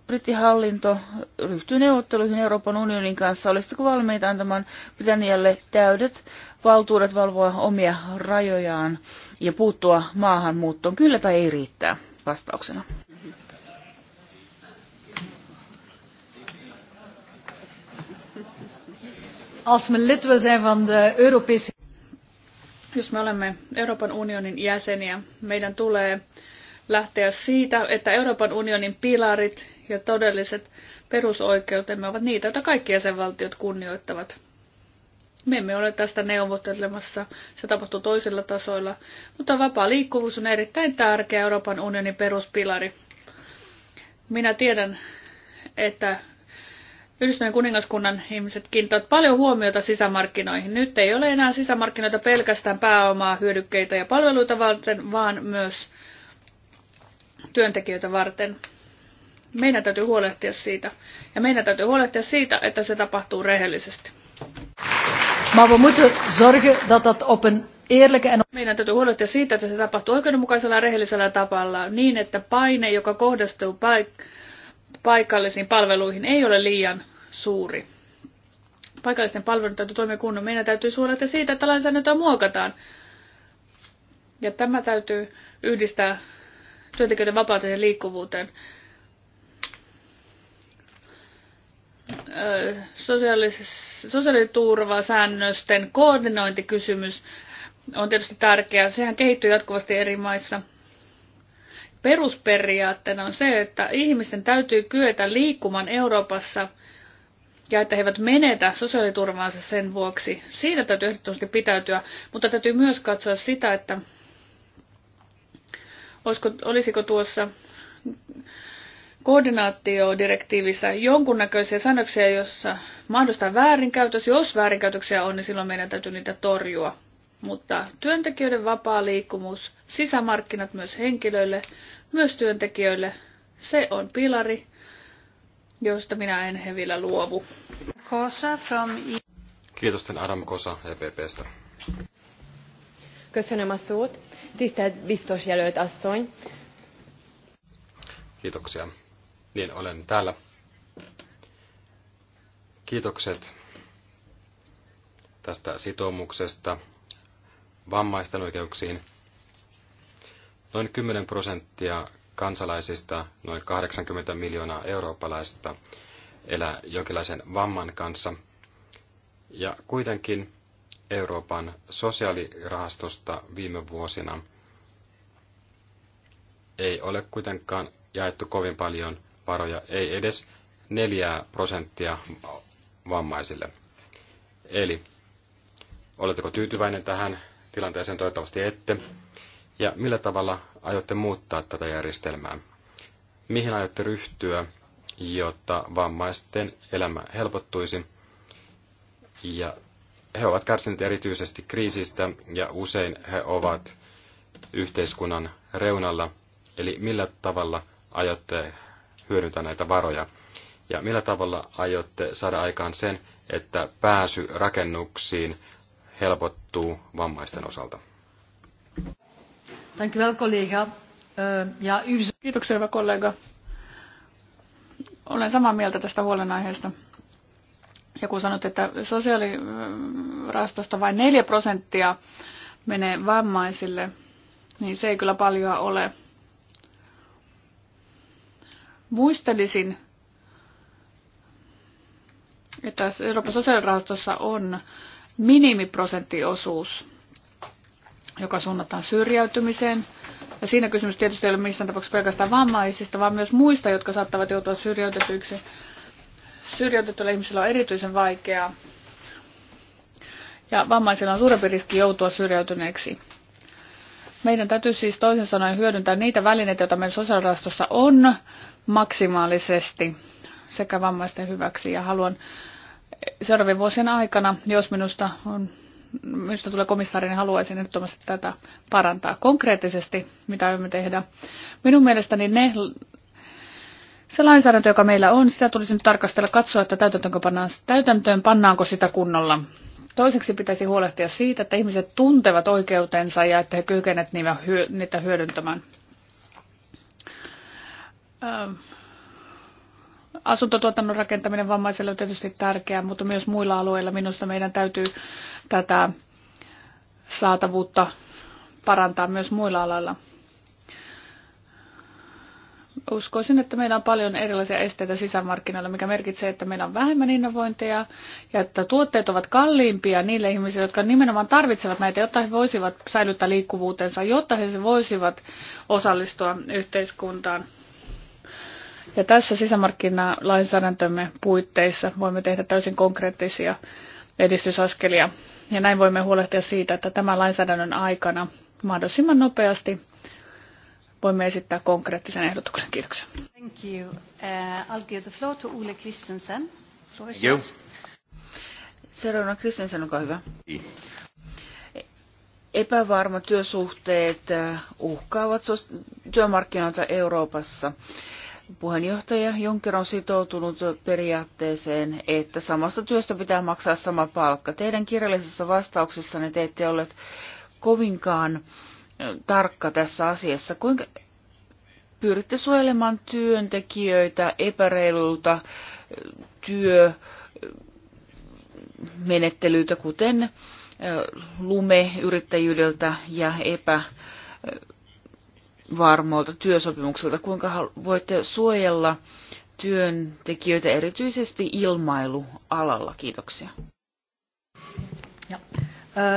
brittihallinto ryhtyy neuvotteluihin Euroopan unionin kanssa, olisitko valmiita antamaan Britannialle täydet valtuudet valvoa omia rajojaan ja puuttua maahanmuuttoon? Kyllä tai ei riittää vastauksena. Als men lid wil zijn van de Europese... Jos me olemme Euroopan unionin jäseniä, meidän tulee lähteä siitä, että Euroopan unionin pilarit ja todelliset perusoikeutemme ovat niitä, joita kaikki jäsenvaltiot kunnioittavat. Me emme ole tästä neuvottelemassa, se tapahtuu toisilla tasoilla, mutta vapaa liikkuvuus on erittäin tärkeä Euroopan unionin peruspilari. Minä tiedän, että Yhdistyneen kuningaskunnan ihmiset kiinnittävät paljon huomiota sisämarkkinoihin. Nyt ei ole enää sisämarkkinoita pelkästään pääomaa, hyödykkeitä ja palveluita varten, vaan myös työntekijöitä varten. Meidän täytyy huolehtia siitä. Ja meidän täytyy huolehtia siitä, että se tapahtuu rehellisesti. Meidän täytyy huolehtia siitä, että se tapahtuu oikeudenmukaisella ja rehellisellä tavalla niin, että paine, joka kohdistuu paikkaan, paikallisiin palveluihin ei ole liian suuri. Paikallisten palveluiden täytyy toimia kunnon. Meidän täytyy suunnata siitä, että lainsäädäntöä muokataan. Ja tämä täytyy yhdistää työntekijöiden vapauteen ja liikkuvuuteen. sosiaaliturvasäännösten koordinointikysymys on tietysti tärkeä. Sehän kehittyy jatkuvasti eri maissa – perusperiaatteena on se, että ihmisten täytyy kyetä liikkumaan Euroopassa ja että he eivät menetä sosiaaliturvaansa sen vuoksi. Siitä täytyy ehdottomasti pitäytyä, mutta täytyy myös katsoa sitä, että olisiko, olisiko tuossa koordinaatiodirektiivissä jonkunnäköisiä säännöksiä, jossa mahdollistaa väärinkäytös. Jos väärinkäytöksiä on, niin silloin meidän täytyy niitä torjua. Mutta työntekijöiden vapaa liikkumus, sisämarkkinat myös henkilöille, myös työntekijöille, se on pilari, josta minä en he vielä luovu. Kosa from... Kiitos Adam Kosa EPPstä. Köszönöm a szót. Tisztelt biztos jelölt asszony. Kiitoksia. Niin, olen täällä. Kiitokset tästä sitoumuksesta vammaisten oikeuksiin. Noin 10 prosenttia kansalaisista, noin 80 miljoonaa eurooppalaista, elää jonkinlaisen vamman kanssa. Ja kuitenkin Euroopan sosiaalirahastosta viime vuosina ei ole kuitenkaan jaettu kovin paljon varoja, ei edes 4 prosenttia vammaisille. Eli oletteko tyytyväinen tähän tilanteeseen, toivottavasti ette. Ja millä tavalla aiotte muuttaa tätä järjestelmää? Mihin aiotte ryhtyä, jotta vammaisten elämä helpottuisi? Ja he ovat kärsineet erityisesti kriisistä ja usein he ovat yhteiskunnan reunalla. Eli millä tavalla aiotte hyödyntää näitä varoja? Ja millä tavalla aiotte saada aikaan sen, että pääsy rakennuksiin helpottuu vammaisten osalta. Kiitoksia, hyvä kollega. Olen samaa mieltä tästä huolenaiheesta. Ja kun sanot, että sosiaalirastosta vain 4 prosenttia menee vammaisille, niin se ei kyllä paljon ole. Muistelisin, että Euroopan sosiaalirahastossa on minimiprosenttiosuus, joka suunnataan syrjäytymiseen. Ja siinä kysymys tietysti ei ole missään tapauksessa pelkästään vammaisista, vaan myös muista, jotka saattavat joutua syrjäytetyiksi. Syrjäytetyillä ihmisillä on erityisen vaikeaa. Ja vammaisilla on suurempi riski joutua syrjäytyneeksi. Meidän täytyy siis toisen sanoen hyödyntää niitä välineitä, joita meidän sosiaalirastossa on maksimaalisesti sekä vammaisten hyväksi. Ja haluan seuraavien vuosien aikana, jos minusta, on, minusta tulee komissaari, niin haluaisin ehdottomasti tätä parantaa konkreettisesti, mitä me tehdä. Minun mielestäni ne, se lainsäädäntö, joka meillä on, sitä tulisi nyt tarkastella, katsoa, että täytäntöön, pannaan, täytäntöön pannaanko sitä kunnolla. Toiseksi pitäisi huolehtia siitä, että ihmiset tuntevat oikeutensa ja että he kykenevät niitä hyödyntämään asuntotuotannon rakentaminen vammaisille on tietysti tärkeää, mutta myös muilla alueilla minusta meidän täytyy tätä saatavuutta parantaa myös muilla aloilla. Uskoisin, että meillä on paljon erilaisia esteitä sisämarkkinoilla, mikä merkitsee, että meillä on vähemmän innovointeja ja että tuotteet ovat kalliimpia niille ihmisille, jotka nimenomaan tarvitsevat näitä, jotta he voisivat säilyttää liikkuvuutensa, jotta he voisivat osallistua yhteiskuntaan ja tässä sisämarkkinalainsäädäntömme puitteissa voimme tehdä täysin konkreettisia edistysaskelia. Ja näin voimme huolehtia siitä, että tämän lainsäädännön aikana mahdollisimman nopeasti voimme esittää konkreettisen ehdotuksen. Kiitoksia. Thank you. Uh, I'll give the floor to Ole Christensen. Seuraavana Kristensen, olkaa hyvä. Niin. Epävarma työsuhteet uh, uhkaavat työmarkkinoita Euroopassa. Puheenjohtaja Juncker on sitoutunut periaatteeseen, että samasta työstä pitää maksaa sama palkka. Teidän kirjallisessa vastauksessanne te ette olleet kovinkaan tarkka tässä asiassa. Kuinka pyritte suojelemaan työntekijöitä epäreilulta työmenettelyitä, kuten lumeyrittäjyydeltä ja epä varmoilta työsopimukselta. Kuinka voitte suojella työntekijöitä erityisesti ilmailualalla? Kiitoksia. Ja. Uh,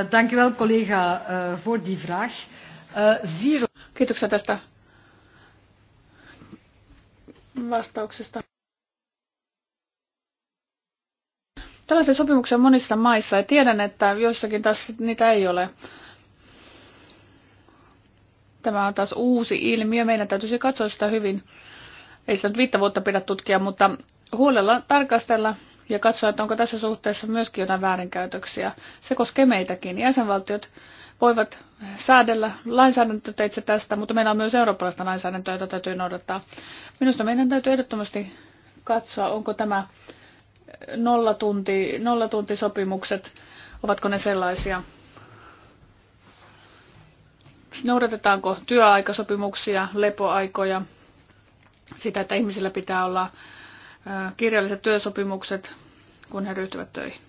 eh, thank you collega, uh, eh, for the vraag. Uh, eh, zero... Kiitoksia tästä vastauksesta. Tällaisia sopimuksia monissa maissa ja tiedän, että joissakin taas niitä ei ole. Tämä on taas uusi ilmiö. Meidän täytyisi katsoa sitä hyvin. Ei sitä nyt viittä vuotta pidä tutkia, mutta huolella tarkastella ja katsoa, että onko tässä suhteessa myöskin jotain väärinkäytöksiä. Se koskee meitäkin. Jäsenvaltiot voivat säädellä lainsäädäntöteitse tästä, mutta meillä on myös eurooppalaista lainsäädäntöä, jota täytyy noudattaa. Minusta meidän täytyy ehdottomasti katsoa, onko tämä nollatunti, nollatuntisopimukset, ovatko ne sellaisia, noudatetaanko työaikasopimuksia, lepoaikoja, sitä, että ihmisillä pitää olla kirjalliset työsopimukset, kun he ryhtyvät töihin.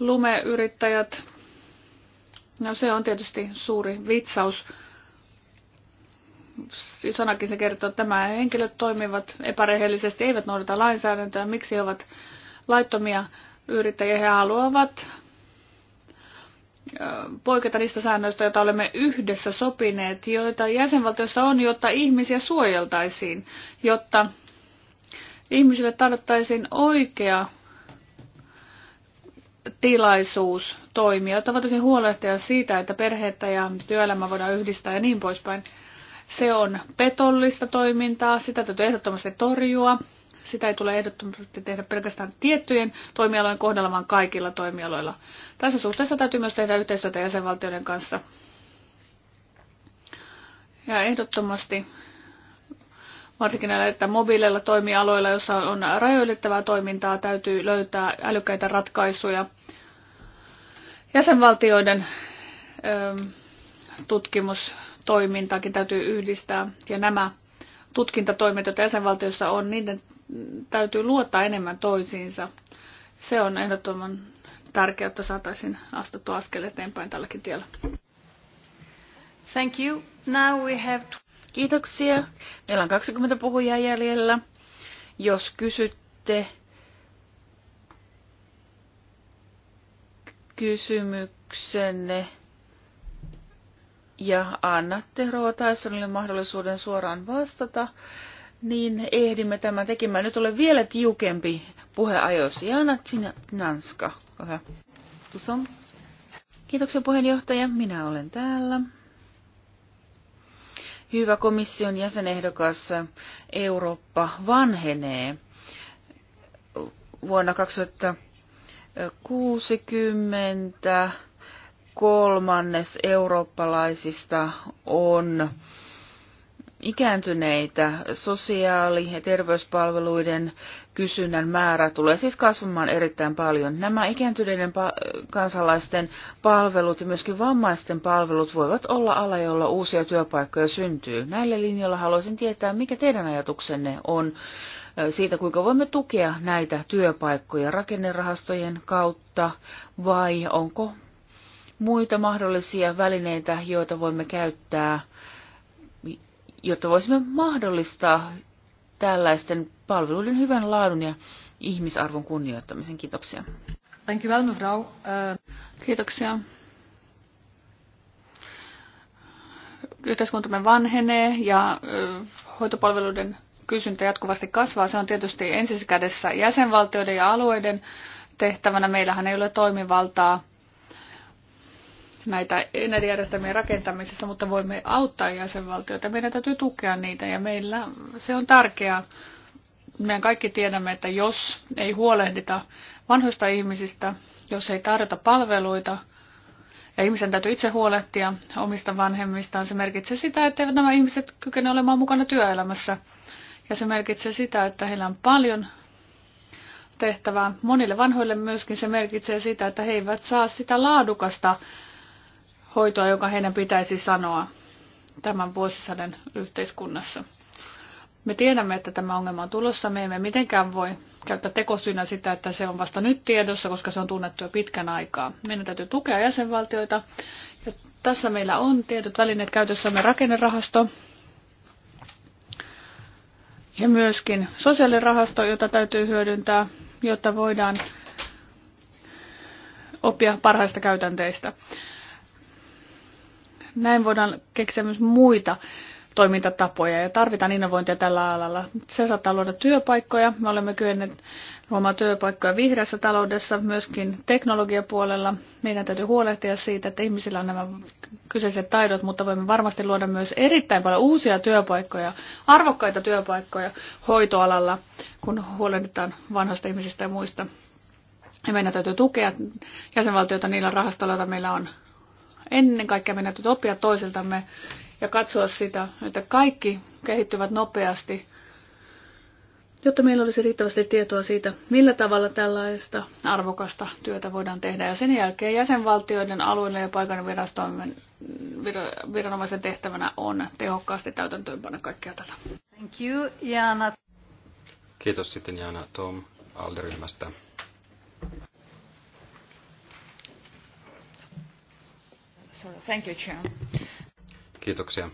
Lumeyrittäjät, no se on tietysti suuri vitsaus. Sanakin se kertoo, että nämä henkilöt toimivat epärehellisesti, eivät noudata lainsäädäntöä, miksi he ovat laittomia yrittäjiä, he haluavat poiketa niistä säännöistä, joita olemme yhdessä sopineet, joita jäsenvaltioissa on, jotta ihmisiä suojeltaisiin, jotta ihmisille tarjottaisiin oikea tilaisuus toimia, jotta voitaisiin huolehtia siitä, että perhettä ja työelämä voidaan yhdistää ja niin poispäin. Se on petollista toimintaa, sitä täytyy ehdottomasti torjua sitä ei tule ehdottomasti tehdä pelkästään tiettyjen toimialojen kohdalla, vaan kaikilla toimialoilla. Tässä suhteessa täytyy myös tehdä yhteistyötä jäsenvaltioiden kanssa. Ja ehdottomasti varsinkin näillä että mobiileilla toimialoilla, joissa on rajoilittavaa toimintaa, täytyy löytää älykkäitä ratkaisuja jäsenvaltioiden ö, ähm, tutkimustoimintaakin täytyy yhdistää. Ja nämä tutkintatoimet, joita jäsenvaltioissa on, niiden täytyy luottaa enemmän toisiinsa. Se on ehdottoman tärkeää, että saataisiin astuttua askel eteenpäin tälläkin tiellä. Thank you. Now we have... Kiitoksia. Meillä on 20 puhujaa jäljellä. Jos kysytte kysymyksenne ja annatte Roa Tysonille mahdollisuuden suoraan vastata, niin ehdimme tämän tekemään. Nyt olen vielä tiukempi puheajoissa. Jaana Nanska, Tuson. Kiitoksia puheenjohtaja, minä olen täällä. Hyvä komission jäsenehdokas, Eurooppa vanhenee. Vuonna 2060 kolmannes eurooppalaisista on ikääntyneitä. Sosiaali- ja terveyspalveluiden kysynnän määrä tulee siis kasvamaan erittäin paljon. Nämä ikääntyneiden kansalaisten palvelut ja myöskin vammaisten palvelut voivat olla ala, jolla uusia työpaikkoja syntyy. Näillä linjoilla haluaisin tietää, mikä teidän ajatuksenne on siitä, kuinka voimme tukea näitä työpaikkoja rakennerahastojen kautta vai onko muita mahdollisia välineitä, joita voimme käyttää – jotta voisimme mahdollistaa tällaisten palveluiden hyvän laadun ja ihmisarvon kunnioittamisen. Kiitoksia. Thank you well, mevrouw. Eh, Kiitoksia. Yhteiskuntamme vanhenee ja eh, hoitopalveluiden kysyntä jatkuvasti kasvaa. Se on tietysti ensisikädessä jäsenvaltioiden ja alueiden tehtävänä. Meillähän ei ole toimivaltaa näitä energiajärjestelmien rakentamisessa, mutta voimme auttaa jäsenvaltioita. Meidän täytyy tukea niitä ja meillä se on tärkeää. Meidän kaikki tiedämme, että jos ei huolehdita vanhoista ihmisistä, jos ei tarjota palveluita, ja ihmisen täytyy itse huolehtia omista vanhemmistaan. Se merkitsee sitä, että eivät nämä ihmiset kykene olemaan mukana työelämässä. Ja se merkitsee sitä, että heillä on paljon tehtävää. Monille vanhoille myöskin se merkitsee sitä, että he eivät saa sitä laadukasta hoitoa, joka heidän pitäisi sanoa tämän vuosisadan yhteiskunnassa. Me tiedämme, että tämä ongelma on tulossa. Me emme mitenkään voi käyttää tekosyynä sitä, että se on vasta nyt tiedossa, koska se on tunnettu jo pitkän aikaa. Meidän täytyy tukea jäsenvaltioita. Ja tässä meillä on tietyt välineet käytössämme rakennerahasto ja myöskin sosiaalirahasto, jota täytyy hyödyntää, jotta voidaan oppia parhaista käytänteistä. Näin voidaan keksiä myös muita toimintatapoja ja tarvitaan innovointia tällä alalla. Se saattaa luoda työpaikkoja. Me olemme kyenneet luomaan työpaikkoja vihreässä taloudessa, myöskin teknologiapuolella. Meidän täytyy huolehtia siitä, että ihmisillä on nämä kyseiset taidot, mutta voimme varmasti luoda myös erittäin paljon uusia työpaikkoja, arvokkaita työpaikkoja hoitoalalla, kun huolehditaan vanhoista ihmisistä ja muista. Ja meidän täytyy tukea jäsenvaltioita niillä rahastoilla, joita meillä on Ennen kaikkea meidän täytyy oppia toisiltamme ja katsoa sitä, että kaikki kehittyvät nopeasti, jotta meillä olisi riittävästi tietoa siitä, millä tavalla tällaista arvokasta työtä voidaan tehdä. Ja sen jälkeen jäsenvaltioiden alueille ja paikan viranomaisen tehtävänä on tehokkaasti täytäntöönpanna kaikkea tätä. Thank you, Jana. Kiitos sitten Jana Tom Alderyhmästä. Thank you, Chair. Kiitoksia.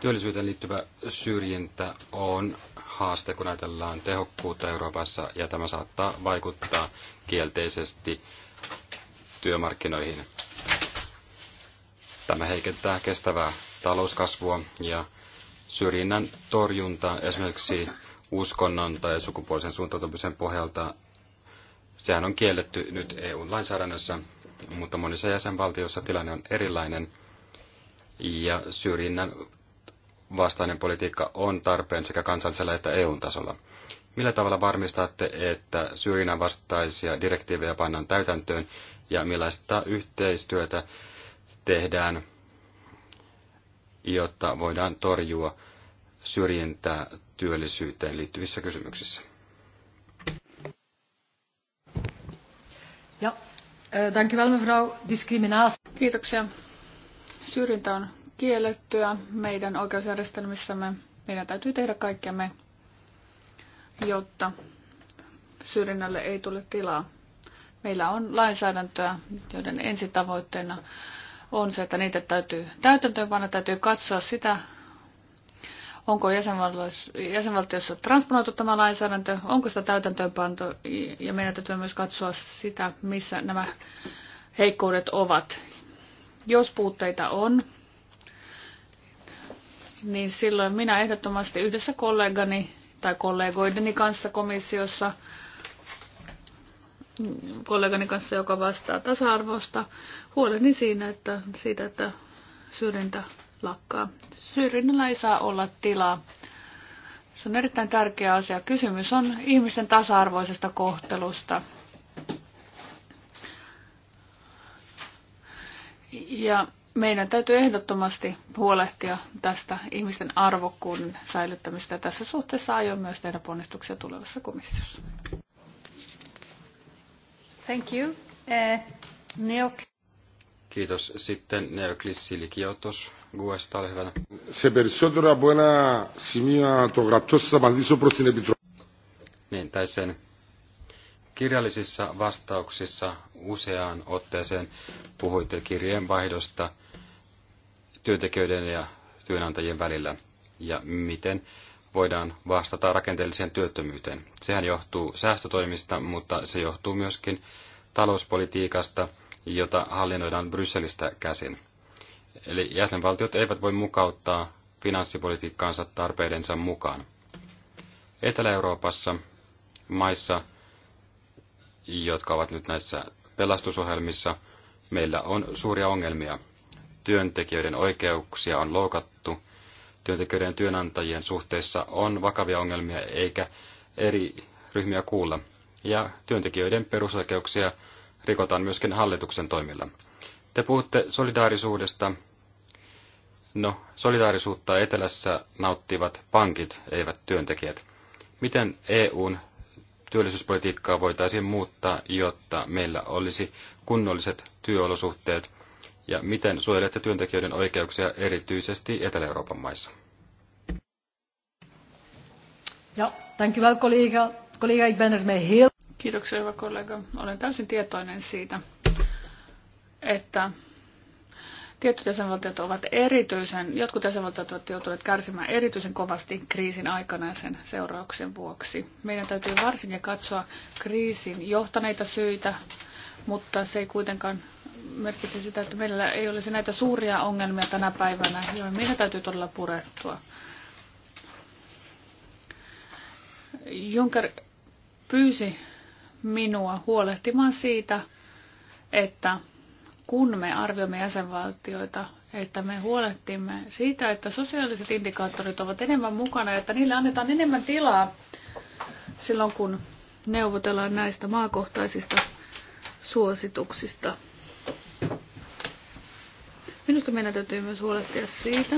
Työllisyyteen liittyvä syrjintä on haaste, kun ajatellaan tehokkuutta Euroopassa, ja tämä saattaa vaikuttaa kielteisesti työmarkkinoihin. Tämä heikentää kestävää talouskasvua ja syrjinnän torjunta esimerkiksi uskonnon tai sukupuolisen suuntautumisen pohjalta Sehän on kielletty nyt EU-lainsäädännössä, mutta monissa jäsenvaltioissa tilanne on erilainen ja syrjinnän vastainen politiikka on tarpeen sekä kansallisella että EU-tasolla. Millä tavalla varmistatte, että syrjinnän vastaisia direktiivejä pannaan täytäntöön ja millaista yhteistyötä tehdään, jotta voidaan torjua syrjintää työllisyyteen liittyvissä kysymyksissä? Eh, Kiitoksia. Syrjintä on kiellettyä meidän oikeusjärjestelmissämme. Meidän täytyy tehdä kaikkemme, jotta syrjinnälle ei tule tilaa. Meillä on lainsäädäntöä, joiden ensitavoitteena on se, että niitä täytyy täytäntöönpanna, täytyy katsoa sitä, onko jäsenvaltiossa transponoitu tämä lainsäädäntö, onko sitä täytäntöönpanto ja meidän täytyy myös katsoa sitä, missä nämä heikkoudet ovat. Jos puutteita on, niin silloin minä ehdottomasti yhdessä kollegani tai kollegoideni kanssa komissiossa, kollegani kanssa, joka vastaa tasa-arvosta, huoleni siinä, että, siitä, että syrjintä lakkaa. Syrjinnällä ei saa olla tilaa. Se on erittäin tärkeä asia. Kysymys on ihmisten tasa-arvoisesta kohtelusta. Ja meidän täytyy ehdottomasti huolehtia tästä ihmisten arvokkuuden säilyttämistä. Tässä suhteessa aion myös tehdä ponnistuksia tulevassa komissiossa. Thank you. Uh, Neil... Kiitos. Sitten Neoklissi Likiotos, Guesta, ole hyvä. Se περισσότερα από ένα σημείο το γραπτό Niin, tai sen kirjallisissa vastauksissa useaan otteeseen puhuitte kirjeenvaihdosta työntekijöiden ja työnantajien välillä ja miten voidaan vastata rakenteelliseen työttömyyteen. Sehän johtuu säästötoimista, mutta se johtuu myöskin talouspolitiikasta – jota hallinnoidaan Brysselistä käsin. Eli jäsenvaltiot eivät voi mukauttaa finanssipolitiikkaansa tarpeidensa mukaan. Etelä-Euroopassa maissa, jotka ovat nyt näissä pelastusohjelmissa, meillä on suuria ongelmia. Työntekijöiden oikeuksia on loukattu, työntekijöiden ja työnantajien suhteessa on vakavia ongelmia eikä eri ryhmiä kuulla, ja työntekijöiden perusoikeuksia rikotaan myöskin hallituksen toimilla. Te puhutte solidaarisuudesta. No, solidaarisuutta etelässä nauttivat pankit, eivät työntekijät. Miten EUn työllisyyspolitiikkaa voitaisiin muuttaa, jotta meillä olisi kunnolliset työolosuhteet, ja miten suojelette työntekijöiden oikeuksia erityisesti Etelä-Euroopan maissa? Ja, dankjewel collega. Collega, ik ben er mee heel Kiitoksia, hyvä kollega. Olen täysin tietoinen siitä, että tietyt jäsenvaltiot ovat erityisen, jotkut jäsenvaltiot ovat joutuneet kärsimään erityisen kovasti kriisin aikana ja sen seurauksen vuoksi. Meidän täytyy varsinkin katsoa kriisin johtaneita syitä, mutta se ei kuitenkaan merkitse sitä, että meillä ei olisi näitä suuria ongelmia tänä päivänä, joihin meidän täytyy todella purettua. Juncker pyysi minua huolehtimaan siitä, että kun me arvioimme jäsenvaltioita, että me huolehtimme siitä, että sosiaaliset indikaattorit ovat enemmän mukana, että niille annetaan enemmän tilaa silloin, kun neuvotellaan näistä maakohtaisista suosituksista. Minusta meidän täytyy myös huolehtia siitä,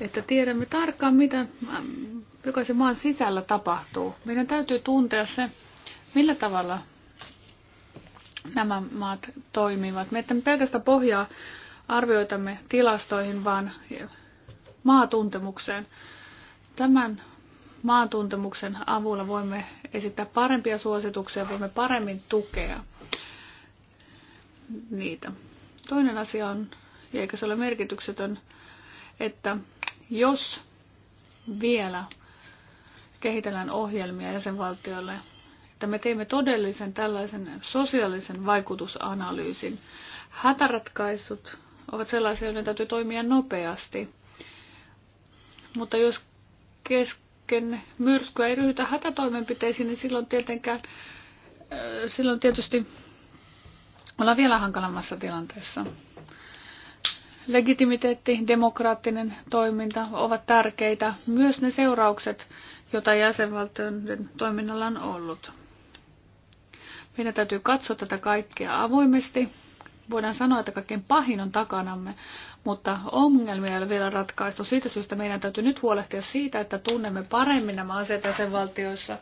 että tiedämme tarkkaan, mitä ähm, jokaisen maan sisällä tapahtuu. Meidän täytyy tuntea se, Millä tavalla nämä maat toimivat? Me emme pelkästään pohjaa arvioitamme tilastoihin, vaan maatuntemukseen. Tämän maantuntemuksen avulla voimme esittää parempia suosituksia, voimme paremmin tukea niitä. Toinen asia on, eikä se ole merkityksetön, että jos vielä kehitellään ohjelmia jäsenvaltioille, että me teemme todellisen tällaisen sosiaalisen vaikutusanalyysin. Hätäratkaisut ovat sellaisia, joiden täytyy toimia nopeasti. Mutta jos kesken myrskyä ei ryhdytä hätätoimenpiteisiin, niin silloin tietenkään, äh, silloin tietysti ollaan vielä hankalammassa tilanteessa. Legitimiteetti, demokraattinen toiminta ovat tärkeitä, myös ne seuraukset, joita jäsenvaltioiden toiminnalla on ollut. Meidän täytyy katsoa tätä kaikkea avoimesti. Voidaan sanoa, että kaikkein pahin on takanamme, mutta ongelmia ei ole vielä ratkaistu. Siitä syystä meidän täytyy nyt huolehtia siitä, että tunnemme paremmin nämä asiat jäsenvaltioissa,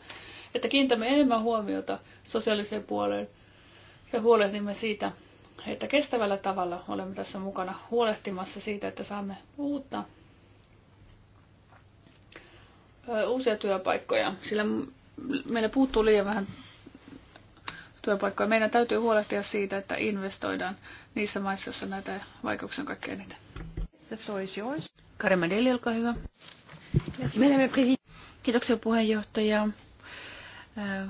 että kiinnitämme enemmän huomiota sosiaaliseen puoleen ja huolehdimme siitä, että kestävällä tavalla olemme tässä mukana huolehtimassa siitä, että saamme uutta uusia työpaikkoja, sillä meillä puuttuu liian vähän työpaikkoja. Meidän täytyy huolehtia siitä, että investoidaan niissä maissa, joissa näitä vaikeuksia on kaikkein eniten. The floor is yours. Karima Deli, olkaa hyvä. Kiitoksia puheenjohtaja. Äh,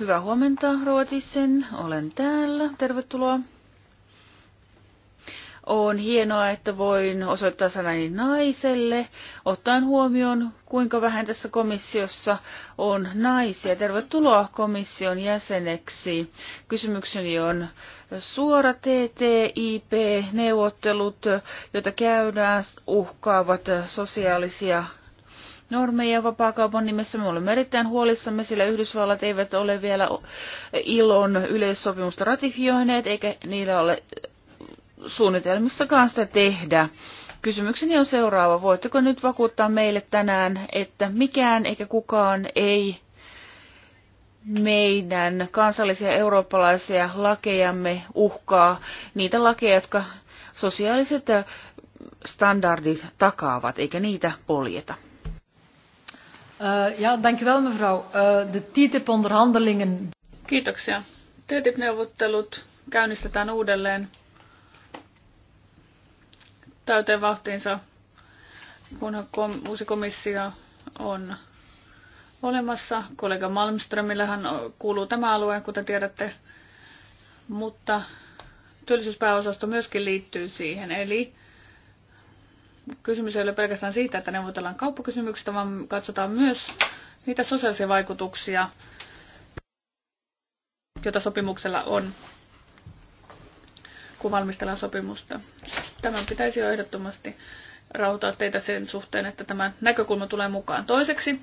hyvää huomenta, Ruotisen. Olen täällä. Tervetuloa on hienoa, että voin osoittaa sanani naiselle, ottaen huomioon, kuinka vähän tässä komissiossa on naisia. Tervetuloa komission jäseneksi. Kysymykseni on suora TTIP-neuvottelut, joita käydään, uhkaavat sosiaalisia normeja vapaakaupan nimessä. Me olemme erittäin huolissamme, sillä Yhdysvallat eivät ole vielä ilon yleissopimusta ratifioineet, eikä niillä ole suunnitelmissakaan sitä tehdä. Kysymykseni on seuraava. Voitteko nyt vakuuttaa meille tänään, että mikään eikä kukaan ei meidän kansallisia eurooppalaisia lakejamme uhkaa niitä lakeja, jotka sosiaaliset standardit takaavat, eikä niitä poljeta? Uh, ja, dankjewel mevrouw. Eh, de TTIP-onderhandelingen. Kiitoksia. TTIP-neuvottelut käynnistetään uudelleen täyteen vauhtiinsa, kunhan kom- uusi komissio on olemassa. Kollega Malmströmillähän kuuluu tämä alue, kuten tiedätte, mutta työllisyyspääosasto myöskin liittyy siihen. Eli kysymys ei ole pelkästään siitä, että neuvotellaan kauppakysymyksistä, vaan katsotaan myös niitä sosiaalisia vaikutuksia, joita sopimuksella on kun valmistellaan sopimusta. Tämän pitäisi jo ehdottomasti rauhoittaa teitä sen suhteen, että tämä näkökulma tulee mukaan. Toiseksi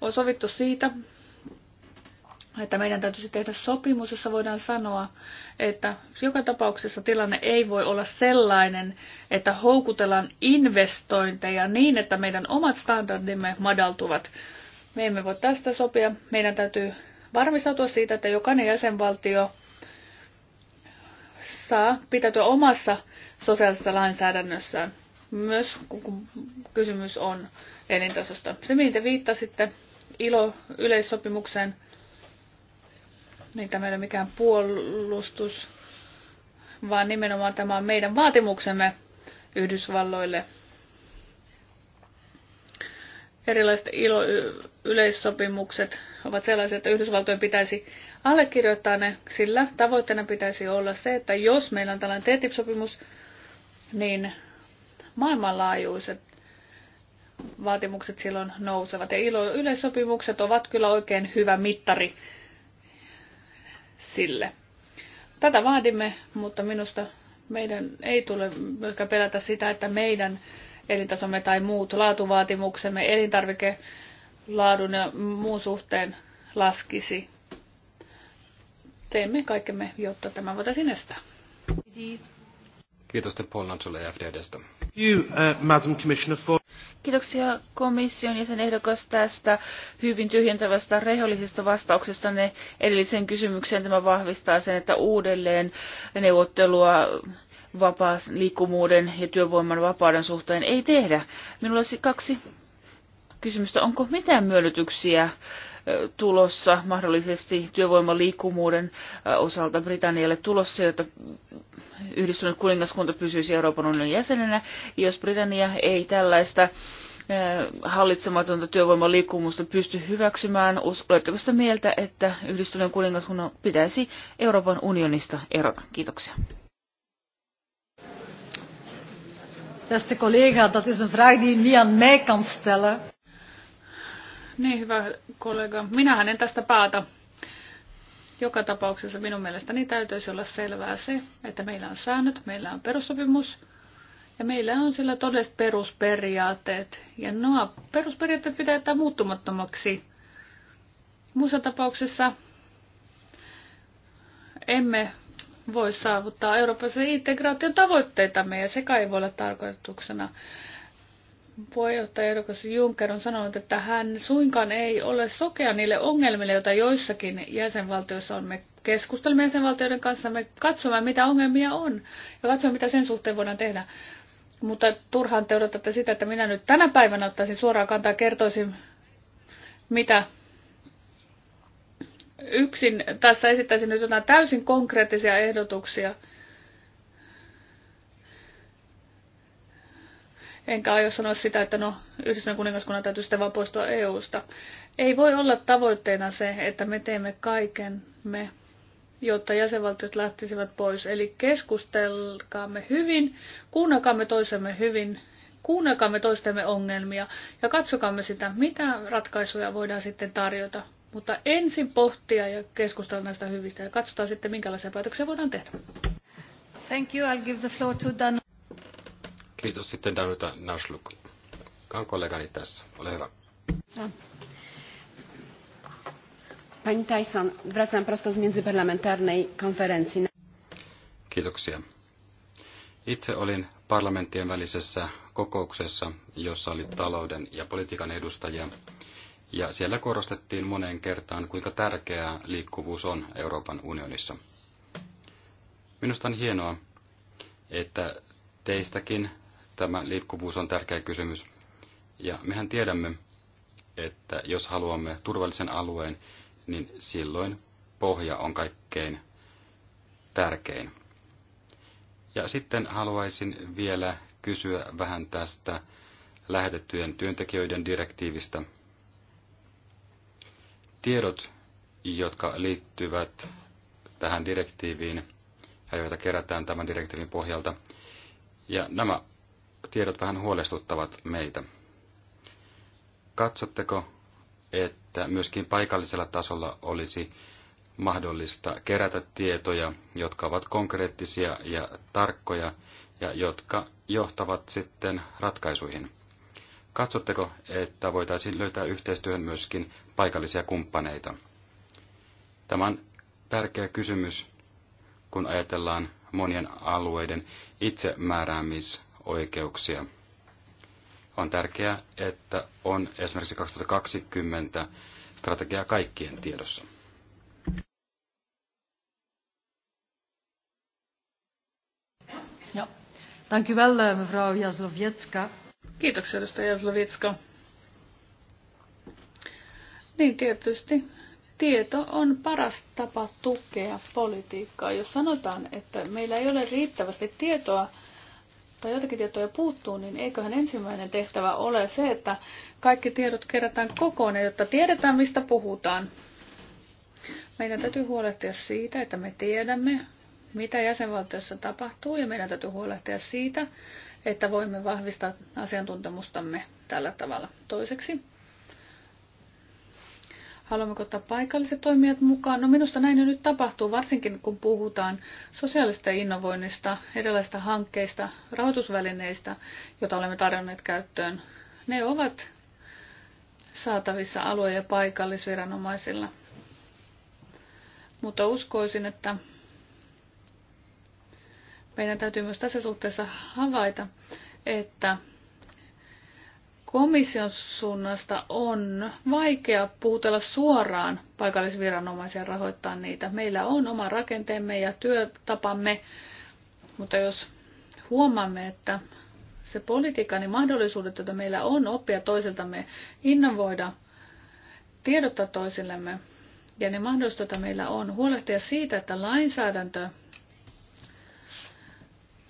on sovittu siitä, että meidän täytyisi tehdä sopimus, jossa voidaan sanoa, että joka tapauksessa tilanne ei voi olla sellainen, että houkutellaan investointeja niin, että meidän omat standardimme madaltuvat. Me emme voi tästä sopia. Meidän täytyy varmistautua siitä, että jokainen jäsenvaltio saa pitäytyä omassa sosiaalisessa lainsäädännössään, myös kun kysymys on elintasosta. Se, mihin te viittasitte ILO-yleissopimukseen, niin tämä ei ole mikään puolustus, vaan nimenomaan tämä on meidän vaatimuksemme Yhdysvalloille – erilaiset ILO-yleissopimukset ovat sellaisia, että Yhdysvaltojen pitäisi allekirjoittaa ne, sillä tavoitteena pitäisi olla se, että jos meillä on tällainen TTIP-sopimus, niin maailmanlaajuiset vaatimukset silloin nousevat. Ja ILO-yleissopimukset ovat kyllä oikein hyvä mittari sille. Tätä vaadimme, mutta minusta meidän ei tule myöskään pelätä sitä, että meidän elintasomme tai muut laatuvaatimuksemme elintarvikelaadun ja muun suhteen laskisi. Teemme kaikkemme, jotta tämä voitaisiin estää. Kiitos te Paul Nantsulle FDDstä. Uh, Kiitoksia komission jäsenehdokas tästä hyvin tyhjentävästä rehellisestä vastauksesta ne edelliseen kysymykseen. Tämä vahvistaa sen, että uudelleen neuvottelua vapaan liikkumuuden ja työvoiman vapauden suhteen ei tehdä. Minulla olisi kaksi kysymystä. Onko mitään myönnytyksiä tulossa mahdollisesti työvoiman liikkumuuden osalta Britannialle tulossa, jotta yhdistynyt kuningaskunta pysyisi Euroopan unionin jäsenenä, jos Britannia ei tällaista hallitsematonta työvoiman liikkumusta pysty hyväksymään. Oletteko sitä mieltä, että yhdistyneen kuningaskunnan pitäisi Euroopan unionista erota? Kiitoksia. beste collega, dat is een vraag die u niet aan mij kan stellen. Niin, hyvä kollega. Minähän en tästä paata. Joka tapauksessa minun mielestäni täytyisi olla selvää se, että meillä on säännöt, meillä on perussopimus ja meillä on sillä todelliset perusperiaatteet. Ja nuo perusperiaatteet pitää jättää muuttumattomaksi. Muussa tapauksessa emme voi saavuttaa eurooppalaisen integraation tavoitteitamme, ja se kai voi olla tarkoituksena. Puheenjohtaja Ehdokas Juncker on sanonut, että hän suinkaan ei ole sokea niille ongelmille, joita joissakin jäsenvaltioissa on. Me keskustelemme jäsenvaltioiden kanssa, me katsomme, mitä ongelmia on, ja katsomme, mitä sen suhteen voidaan tehdä. Mutta turhaan te odotatte sitä, että minä nyt tänä päivänä ottaisin suoraan kantaa ja kertoisin, mitä yksin tässä esittäisin nyt jotain täysin konkreettisia ehdotuksia. Enkä aio sanoa sitä, että no, yhdistyneen kuningaskunnan täytyy sitten vaan poistua EUsta. Ei voi olla tavoitteena se, että me teemme kaiken me, jotta jäsenvaltiot lähtisivät pois. Eli keskustelkaamme hyvin, kuunnelkaamme toisemme hyvin, kuunnelkaamme toistemme ongelmia ja katsokaamme sitä, mitä ratkaisuja voidaan sitten tarjota mutta ensin pohtia ja keskustella näistä hyvistä ja katsotaan sitten, minkälaisia päätöksiä voidaan tehdä. Thank you. I'll give the floor to Dan. Kiitos sitten Danuta Nashluk. Kaan kollegani tässä. Ole hyvä. No. Pani Tyson, vracam prosto z międzyparlamentarnej konferencji. Kiitoksia. Itse olin parlamenttien välisessä kokouksessa, jossa oli talouden ja politiikan edustajia, ja siellä korostettiin moneen kertaan, kuinka tärkeää liikkuvuus on Euroopan unionissa. Minusta on hienoa, että teistäkin tämä liikkuvuus on tärkeä kysymys. Ja mehän tiedämme, että jos haluamme turvallisen alueen, niin silloin pohja on kaikkein tärkein. Ja sitten haluaisin vielä kysyä vähän tästä lähetettyjen työntekijöiden direktiivistä – tiedot, jotka liittyvät tähän direktiiviin ja joita kerätään tämän direktiivin pohjalta. Ja nämä tiedot vähän huolestuttavat meitä. Katsotteko, että myöskin paikallisella tasolla olisi mahdollista kerätä tietoja, jotka ovat konkreettisia ja tarkkoja ja jotka johtavat sitten ratkaisuihin? Katsotteko, että voitaisiin löytää yhteistyöhön myöskin paikallisia kumppaneita? Tämä on tärkeä kysymys, kun ajatellaan monien alueiden itsemääräämisoikeuksia. On tärkeää, että on esimerkiksi 2020 strategia kaikkien tiedossa. Joo. Dank u wel, eh, mevrouw Jaslovjetska. Kiitoksia, edustaja Jaslovitska. Niin tietysti. Tieto on paras tapa tukea politiikkaa. Jos sanotaan, että meillä ei ole riittävästi tietoa tai jotakin tietoja puuttuu, niin eiköhän ensimmäinen tehtävä ole se, että kaikki tiedot kerätään kokoon, jotta tiedetään, mistä puhutaan. Meidän täytyy huolehtia siitä, että me tiedämme, mitä jäsenvaltiossa tapahtuu, ja meidän täytyy huolehtia siitä, että voimme vahvistaa asiantuntemustamme tällä tavalla. Toiseksi, haluammeko ottaa paikalliset toimijat mukaan? No minusta näin jo nyt tapahtuu, varsinkin kun puhutaan sosiaalista innovoinnista, erilaisista hankkeista, rahoitusvälineistä, joita olemme tarjonneet käyttöön. Ne ovat saatavissa alue- ja paikallisviranomaisilla. Mutta uskoisin, että meidän täytyy myös tässä suhteessa havaita, että komission suunnasta on vaikea puhutella suoraan paikallisviranomaisia rahoittaa niitä. Meillä on oma rakenteemme ja työtapamme, mutta jos huomaamme, että se politiikka, niin mahdollisuudet, joita meillä on oppia toisiltamme, innovoida, tiedottaa toisillemme ja ne mahdollisuudet, joita meillä on, huolehtia siitä, että lainsäädäntö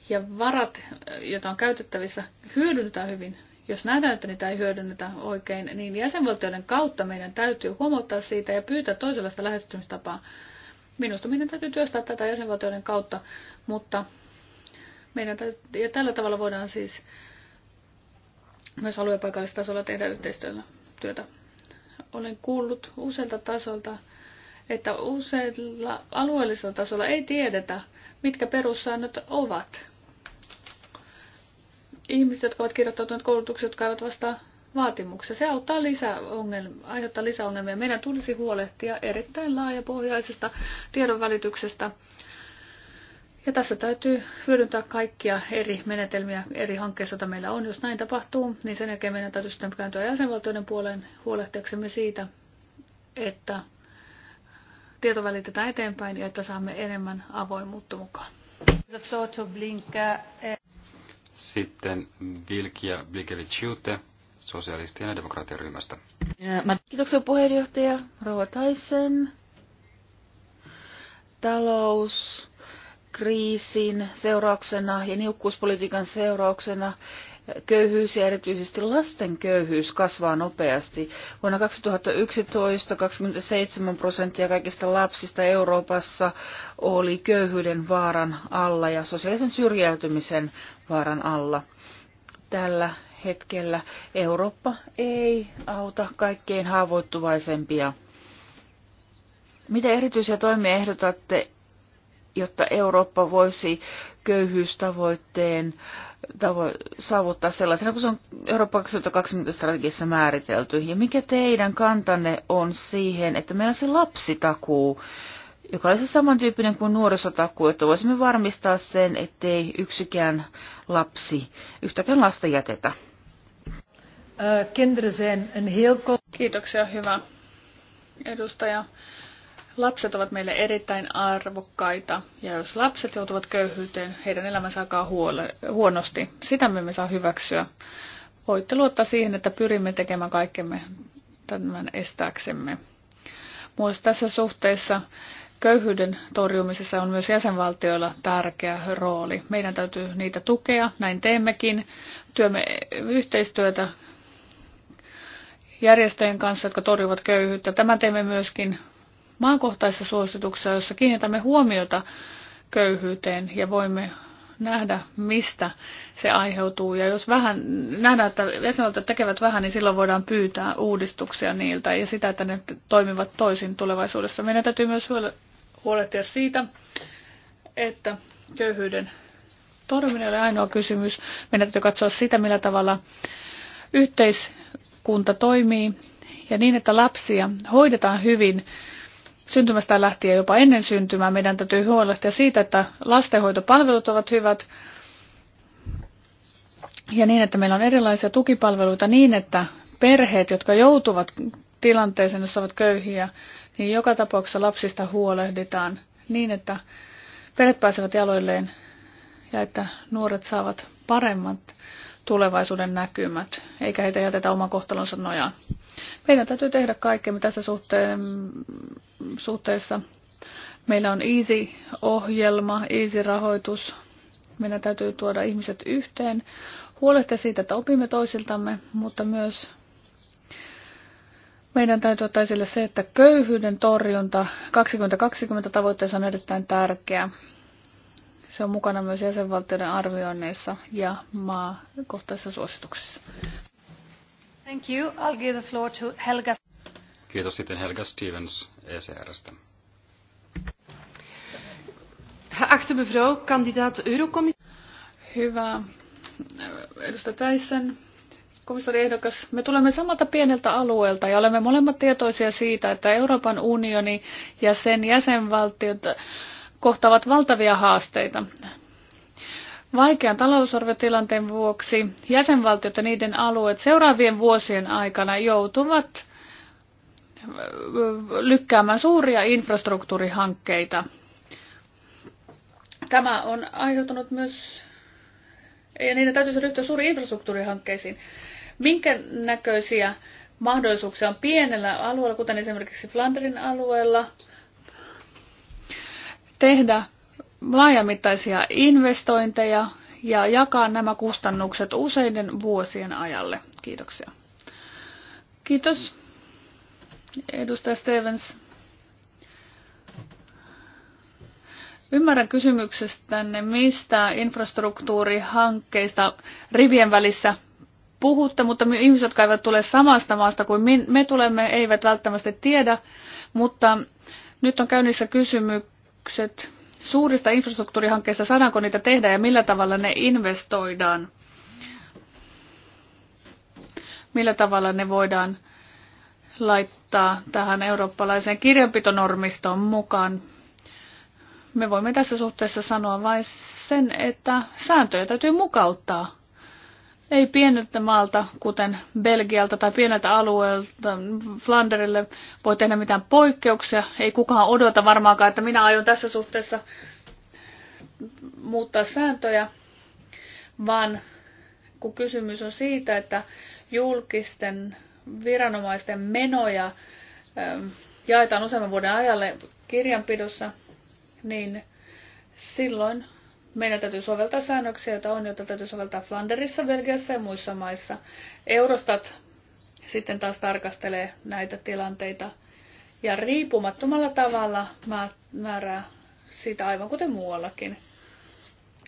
ja varat, joita on käytettävissä, hyödynnetään hyvin. Jos nähdään, että niitä ei hyödynnetä oikein, niin jäsenvaltioiden kautta meidän täytyy huomauttaa siitä ja pyytää toisenlaista lähestymistapaa. Minusta meidän täytyy työstää tätä jäsenvaltioiden kautta, mutta meidän täytyy, ja tällä tavalla voidaan siis myös aluepaikallistasolla tehdä yhteistyöllä työtä. Olen kuullut useilta tasolta, että useilla alueellisella tasolla ei tiedetä, mitkä perussäännöt ovat ihmiset, jotka ovat kirjoittautuneet koulutukset jotka eivät vastaa vaatimuksia. Se auttaa lisää ongelmia, aiheuttaa ongelmia. Meidän tulisi huolehtia erittäin laajapohjaisesta tiedonvälityksestä. Ja tässä täytyy hyödyntää kaikkia eri menetelmiä eri hankkeissa, joita meillä on. Jos näin tapahtuu, niin sen jälkeen meidän täytyy sitten kääntyä jäsenvaltioiden puoleen huolehtiaksemme siitä, että tieto välitetään eteenpäin ja että saamme enemmän avoimuutta mukaan. The to Blinka. Eh, sitten Vilkia Vilkeviciute sosialistien ja demokraattien ryhmästä. Kiitoksia puheenjohtaja Rova Taisen. Talous kriisin seurauksena ja niukkuuspolitiikan seurauksena köyhyys ja erityisesti lasten köyhyys kasvaa nopeasti. Vuonna 2011 27 prosenttia kaikista lapsista Euroopassa oli köyhyyden vaaran alla ja sosiaalisen syrjäytymisen vaaran alla. Tällä hetkellä Eurooppa ei auta kaikkein haavoittuvaisempia. Mitä erityisiä toimia ehdotatte, jotta Eurooppa voisi köyhyystavoitteen tavo- saavuttaa sellaisena kuin se on Eurooppa 2020 strategiassa määritelty. Ja mikä teidän kantanne on siihen, että meillä on se lapsitakuu, joka olisi samantyyppinen kuin nuorisotakuu, että voisimme varmistaa sen, ettei yksikään lapsi, yhtäkään lasta jätetä. Kiitoksia, hyvä edustaja. Lapset ovat meille erittäin arvokkaita, ja jos lapset joutuvat köyhyyteen, heidän elämänsä alkaa huonosti. Sitä me emme saa hyväksyä. Voitte luottaa siihen, että pyrimme tekemään kaikkemme tämän estääksemme. Myös tässä suhteessa köyhyyden torjumisessa on myös jäsenvaltioilla tärkeä rooli. Meidän täytyy niitä tukea, näin teemmekin. Työmme yhteistyötä järjestöjen kanssa, jotka torjuvat köyhyyttä. Tämä teemme myöskin maankohtaisessa suosituksessa, jossa kiinnitämme huomiota köyhyyteen ja voimme nähdä, mistä se aiheutuu. Ja jos vähän nähdään, että jäsenvaltiot tekevät vähän, niin silloin voidaan pyytää uudistuksia niiltä ja sitä, että ne toimivat toisin tulevaisuudessa. Meidän täytyy myös huolehtia siitä, että köyhyyden torjuminen oli ole ainoa kysymys. Meidän täytyy katsoa sitä, millä tavalla yhteiskunta toimii ja niin, että lapsia hoidetaan hyvin syntymästä lähtien jopa ennen syntymää. Meidän täytyy huolehtia siitä, että lastenhoitopalvelut ovat hyvät ja niin, että meillä on erilaisia tukipalveluita niin, että perheet, jotka joutuvat tilanteeseen, jos ovat köyhiä, niin joka tapauksessa lapsista huolehditaan niin, että perheet pääsevät jaloilleen ja että nuoret saavat paremmat tulevaisuuden näkymät, eikä heitä jätetä oman kohtalonsa nojaan. Meidän täytyy tehdä kaikkemme tässä suhteen, suhteessa. Meillä on Easy-ohjelma, Easy-rahoitus. Meidän täytyy tuoda ihmiset yhteen, huolehtia siitä, että opimme toisiltamme, mutta myös meidän täytyy ottaa esille se, että köyhyyden torjunta 2020 tavoitteessa on erittäin tärkeä. Se on mukana myös jäsenvaltioiden arvioinneissa ja maakohtaisissa suosituksissa. Thank you. I'll give the floor to Helga. Kiitos sitten Helga Stevens ECRstä. Geachte mevrouw, kandidaat eurocommissaris. Hyvä. Edustaja Täissen, komissaariehdokas, me tulemme samalta pieneltä alueelta ja olemme molemmat tietoisia siitä, että Euroopan unioni ja sen jäsenvaltiot kohtaavat valtavia haasteita. Vaikean talousarviotilanteen vuoksi jäsenvaltiot ja niiden alueet seuraavien vuosien aikana joutuvat lykkäämään suuria infrastruktuurihankkeita. Tämä on aiheuttanut myös, ja niiden täytyisi ryhtyä suuriin infrastruktuurihankkeisiin. Minkä näköisiä mahdollisuuksia on pienellä alueella, kuten esimerkiksi Flanderin alueella, tehdä laajamittaisia investointeja ja jakaa nämä kustannukset useiden vuosien ajalle. Kiitoksia. Kiitos. Edustaja Stevens. Ymmärrän kysymyksestänne, mistä infrastruktuurihankkeista rivien välissä puhutte, mutta ihmiset, jotka eivät tule samasta maasta kuin me tulemme, eivät välttämättä tiedä. Mutta nyt on käynnissä kysymys päätökset suurista infrastruktuurihankkeista, saadaanko niitä tehdä ja millä tavalla ne investoidaan? Millä tavalla ne voidaan laittaa tähän eurooppalaiseen kirjanpitonormistoon mukaan? Me voimme tässä suhteessa sanoa vain sen, että sääntöjä täytyy mukauttaa ei pieneltä maalta, kuten Belgialta tai pieneltä alueelta Flanderille voi tehdä mitään poikkeuksia. Ei kukaan odota varmaankaan, että minä aion tässä suhteessa muuttaa sääntöjä, vaan kun kysymys on siitä, että julkisten viranomaisten menoja ähm, jaetaan useamman vuoden ajalle kirjanpidossa, niin silloin meidän täytyy soveltaa säännöksiä, joita on, joita täytyy soveltaa Flanderissa, Belgiassa ja muissa maissa. Eurostat sitten taas tarkastelee näitä tilanteita ja riippumattomalla tavalla määrää siitä aivan kuten muuallakin.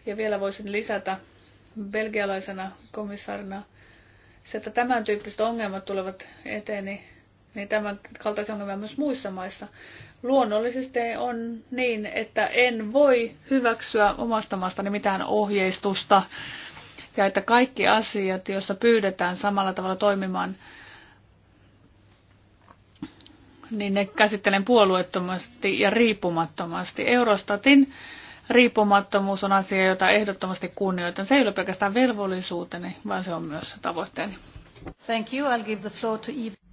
Ja vielä voisin lisätä belgialaisena komissarina, se, että tämän tyyppiset ongelmat tulevat eteeni niin tämän kaltaisia ongelmia myös muissa maissa. Luonnollisesti on niin, että en voi hyväksyä omasta maastani mitään ohjeistusta ja että kaikki asiat, joissa pyydetään samalla tavalla toimimaan, niin ne käsittelen puolueettomasti ja riippumattomasti. Eurostatin riippumattomuus on asia, jota ehdottomasti kunnioitan. Se ei ole pelkästään velvollisuuteni, vaan se on myös tavoitteeni. Thank you. I'll give the floor to Eve.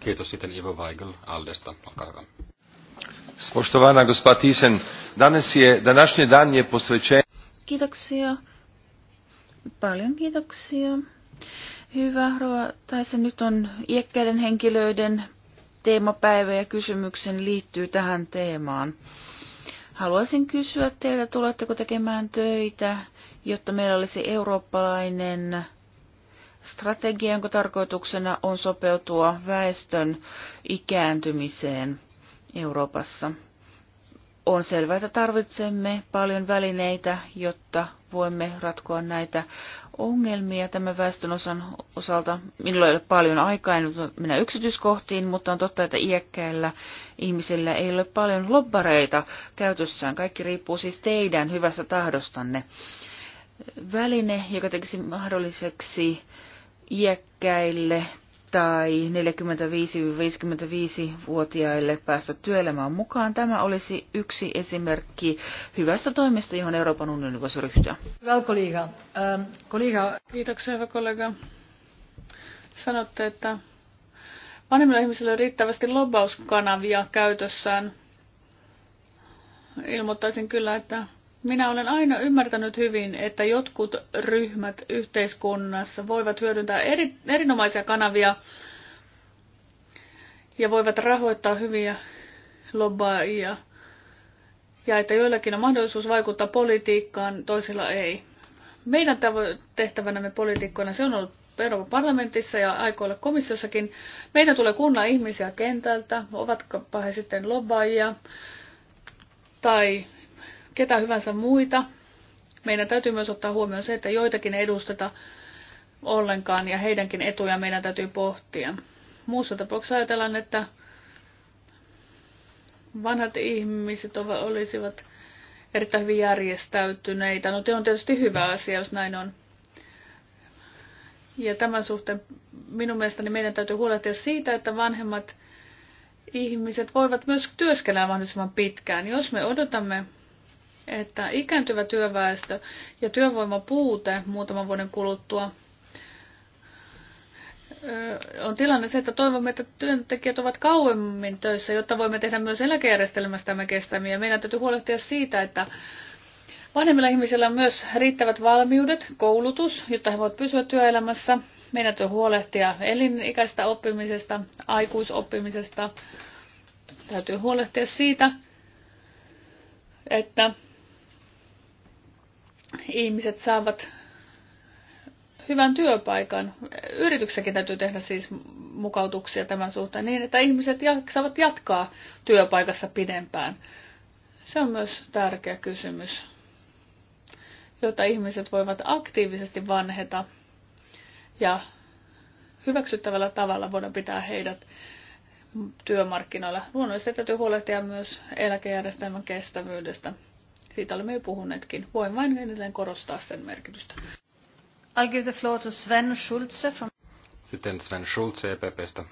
Kiitos sitten Ivo Weigel Aldesta. Olkaa hyvä. Spoštovana gospa Tisen, danes je, današnji dan je posvećen... Kiitoksia. Paljon kiitoksia. Hyvä, Roa. se nyt on iäkkäiden henkilöiden teemapäivä ja kysymyksen liittyy tähän teemaan. Haluaisin kysyä teiltä, tuletteko tekemään töitä, jotta meillä olisi eurooppalainen strategia, jonka tarkoituksena on sopeutua väestön ikääntymiseen Euroopassa. On selvää, että tarvitsemme paljon välineitä, jotta voimme ratkoa näitä ongelmia tämän väestön osan osalta. Minulla ei ole paljon aikaa, en mennä yksityiskohtiin, mutta on totta, että iäkkäillä ihmisillä ei ole paljon lobbareita käytössään. Kaikki riippuu siis teidän hyvästä tahdostanne. Väline, joka tekisi mahdolliseksi iäkkäille tai 45-55-vuotiaille päästä työelämään mukaan. Tämä olisi yksi esimerkki hyvästä toimesta, johon Euroopan unioni voisi ryhtyä. Hyvä kollega. Ähm, kollega. Kiitoksia, hyvä kollega. Sanotte, että vanhemmilla ihmisillä on riittävästi lobbauskanavia käytössään. Ilmoittaisin kyllä, että minä olen aina ymmärtänyt hyvin, että jotkut ryhmät yhteiskunnassa voivat hyödyntää eri, erinomaisia kanavia ja voivat rahoittaa hyviä lobbaajia. Ja että joillakin on mahdollisuus vaikuttaa politiikkaan, toisilla ei. Meidän tehtävänämme poliitikkoina, se on ollut Euroopan parlamentissa ja aikoilla komissiossakin, meidän tulee kuunnella ihmisiä kentältä, ovatko he sitten lobbaajia tai ketä hyvänsä muita. Meidän täytyy myös ottaa huomioon se, että joitakin ei edusteta ollenkaan ja heidänkin etuja meidän täytyy pohtia. Muussa tapauksessa ajatellaan, että vanhat ihmiset olisivat erittäin hyvin järjestäytyneitä. No te on tietysti hyvä asia, jos näin on. Ja tämän suhteen minun mielestäni meidän täytyy huolehtia siitä, että vanhemmat ihmiset voivat myös työskennellä mahdollisimman pitkään. Jos me odotamme että ikääntyvä työväestö ja työvoimapuute muutaman vuoden kuluttua on tilanne se, että toivomme, että työntekijät ovat kauemmin töissä, jotta voimme tehdä myös eläkejärjestelmästämme kestämiä. Meidän täytyy huolehtia siitä, että vanhemmilla ihmisillä on myös riittävät valmiudet, koulutus, jotta he voivat pysyä työelämässä. Meidän täytyy huolehtia elinikäistä oppimisesta, aikuisoppimisesta. Täytyy huolehtia siitä, että ihmiset saavat hyvän työpaikan. yrityksessäkin täytyy tehdä siis mukautuksia tämän suhteen niin, että ihmiset saavat jatkaa työpaikassa pidempään. Se on myös tärkeä kysymys, jotta ihmiset voivat aktiivisesti vanheta ja hyväksyttävällä tavalla voidaan pitää heidät työmarkkinoilla. Luonnollisesti täytyy huolehtia myös eläkejärjestelmän kestävyydestä. Siitä olemme jo puhuneetkin. Voin vain edelleen korostaa sen merkitystä. I'll give the floor to Sven Schulze from... Sitten Sven Schulze EPPstä.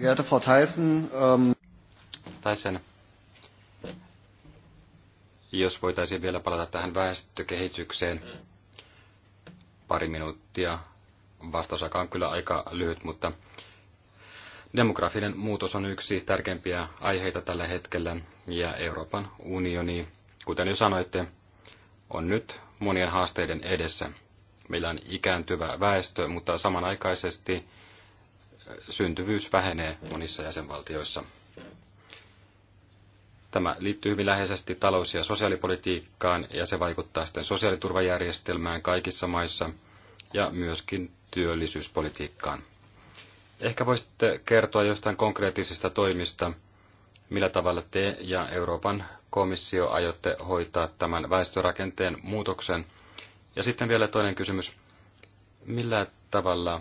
Gerte Frau Tyson, um... Ähm, Tyson, jos voitaisiin vielä palata tähän väestökehitykseen. Pari minuuttia. Vastausaka on kyllä aika lyhyt, mutta demografinen muutos on yksi tärkeimpiä aiheita tällä hetkellä ja Euroopan unioni Kuten jo sanoitte, on nyt monien haasteiden edessä. Meillä on ikääntyvä väestö, mutta samanaikaisesti syntyvyys vähenee monissa jäsenvaltioissa. Tämä liittyy hyvin läheisesti talous- ja sosiaalipolitiikkaan ja se vaikuttaa sitten sosiaaliturvajärjestelmään kaikissa maissa ja myöskin työllisyyspolitiikkaan. Ehkä voisitte kertoa jostain konkreettisista toimista, millä tavalla te ja Euroopan komissio aiotte hoitaa tämän väestörakenteen muutoksen? Ja sitten vielä toinen kysymys. Millä tavalla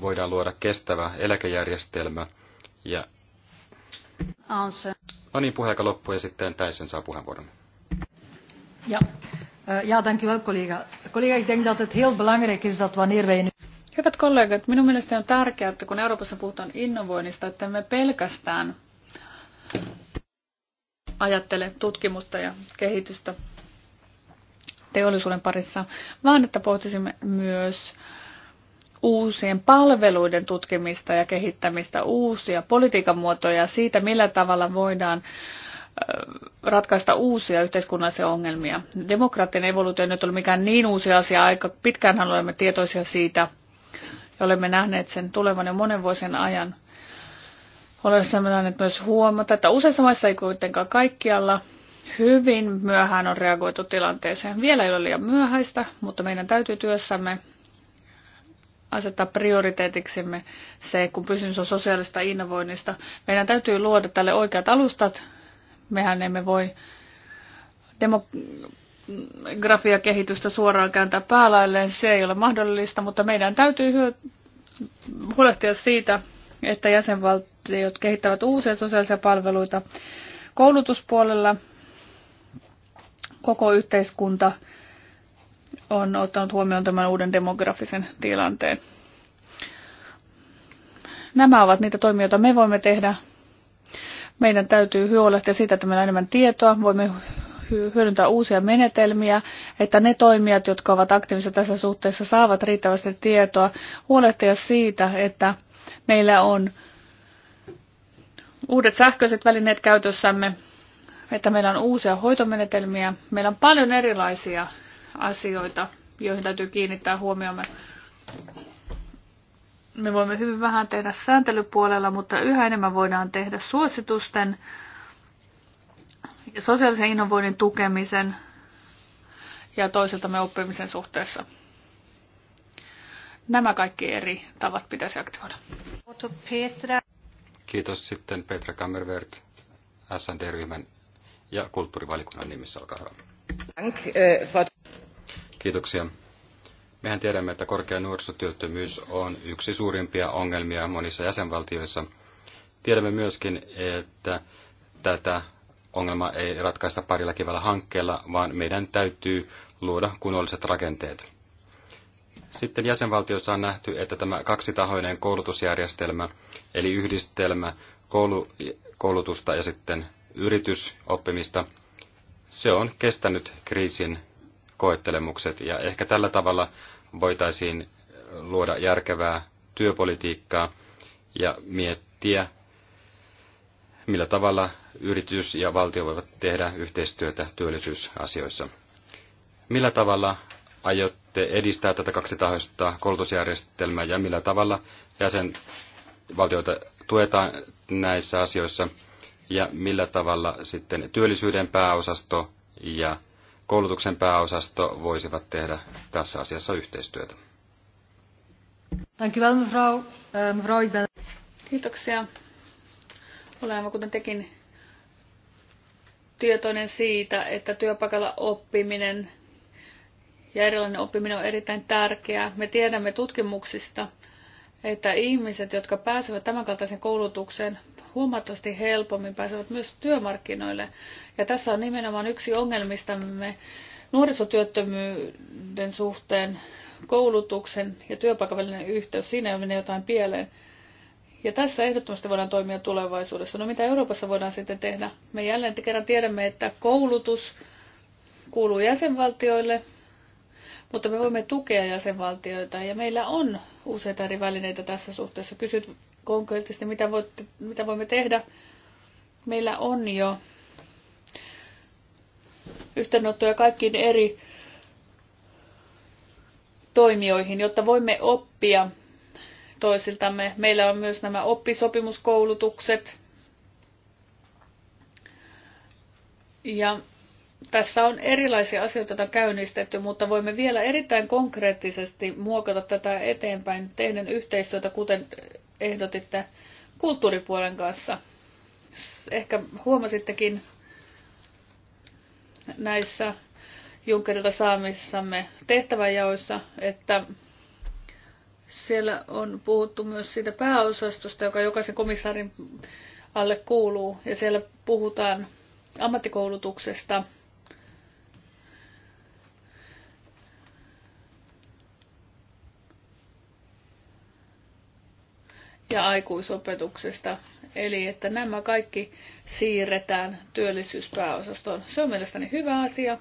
voidaan luoda kestävä eläkejärjestelmä ja No niin, puheenjohtaja loppuu ja sitten Täisen saa puheenvuoron. Ja, eh, ja dankjewel, collega. Collega, ik denk dat het heel belangrijk is dat wanneer wij nu... Hyvät kollegat, minun mielestäni on tärkeää, että kun Euroopassa puhutaan innovoinnista, että me pelkästään ajattele tutkimusta ja kehitystä teollisuuden parissa, vaan että pohtisimme myös uusien palveluiden tutkimista ja kehittämistä, uusia politiikan muotoja siitä, millä tavalla voidaan ratkaista uusia yhteiskunnallisia ongelmia. Demokraattinen evoluutio ei nyt ole mikään niin uusi asia, aika pitkään olemme tietoisia siitä ja olemme nähneet sen tulevan jo monen vuosien ajan ole sellainen myös huomata, että useissa maissa ei kuitenkaan kaikkialla hyvin myöhään on reagoitu tilanteeseen. Vielä ei ole liian myöhäistä, mutta meidän täytyy työssämme asettaa prioriteetiksemme se, kun pysymys on sosiaalista innovoinnista. Meidän täytyy luoda tälle oikeat alustat. Mehän emme voi demografiakehitystä suoraan kääntää päälailleen. Se ei ole mahdollista, mutta meidän täytyy huolehtia siitä, että jäsenvalt jotka kehittävät uusia sosiaalisia palveluita. Koulutuspuolella koko yhteiskunta on ottanut huomioon tämän uuden demografisen tilanteen. Nämä ovat niitä toimia, joita me voimme tehdä. Meidän täytyy huolehtia siitä, että meillä on enemmän tietoa, voimme hyödyntää uusia menetelmiä, että ne toimijat, jotka ovat aktiivisia tässä suhteessa, saavat riittävästi tietoa, huolehtia siitä, että meillä on uudet sähköiset välineet käytössämme, että meillä on uusia hoitomenetelmiä. Meillä on paljon erilaisia asioita, joihin täytyy kiinnittää huomiomme. Me voimme hyvin vähän tehdä sääntelypuolella, mutta yhä enemmän voidaan tehdä suositusten ja sosiaalisen innovoinnin tukemisen ja me oppimisen suhteessa. Nämä kaikki eri tavat pitäisi aktivoida. Kiitos sitten Petra Kammervert SND-ryhmän ja kulttuurivalikunnan nimissä, olkaa hyvä. Äh, Kiitoksia. Mehän tiedämme, että korkea nuorisotyöttömyys on yksi suurimpia ongelmia monissa jäsenvaltioissa. Tiedämme myöskin, että tätä ongelmaa ei ratkaista parilla kivellä hankkeella, vaan meidän täytyy luoda kunnolliset rakenteet. Sitten jäsenvaltioissa on nähty, että tämä kaksitahoinen koulutusjärjestelmä, eli yhdistelmä koulu, koulutusta ja sitten yritysoppimista, se on kestänyt kriisin koettelemukset ja ehkä tällä tavalla voitaisiin luoda järkevää työpolitiikkaa ja miettiä, millä tavalla yritys ja valtio voivat tehdä yhteistyötä työllisyysasioissa. Millä tavalla aiotte edistää tätä kaksitahoista koulutusjärjestelmää ja millä tavalla jäsenvaltioita tuetaan näissä asioissa ja millä tavalla sitten työllisyyden pääosasto ja koulutuksen pääosasto voisivat tehdä tässä asiassa yhteistyötä. Eh, Kiitoksia. Olen kuten tekin tietoinen siitä, että työpaikalla oppiminen ja erilainen oppiminen on erittäin tärkeää. Me tiedämme tutkimuksista, että ihmiset, jotka pääsevät tämänkaltaisen koulutukseen, huomattavasti helpommin pääsevät myös työmarkkinoille. Ja tässä on nimenomaan yksi ongelmistamme nuorisotyöttömyyden suhteen koulutuksen ja työpaikan välinen yhteys. Siinä menee jotain pieleen. Ja tässä ehdottomasti voidaan toimia tulevaisuudessa. No mitä Euroopassa voidaan sitten tehdä? Me jälleen kerran tiedämme, että koulutus kuuluu jäsenvaltioille, mutta me voimme tukea jäsenvaltioita ja meillä on useita eri välineitä tässä suhteessa. Kysyt konkreettisesti, mitä, voitte, mitä voimme tehdä. Meillä on jo yhteenottoja kaikkiin eri toimijoihin, jotta voimme oppia toisiltamme. Meillä on myös nämä oppisopimuskoulutukset. Ja tässä on erilaisia asioita, joita on käynnistetty, mutta voimme vielä erittäin konkreettisesti muokata tätä eteenpäin tehden yhteistyötä, kuten ehdotitte kulttuuripuolen kanssa. Ehkä huomasittekin näissä Junckerilta saamissamme tehtäväjaoissa, että siellä on puhuttu myös siitä pääosastosta, joka jokaisen komissaarin alle kuuluu, ja siellä puhutaan ammattikoulutuksesta – ja aikuisopetuksesta. Eli että nämä kaikki siirretään työllisyyspääosastoon. Se on mielestäni hyvä asia.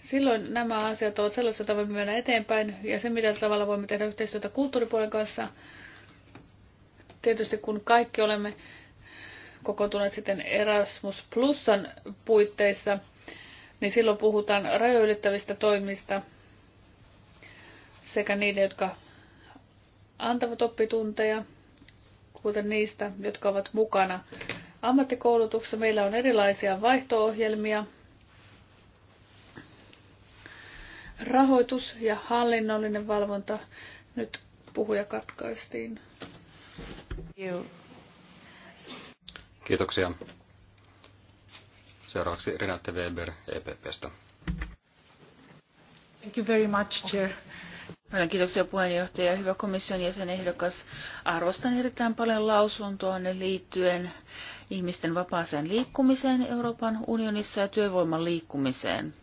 Silloin nämä asiat ovat sellaisia, joita voimme mennä eteenpäin ja se, mitä tavalla voimme tehdä yhteistyötä kulttuuripuolen kanssa. Tietysti kun kaikki olemme kokoontuneet sitten Erasmus Plusan puitteissa, niin silloin puhutaan rajoylittävistä toimista sekä niiden, jotka antavat oppitunteja, kuten niistä, jotka ovat mukana. Ammattikoulutuksessa meillä on erilaisia vaihto-ohjelmia, rahoitus ja hallinnollinen valvonta. Nyt puhuja katkaistiin. Kiitoksia. Seuraavaksi Renate Weber EPPstä. Thank you very much, Chair. Paljon kiitoksia puheenjohtaja. Hyvä komission ehdokas. Arvostan erittäin paljon lausuntoanne liittyen ihmisten vapaaseen liikkumiseen Euroopan unionissa ja työvoiman liikkumiseen.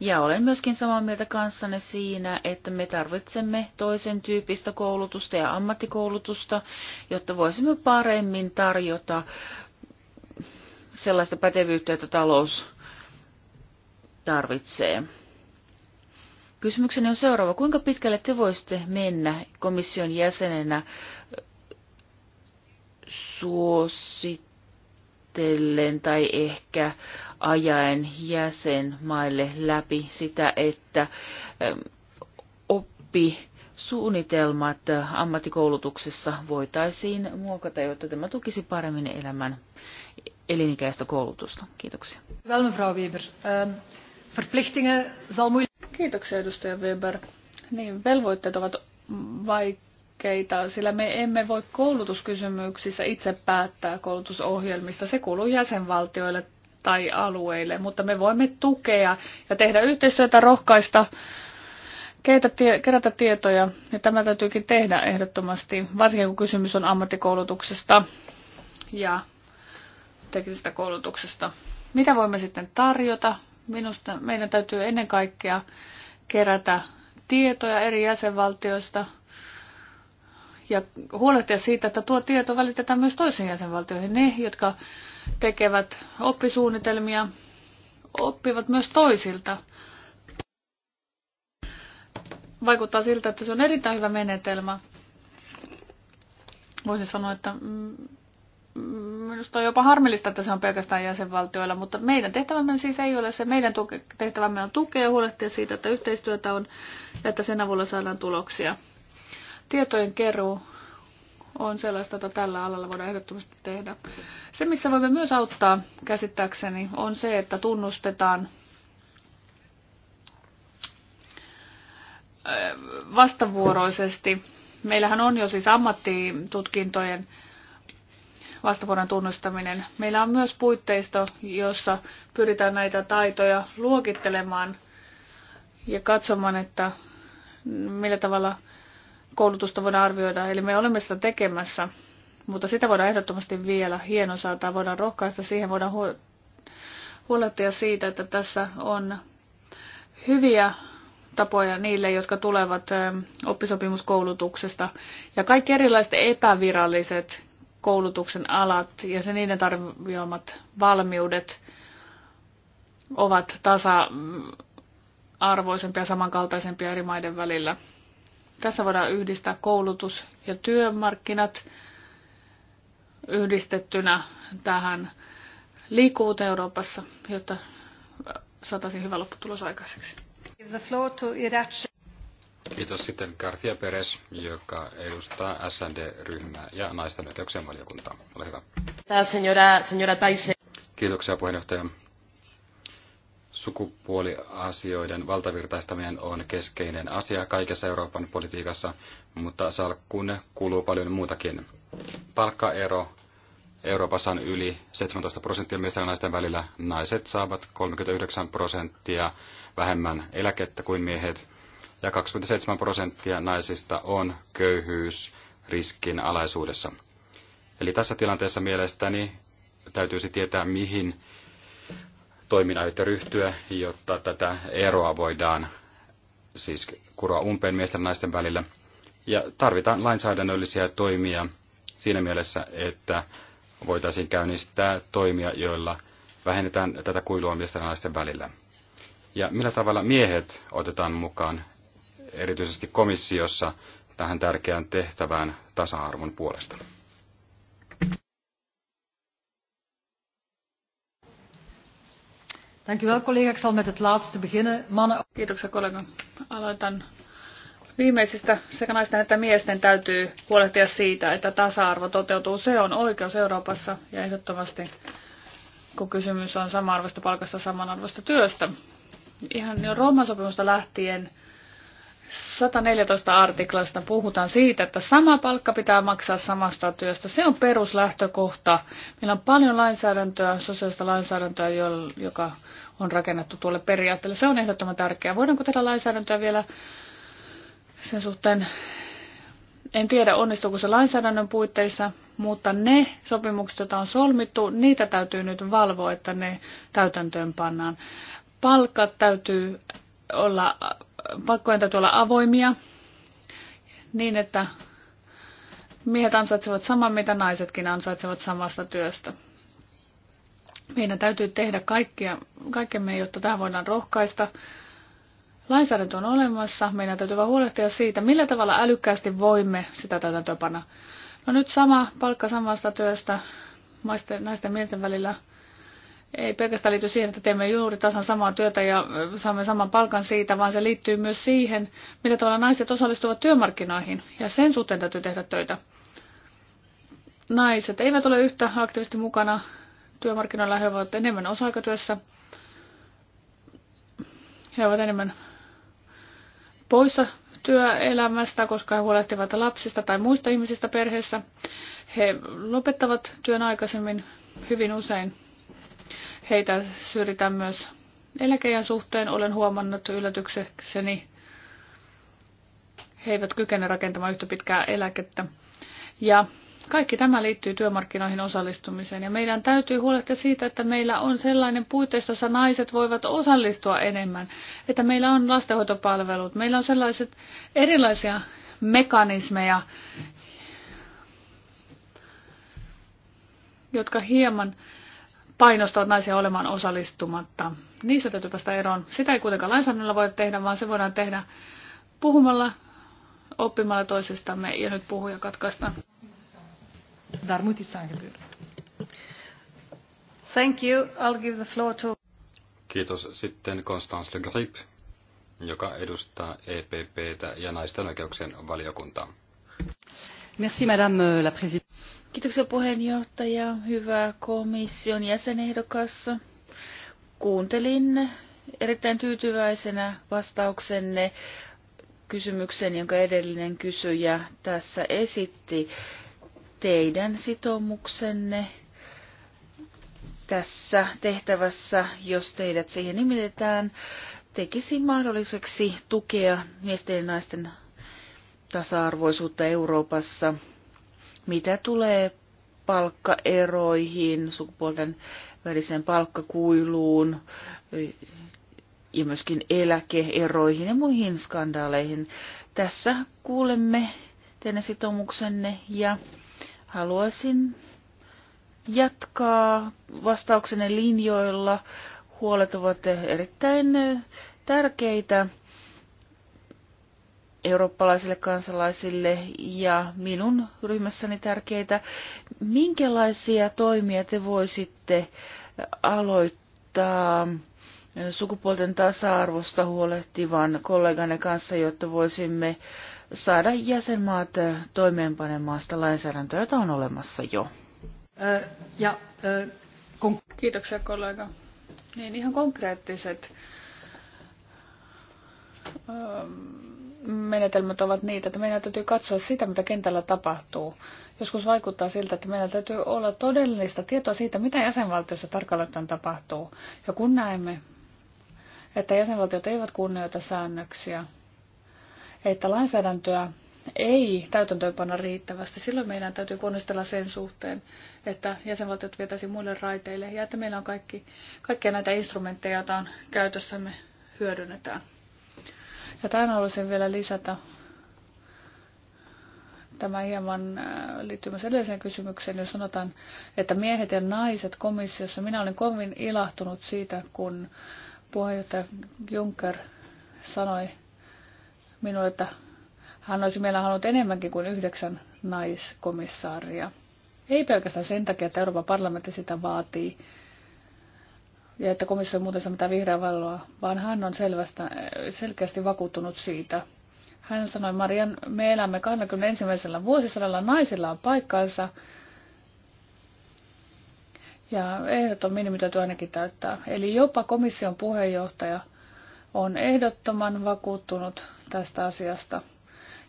Ja olen myöskin samaa mieltä kanssanne siinä, että me tarvitsemme toisen tyyppistä koulutusta ja ammattikoulutusta, jotta voisimme paremmin tarjota sellaista pätevyyttä, jota talous tarvitsee. Kysymykseni on seuraava. Kuinka pitkälle te voisitte mennä komission jäsenenä suosittelen tai ehkä ajaen jäsenmaille läpi sitä, että oppi suunnitelmat ammattikoulutuksessa voitaisiin muokata, jotta tämä tukisi paremmin elämän elinikäistä koulutusta. Kiitoksia. Wel, mevrouw Weber. Ehm, verplichtingen zal moeilijk... Kiitoksia edustaja Weber. Niin, velvoitteet ovat vaikeita, sillä me emme voi koulutuskysymyksissä itse päättää koulutusohjelmista. Se kuuluu jäsenvaltioille tai alueille, mutta me voimme tukea ja tehdä yhteistyötä, rohkaista, kerätä tietoja. Ja tämä täytyykin tehdä ehdottomasti, varsinkin kun kysymys on ammattikoulutuksesta ja teknisestä koulutuksesta. Mitä voimme sitten tarjota? Minusta meidän täytyy ennen kaikkea kerätä tietoja eri jäsenvaltioista ja huolehtia siitä, että tuo tieto välitetään myös toisiin jäsenvaltioihin. Ne, jotka tekevät oppisuunnitelmia, oppivat myös toisilta. Vaikuttaa siltä, että se on erittäin hyvä menetelmä. Voisin sanoa, että mm, minusta on jopa harmillista, että se on pelkästään jäsenvaltioilla, mutta meidän tehtävämme siis ei ole se. Meidän tehtävämme on tukea ja huolehtia siitä, että yhteistyötä on ja että sen avulla saadaan tuloksia. Tietojen keruu on sellaista, jota tällä alalla voidaan ehdottomasti tehdä. Se, missä voimme myös auttaa käsittääkseni, on se, että tunnustetaan vastavuoroisesti. Meillähän on jo siis ammattitutkintojen vastavuoron tunnustaminen. Meillä on myös puitteisto, jossa pyritään näitä taitoja luokittelemaan ja katsomaan, että millä tavalla koulutusta voidaan arvioida. Eli me olemme sitä tekemässä, mutta sitä voidaan ehdottomasti vielä hienosaataa, voidaan rohkaista siihen, voidaan huolehtia siitä, että tässä on hyviä tapoja niille, jotka tulevat oppisopimuskoulutuksesta. Ja kaikki erilaiset epäviralliset koulutuksen alat ja se niiden tarjoamat valmiudet ovat tasa-arvoisempia, samankaltaisempia eri maiden välillä. Tässä voidaan yhdistää koulutus ja työmarkkinat yhdistettynä tähän liikkuvuuteen Euroopassa, jotta saataisiin hyvä lopputulos aikaiseksi. Kiitos sitten Garcia Perez, joka edustaa SND-ryhmää ja naisten oikeuksien valiokuntaa. Ole hyvä. Señora, señora Taisen. Kiitoksia puheenjohtaja. Sukupuoliasioiden valtavirtaistaminen on keskeinen asia kaikessa Euroopan politiikassa, mutta salkkuun kuuluu paljon muutakin. Palkkaero Euroopassa on yli 17 prosenttia miesten ja naisten välillä. Naiset saavat 39 prosenttia vähemmän eläkettä kuin miehet ja 27 prosenttia naisista on köyhyysriskin alaisuudessa. Eli tässä tilanteessa mielestäni täytyisi tietää, mihin toiminnan ryhtyä, jotta tätä eroa voidaan siis kuroa umpeen miesten ja naisten välillä. Ja tarvitaan lainsäädännöllisiä toimia siinä mielessä, että voitaisiin käynnistää toimia, joilla vähennetään tätä kuilua miesten ja naisten välillä. Ja millä tavalla miehet otetaan mukaan erityisesti komissiossa tähän tärkeään tehtävään tasa-arvon puolesta. Dank u Ik zal met het laatste beginnen. Mannen... Kiitoksia, collega. Aloitan viimeisistä sekä naisten että miesten täytyy huolehtia siitä, että tasa-arvo toteutuu. Se on oikeus Euroopassa ja ehdottomasti, kun kysymys on sama-arvoista palkasta samanarvoista työstä. Ihan jo Rooman sopimusta lähtien 114 artiklasta puhutaan siitä, että sama palkka pitää maksaa samasta työstä. Se on peruslähtökohta. Meillä on paljon lainsäädäntöä, sosiaalista lainsäädäntöä, joka on rakennettu tuolle periaatteelle. Se on ehdottoman tärkeää. Voidaanko tehdä lainsäädäntöä vielä sen suhteen? En tiedä, onnistuuko se lainsäädännön puitteissa, mutta ne sopimukset, joita on solmittu, niitä täytyy nyt valvoa, että ne täytäntöön pannaan. Palkat täytyy olla Pakko täytyy olla avoimia niin, että miehet ansaitsevat saman, mitä naisetkin ansaitsevat samasta työstä. Meidän täytyy tehdä kaikkia, kaikkemme, jotta tähän voidaan rohkaista. Lainsäädäntö on olemassa, meidän täytyy vain huolehtia siitä, millä tavalla älykkäästi voimme sitä täytäntöpana. No nyt sama palkka samasta työstä naisten ja miesten välillä – ei pelkästään liity siihen, että teemme juuri tasan samaa työtä ja saamme saman palkan siitä, vaan se liittyy myös siihen, millä tavalla naiset osallistuvat työmarkkinoihin. Ja sen suhteen täytyy tehdä töitä. Naiset eivät ole yhtä aktiivisesti mukana työmarkkinoilla, he ovat enemmän osa-aikatyössä. He ovat enemmän poissa työelämästä, koska he huolehtivat lapsista tai muista ihmisistä perheessä. He lopettavat työn aikaisemmin hyvin usein Heitä syrjitään myös eläkeijän suhteen. Olen huomannut yllätyksekseni, he eivät kykene rakentamaan yhtä pitkää eläkettä. Ja kaikki tämä liittyy työmarkkinoihin osallistumiseen ja meidän täytyy huolehtia siitä, että meillä on sellainen puitteista, jossa naiset voivat osallistua enemmän, että meillä on lastenhoitopalvelut, meillä on sellaiset erilaisia mekanismeja, jotka hieman painostavat naisia olemaan osallistumatta. Niistä täytyy päästä eroon. Sitä ei kuitenkaan lainsäädännöllä voi tehdä, vaan se voidaan tehdä puhumalla, oppimalla toisistamme. Ja nyt puhuja katkaistaan. Daar Thank you. I'll give the floor to... Kiitos. Sitten Constance Le Grip, joka edustaa EPPtä ja naisten oikeuksien valiokuntaa. Merci, Madame euh, la Présidente. Kiitoksia puheenjohtaja, hyvä komission jäsenehdokas. Kuuntelin erittäin tyytyväisenä vastauksenne kysymykseen, jonka edellinen kysyjä tässä esitti. Teidän sitoumuksenne tässä tehtävässä, jos teidät siihen nimitetään, tekisi mahdolliseksi tukea miesten ja naisten tasa-arvoisuutta Euroopassa – mitä tulee palkkaeroihin, sukupuolten väliseen palkkakuiluun ja myöskin eläkeeroihin ja muihin skandaaleihin. Tässä kuulemme teidän sitoumuksenne ja haluaisin jatkaa vastauksenne linjoilla. Huolet ovat erittäin tärkeitä eurooppalaisille kansalaisille ja minun ryhmässäni tärkeitä. Minkälaisia toimia te voisitte aloittaa sukupuolten tasa-arvosta huolehtivan kolleganne kanssa, jotta voisimme saada jäsenmaat toimeenpanemaan sitä lainsäädäntöä, jota on olemassa jo? Ja, Kiitoksia kollega. Niin ihan konkreettiset. Um, menetelmät ovat niitä, että meidän täytyy katsoa sitä, mitä kentällä tapahtuu. Joskus vaikuttaa siltä, että meidän täytyy olla todellista tietoa siitä, mitä jäsenvaltiossa tarkalleen tapahtuu. Ja kun näemme, että jäsenvaltiot eivät kunnioita säännöksiä, että lainsäädäntöä ei täytäntöönpanna riittävästi, silloin meidän täytyy ponnistella sen suhteen, että jäsenvaltiot vietäisiin muille raiteille ja että meillä on kaikki, kaikkia näitä instrumentteja, joita on käytössämme, hyödynnetään. Ja tämän haluaisin vielä lisätä. Tämä hieman äh, liittyy myös edelliseen kysymykseen, jos sanotaan, että miehet ja naiset komissiossa. Minä olin kovin ilahtunut siitä, kun puheenjohtaja Juncker sanoi minulle, että hän olisi meillä halunnut enemmänkin kuin yhdeksän naiskomissaaria. Ei pelkästään sen takia, että Euroopan parlamentti sitä vaatii, ja että komissio muuten saa mitään vihreää valoa, vaan hän on selvästä, selkeästi vakuuttunut siitä. Hän sanoi, Marian, me elämme 21. vuosisadalla, naisilla on paikkansa, ja ehdoton minimi täytyy ainakin täyttää. Eli jopa komission puheenjohtaja on ehdottoman vakuuttunut tästä asiasta.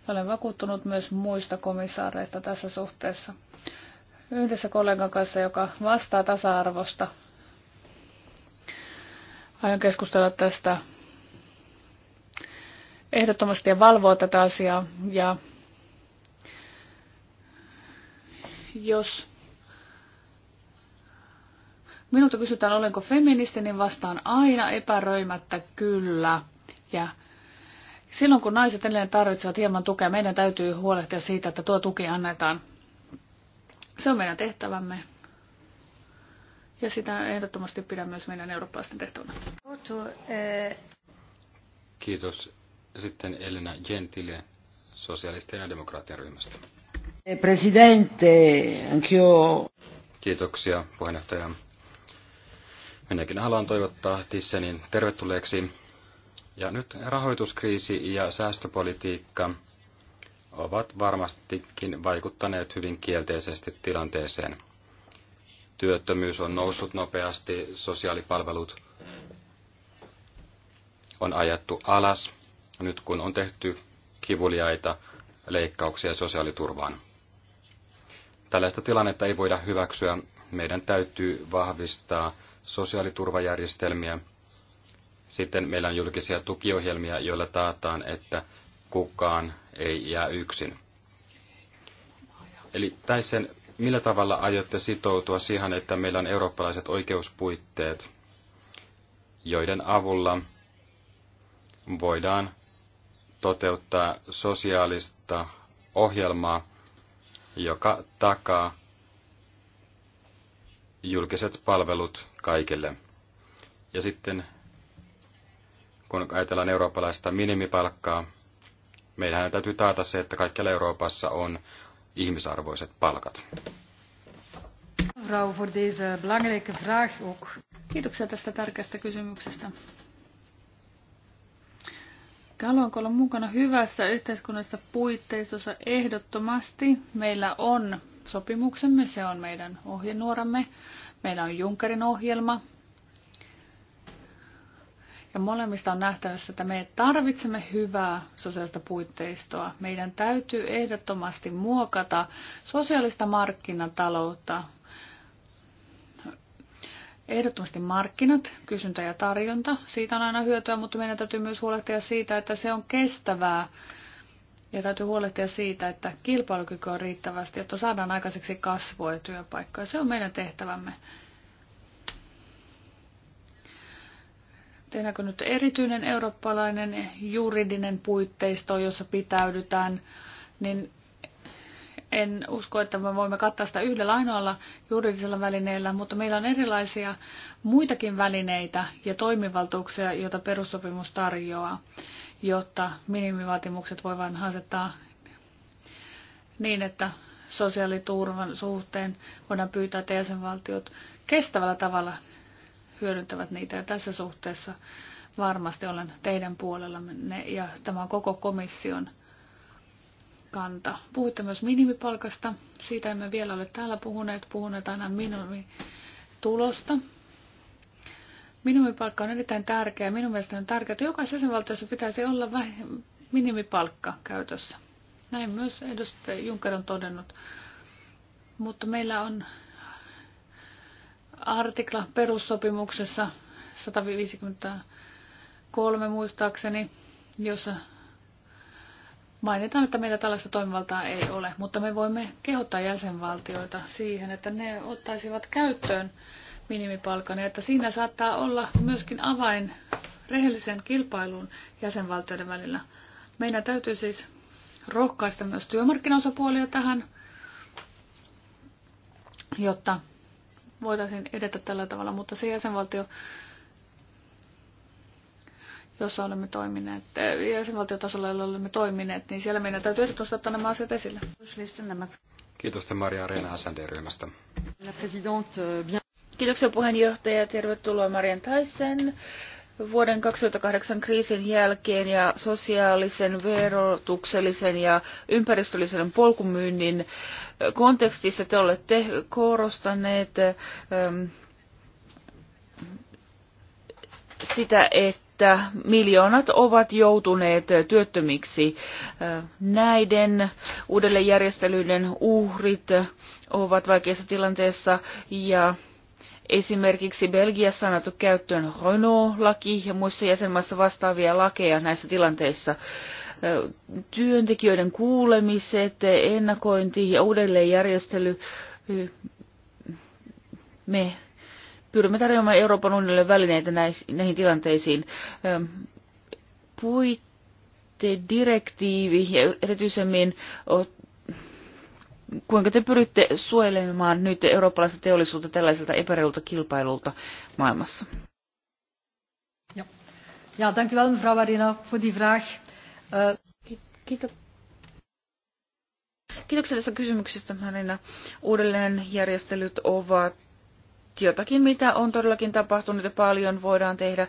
Ja olen vakuuttunut myös muista komissaareista tässä suhteessa. Yhdessä kollegan kanssa, joka vastaa tasa-arvosta, Aion keskustella tästä ehdottomasti ja valvoa tätä asiaa. Ja jos minulta kysytään, olenko feministi, niin vastaan aina epäröimättä kyllä. Ja silloin kun naiset edelleen tarvitsevat hieman tukea, meidän täytyy huolehtia siitä, että tuo tuki annetaan. Se on meidän tehtävämme. Ja sitä ehdottomasti pidän myös meidän eurooppalaisten tehtävänä. Kiitos. Sitten Elena Gentile sosialistien ja demokraattien ryhmästä. Presidente, anch'io. Kiitoksia puheenjohtaja. Minäkin haluan toivottaa Tissenin tervetulleeksi. Ja nyt rahoituskriisi ja säästöpolitiikka ovat varmastikin vaikuttaneet hyvin kielteisesti tilanteeseen – työttömyys on noussut nopeasti, sosiaalipalvelut on ajettu alas, nyt kun on tehty kivuliaita leikkauksia sosiaaliturvaan. Tällaista tilannetta ei voida hyväksyä. Meidän täytyy vahvistaa sosiaaliturvajärjestelmiä. Sitten meillä on julkisia tukiohjelmia, joilla taataan, että kukaan ei jää yksin. Eli tässä millä tavalla aiotte sitoutua siihen, että meillä on eurooppalaiset oikeuspuitteet, joiden avulla voidaan toteuttaa sosiaalista ohjelmaa, joka takaa julkiset palvelut kaikille. Ja sitten kun ajatellaan eurooppalaista minimipalkkaa, meidän täytyy taata se, että kaikkialla Euroopassa on ihmisarvoiset palkat. Mevrouw, voor deze belangrijke vraag ook. Kiitoksia tästä tärkeästä kysymyksestä. Haluanko olla mukana hyvässä yhteiskunnallisessa puitteistossa? Ehdottomasti meillä on sopimuksemme, se on meidän ohjenuoramme. Meillä on Junkerin ohjelma, ja molemmista on nähtävissä, että me tarvitsemme hyvää sosiaalista puitteistoa. Meidän täytyy ehdottomasti muokata sosiaalista markkinataloutta. Ehdottomasti markkinat, kysyntä ja tarjonta, siitä on aina hyötyä, mutta meidän täytyy myös huolehtia siitä, että se on kestävää. Ja täytyy huolehtia siitä, että kilpailukyky on riittävästi, jotta saadaan aikaiseksi kasvua ja työpaikkoja. Se on meidän tehtävämme. tehdäänkö nyt erityinen eurooppalainen juridinen puitteisto, jossa pitäydytään, niin en usko, että me voimme kattaa sitä yhdellä ainoalla juridisella välineellä, mutta meillä on erilaisia muitakin välineitä ja toimivaltuuksia, joita perussopimus tarjoaa, jotta minimivaatimukset voivat asettaa niin, että sosiaaliturvan suhteen voidaan pyytää, että jäsenvaltiot kestävällä tavalla hyödyntävät niitä. Ja tässä suhteessa varmasti olen teidän puolellanne ja tämä on koko komission kanta. Puhuitte myös minimipalkasta. Siitä emme vielä ole täällä puhuneet. Puhuneet aina minimitulosta. Minimipalkka on erittäin tärkeä. Minun mielestäni on tärkeää, että jokaisessa jäsenvaltiossa pitäisi olla minimipalkka käytössä. Näin myös edustaja Juncker on todennut. Mutta meillä on artikla perussopimuksessa 153 muistaakseni, jossa mainitaan, että meillä tällaista toimivaltaa ei ole, mutta me voimme kehottaa jäsenvaltioita siihen, että ne ottaisivat käyttöön minimipalkan, ja että siinä saattaa olla myöskin avain rehelliseen kilpailuun jäsenvaltioiden välillä. Meidän täytyy siis rohkaista myös työmarkkinaosapuolia tähän, jotta voitaisiin edetä tällä tavalla, mutta se jäsenvaltio, jossa olemme toimineet, eh, jäsenvaltiotasolla, jolla olemme toimineet, niin siellä meidän täytyy ehdottomasti ottaa nämä asiat esille. Kiitos te Maria Reena SND-ryhmästä. Kiitoksia puheenjohtaja. Tervetuloa Marian Taisen. Vuoden 2008 kriisin jälkeen ja sosiaalisen, verotuksellisen ja ympäristöllisen polkumyynnin äh, kontekstissa te olette korostaneet ähm, sitä, että miljoonat ovat joutuneet työttömiksi. Äh, näiden uudelleenjärjestelyiden uhrit ovat vaikeassa tilanteessa ja Esimerkiksi Belgiassa on otettu käyttöön Renault-laki ja muissa jäsenmaissa vastaavia lakeja näissä tilanteissa työntekijöiden kuulemiset, ennakointi ja uudelleenjärjestely. Me pyrimme tarjoamaan Euroopan unionille välineitä näihin tilanteisiin. Puitedirektiivi ja erityisemmin kuinka te pyritte suojelemaan nyt eurooppalaista teollisuutta tällaiselta epäreilulta kilpailulta maailmassa? Ja, dank u wel mevrouw Varina, voor die vraag. Kiitos. Kiitoksia tästä kysymyksestä, Marina. Uudelleenjärjestelyt ovat jotakin, mitä on todellakin tapahtunut ja paljon voidaan tehdä.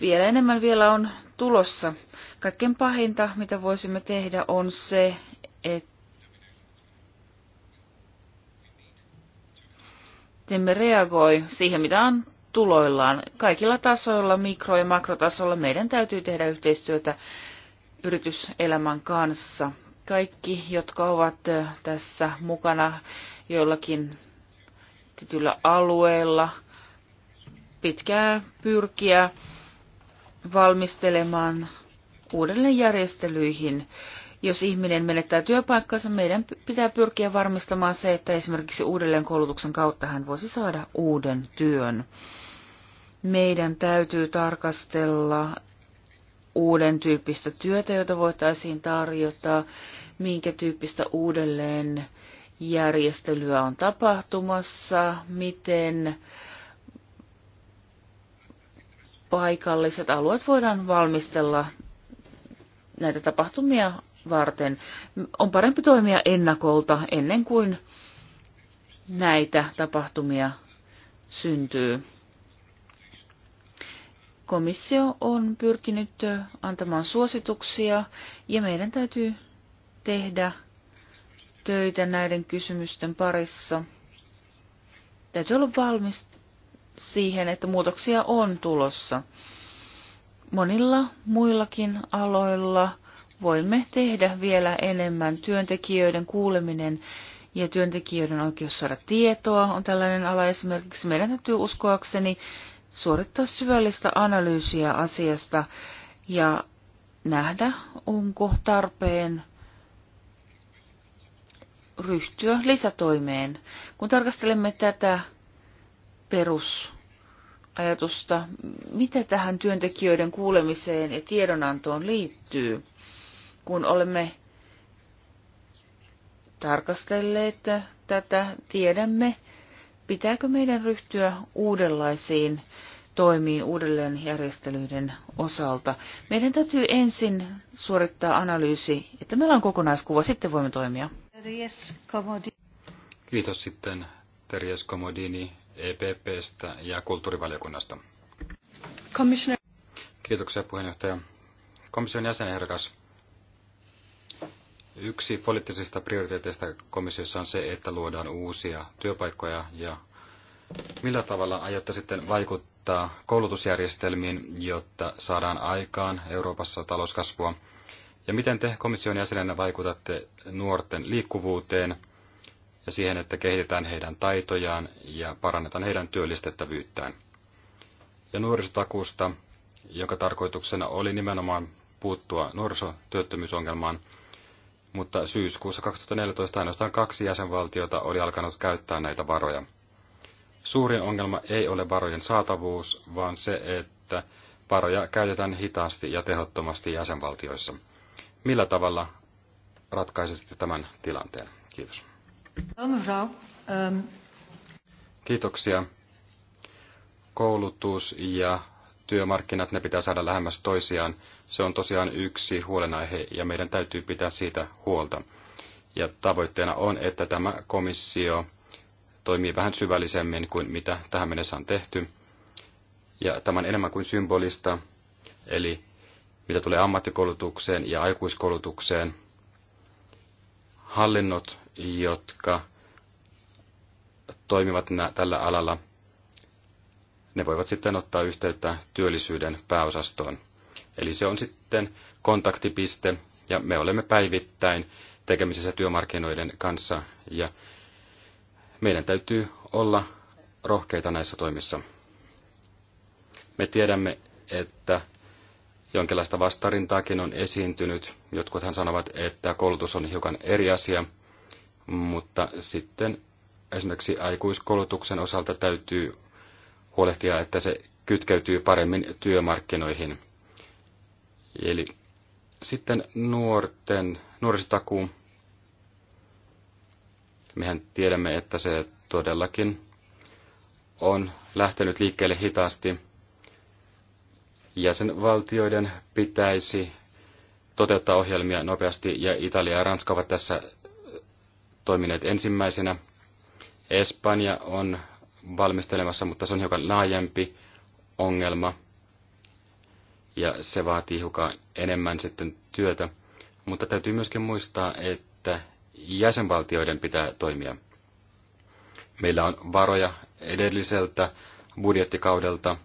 Vielä enemmän vielä on tulossa. Kaikkein pahinta, mitä voisimme tehdä, on se, että emme reagoi siihen, mitä on tuloillaan. Kaikilla tasoilla, mikro- ja makrotasolla, meidän täytyy tehdä yhteistyötä yrityselämän kanssa. Kaikki, jotka ovat tässä mukana jollakin tietyllä alueella, pitkää pyrkiä valmistelemaan uudelleenjärjestelyihin. Jos ihminen menettää työpaikkansa, meidän pitää pyrkiä varmistamaan se, että esimerkiksi uudelleenkoulutuksen kautta hän voisi saada uuden työn. Meidän täytyy tarkastella uuden tyyppistä työtä, jota voitaisiin tarjota, minkä tyyppistä uudelleen järjestelyä on tapahtumassa, miten paikalliset alueet voidaan valmistella näitä tapahtumia varten. On parempi toimia ennakolta ennen kuin näitä tapahtumia syntyy. Komissio on pyrkinyt antamaan suosituksia ja meidän täytyy tehdä töitä näiden kysymysten parissa. Täytyy olla valmis siihen, että muutoksia on tulossa. Monilla muillakin aloilla voimme tehdä vielä enemmän. Työntekijöiden kuuleminen ja työntekijöiden oikeus saada tietoa on tällainen ala esimerkiksi. Meidän täytyy uskoakseni suorittaa syvällistä analyysiä asiasta ja nähdä, onko tarpeen ryhtyä lisätoimeen. Kun tarkastelemme tätä perusajatusta, mitä tähän työntekijöiden kuulemiseen ja tiedonantoon liittyy, kun olemme tarkastelleet tätä, tiedämme, pitääkö meidän ryhtyä uudenlaisiin toimiin uudelleenjärjestelyiden osalta. Meidän täytyy ensin suorittaa analyysi, että meillä on kokonaiskuva, sitten voimme toimia. Kiitos sitten Terjes Komodini EPPstä ja kulttuurivaliokunnasta. Kiitoksia puheenjohtaja. Komission jäsenehdokas. Yksi poliittisista prioriteeteista komissiossa on se, että luodaan uusia työpaikkoja ja millä tavalla aiotte sitten vaikuttaa koulutusjärjestelmiin, jotta saadaan aikaan Euroopassa talouskasvua? Ja miten te komission jäsenenä vaikutatte nuorten liikkuvuuteen ja siihen, että kehitetään heidän taitojaan ja parannetaan heidän työllistettävyyttään? Ja nuorisotakuusta, jonka tarkoituksena oli nimenomaan puuttua nuorisotyöttömyysongelmaan – mutta syyskuussa 2014 ainoastaan kaksi jäsenvaltiota oli alkanut käyttää näitä varoja. Suurin ongelma ei ole varojen saatavuus, vaan se, että varoja käytetään hitaasti ja tehottomasti jäsenvaltioissa. Millä tavalla ratkaisitte tämän tilanteen? Kiitos. Kiitoksia. Koulutus ja työmarkkinat, ne pitää saada lähemmäs toisiaan. Se on tosiaan yksi huolenaihe ja meidän täytyy pitää siitä huolta. Ja tavoitteena on, että tämä komissio toimii vähän syvällisemmin kuin mitä tähän mennessä on tehty. Ja tämä on enemmän kuin symbolista, eli mitä tulee ammattikoulutukseen ja aikuiskoulutukseen. Hallinnot, jotka toimivat tällä alalla – ne voivat sitten ottaa yhteyttä työllisyyden pääosastoon. Eli se on sitten kontaktipiste, ja me olemme päivittäin tekemisissä työmarkkinoiden kanssa, ja meidän täytyy olla rohkeita näissä toimissa. Me tiedämme, että jonkinlaista vastarintaakin on esiintynyt. Jotkuthan sanovat, että koulutus on hiukan eri asia, mutta sitten esimerkiksi aikuiskoulutuksen osalta täytyy huolehtia, että se kytkeytyy paremmin työmarkkinoihin. Eli sitten nuorten, nuorisotakuu. Mehän tiedämme, että se todellakin on lähtenyt liikkeelle hitaasti. Jäsenvaltioiden pitäisi toteuttaa ohjelmia nopeasti, ja Italia ja Ranska ovat tässä toimineet ensimmäisenä. Espanja on valmistelemassa, mutta se on hiukan laajempi ongelma ja se vaatii hiukan enemmän sitten työtä. Mutta täytyy myöskin muistaa, että jäsenvaltioiden pitää toimia. Meillä on varoja edelliseltä budjettikaudelta,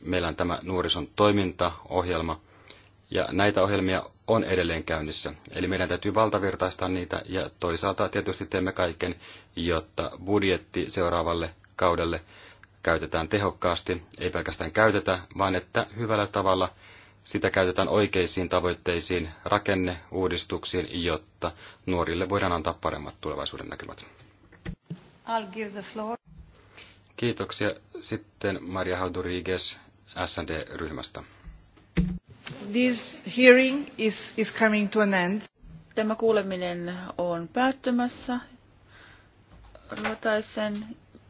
meillä on tämä nuorison toimintaohjelma, ja näitä ohjelmia on edelleen käynnissä. Eli meidän täytyy valtavirtaistaa niitä, ja toisaalta tietysti teemme kaiken, jotta budjetti seuraavalle kaudelle käytetään tehokkaasti, ei pelkästään käytetä, vaan että hyvällä tavalla sitä käytetään oikeisiin tavoitteisiin, rakenneuudistuksiin, jotta nuorille voidaan antaa paremmat tulevaisuuden näkymät. I'll give the floor. Kiitoksia. Sitten Maria Hauduriges SND-ryhmästä. This hearing is, is coming to an end. Tämä kuuleminen on päättymässä. Ruotaisen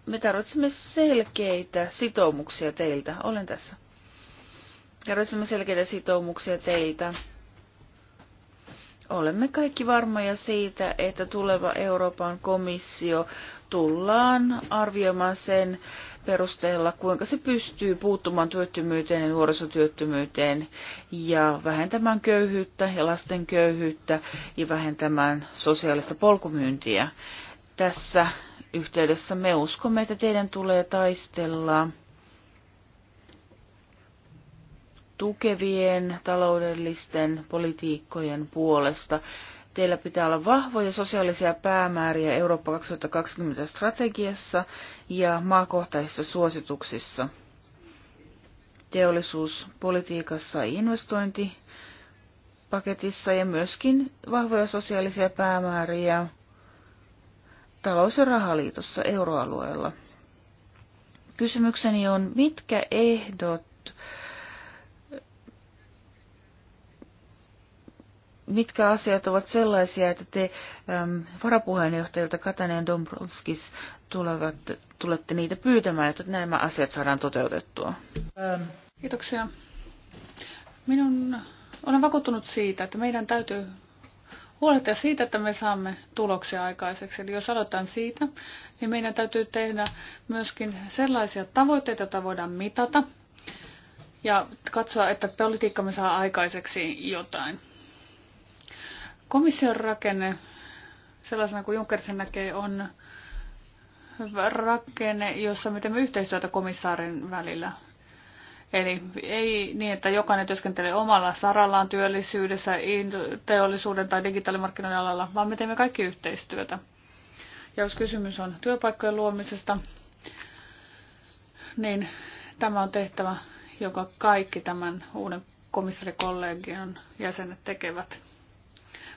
me tarvitsemme selkeitä sitoumuksia teiltä. Olen tässä. Tarvitsemme selkeitä sitoumuksia teiltä. Olemme kaikki varmoja siitä, että tuleva Euroopan komissio tullaan arvioimaan sen perusteella, kuinka se pystyy puuttumaan työttömyyteen ja nuorisotyöttömyyteen ja vähentämään köyhyyttä ja lasten köyhyyttä ja vähentämään sosiaalista polkumyyntiä. Tässä yhteydessä. Me uskomme, että teidän tulee taistella tukevien taloudellisten politiikkojen puolesta. Teillä pitää olla vahvoja sosiaalisia päämääriä Eurooppa 2020 strategiassa ja maakohtaisissa suosituksissa. Teollisuuspolitiikassa ja investointipaketissa ja myöskin vahvoja sosiaalisia päämääriä talous- ja rahaliitossa euroalueella. Kysymykseni on, mitkä ehdot, mitkä asiat ovat sellaisia, että te äm, varapuheenjohtajilta Katainen Dombrovskis tulevat, tulette niitä pyytämään, jotta nämä asiat saadaan toteutettua? Ähm, kiitoksia. Minun olen vakuuttunut siitä, että meidän täytyy huolehtia siitä, että me saamme tuloksia aikaiseksi. Eli jos aloitan siitä, niin meidän täytyy tehdä myöskin sellaisia tavoitteita, joita voidaan mitata ja katsoa, että politiikkamme saa aikaiseksi jotain. Komission rakenne, sellaisena kuin Juncker sen näkee, on rakenne, jossa me teemme yhteistyötä komissaarin välillä. Eli ei niin, että jokainen työskentelee omalla sarallaan työllisyydessä, teollisuuden tai digitaalimarkkinoiden alalla, vaan me teemme kaikki yhteistyötä. Ja jos kysymys on työpaikkojen luomisesta, niin tämä on tehtävä, joka kaikki tämän uuden komissarikollegion jäsenet tekevät.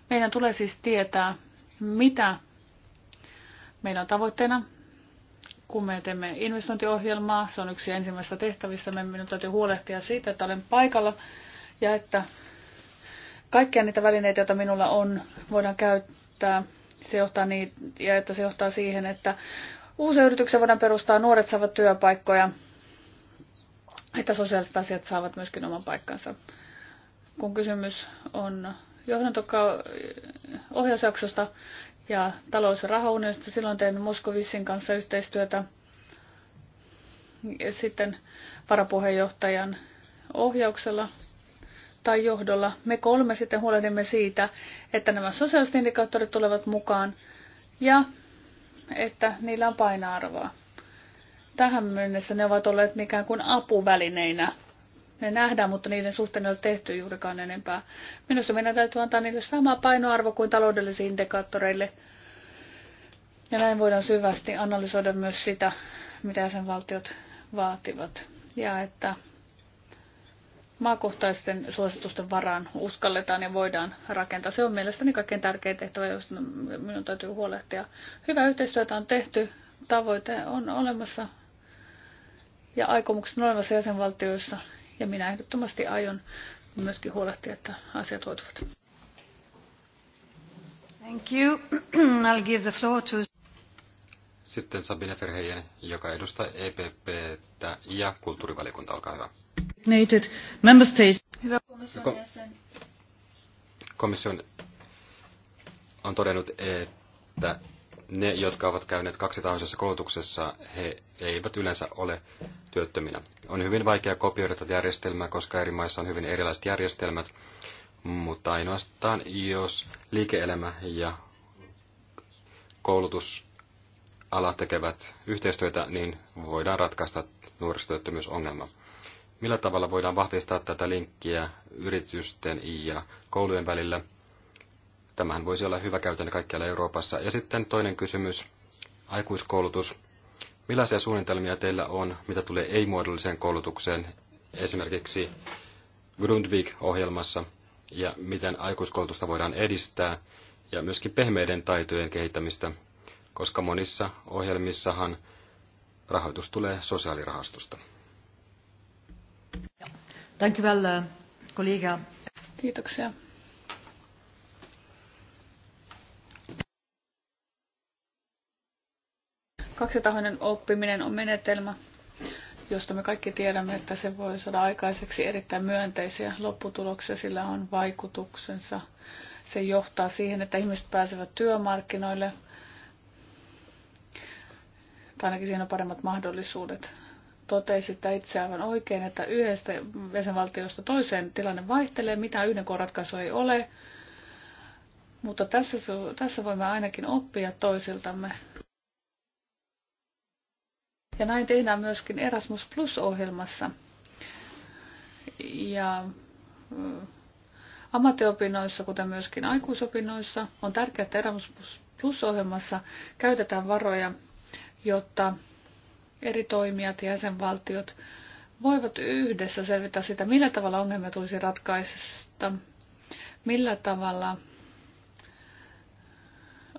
Meidän tulee siis tietää, mitä meillä on tavoitteena kun me teemme investointiohjelmaa, se on yksi ensimmäistä tehtävissä, me minun täytyy huolehtia siitä, että olen paikalla ja että kaikkia niitä välineitä, joita minulla on, voidaan käyttää. Se johtaa niin, ja että se johtaa siihen, että uusia yrityksiä voidaan perustaa, nuoret saavat työpaikkoja, että sosiaaliset asiat saavat myöskin oman paikkansa. Kun kysymys on johdantokaa ohjausjaksosta, ja talous- ja rahaunionista. Silloin tein Moskovissin kanssa yhteistyötä ja sitten varapuheenjohtajan ohjauksella tai johdolla. Me kolme sitten huolehdimme siitä, että nämä sosiaaliset indikaattorit tulevat mukaan ja että niillä on painoarvoa. Tähän mennessä ne ovat olleet ikään kuin apuvälineinä ne nähdään, mutta niiden suhteen ei ole tehty juurikaan enempää. Minusta meidän täytyy antaa niille sama painoarvo kuin taloudellisille indikaattoreille. Ja näin voidaan syvästi analysoida myös sitä, mitä sen valtiot vaativat. Ja että maakohtaisten suositusten varaan uskalletaan ja voidaan rakentaa. Se on mielestäni kaikkein tärkein tehtävä, josta minun täytyy huolehtia. Hyvää yhteistyötä on tehty, tavoite on olemassa ja aikomukset on olemassa jäsenvaltioissa ja minä ehdottomasti aion myöskin huolehtia, että asiat hoituvat. Thank you. [clears throat] I'll give the floor to... Sitten Sabine Ferheijen, joka edustaa EPP ja kulttuurivaliokunta, olkaa hyvä. Member States. Hyvä komission jäsen. Komission on todennut, että ne, jotka ovat käyneet kaksitahoisessa koulutuksessa, he eivät yleensä ole työttöminä. On hyvin vaikea kopioida tätä järjestelmää, koska eri maissa on hyvin erilaiset järjestelmät, mutta ainoastaan jos liike-elämä ja koulutusala tekevät yhteistyötä, niin voidaan ratkaista nuorisotyöttömyysongelma. Millä tavalla voidaan vahvistaa tätä linkkiä yritysten ja koulujen välillä? Tämähän voisi olla hyvä käytäntö kaikkialla Euroopassa. Ja sitten toinen kysymys, aikuiskoulutus. Millaisia suunnitelmia teillä on, mitä tulee ei-muodolliseen koulutukseen, esimerkiksi Grundvik-ohjelmassa, ja miten aikuiskoulutusta voidaan edistää, ja myöskin pehmeiden taitojen kehittämistä, koska monissa ohjelmissahan rahoitus tulee sosiaalirahastosta. Uh, Kiitoksia. Kaksitahoinen oppiminen on menetelmä, josta me kaikki tiedämme, että se voi saada aikaiseksi erittäin myönteisiä lopputuloksia, sillä on vaikutuksensa. Se johtaa siihen, että ihmiset pääsevät työmarkkinoille, tai ainakin siinä on paremmat mahdollisuudet. että itse aivan oikein, että yhdestä jäsenvaltiosta toiseen tilanne vaihtelee, mitä yhden ratkaisua ei ole, mutta tässä, tässä voimme ainakin oppia toisiltamme ja näin tehdään myöskin Erasmus Plus-ohjelmassa. Ja ammattiopinnoissa, kuten myöskin aikuisopinnoissa, on tärkeää, että Erasmus Plus-ohjelmassa käytetään varoja, jotta eri toimijat ja jäsenvaltiot voivat yhdessä selvittää sitä, millä tavalla ongelmia tulisi ratkaista, millä tavalla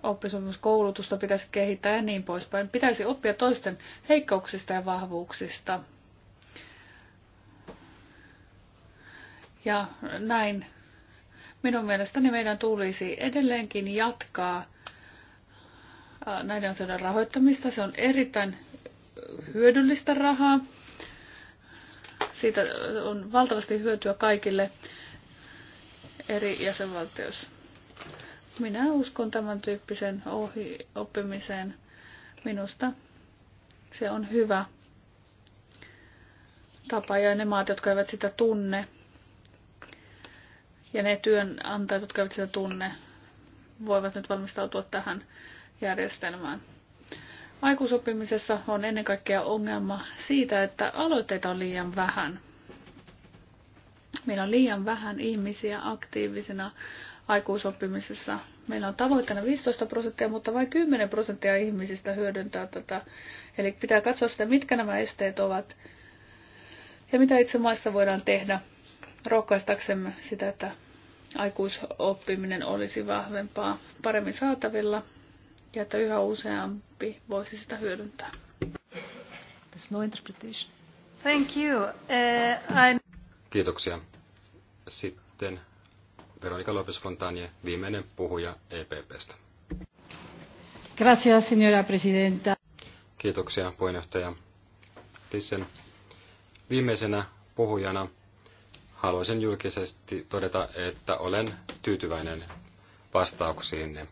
oppisopimuskoulutusta pitäisi kehittää ja niin poispäin. Pitäisi oppia toisten heikkouksista ja vahvuuksista. Ja näin minun mielestäni meidän tulisi edelleenkin jatkaa näiden asioiden rahoittamista. Se on erittäin hyödyllistä rahaa. Siitä on valtavasti hyötyä kaikille eri jäsenvaltioissa. Minä uskon tämän tyyppisen ohi oppimiseen. Minusta se on hyvä tapa ja ne maat, jotka eivät sitä tunne ja ne työnantajat, jotka eivät sitä tunne, voivat nyt valmistautua tähän järjestelmään. Aikuisoppimisessa on ennen kaikkea ongelma siitä, että aloitteita on liian vähän. Meillä on liian vähän ihmisiä aktiivisena aikuisoppimisessa. Meillä on tavoitteena 15 prosenttia, mutta vain 10 prosenttia ihmisistä hyödyntää tätä. Eli pitää katsoa sitä, mitkä nämä esteet ovat ja mitä itse maissa voidaan tehdä rohkaistaksemme sitä, että aikuisoppiminen olisi vahvempaa, paremmin saatavilla ja että yhä useampi voisi sitä hyödyntää. There's no interpretation. Thank you. Uh, I... Kiitoksia. Sitten Veronika López Fontanie, viimeinen puhuja EPPstä. Gracias, señora presidenta. Kiitoksia, puheenjohtaja Tissen. Viimeisenä puhujana haluaisin julkisesti todeta, että olen tyytyväinen vastauksiinne.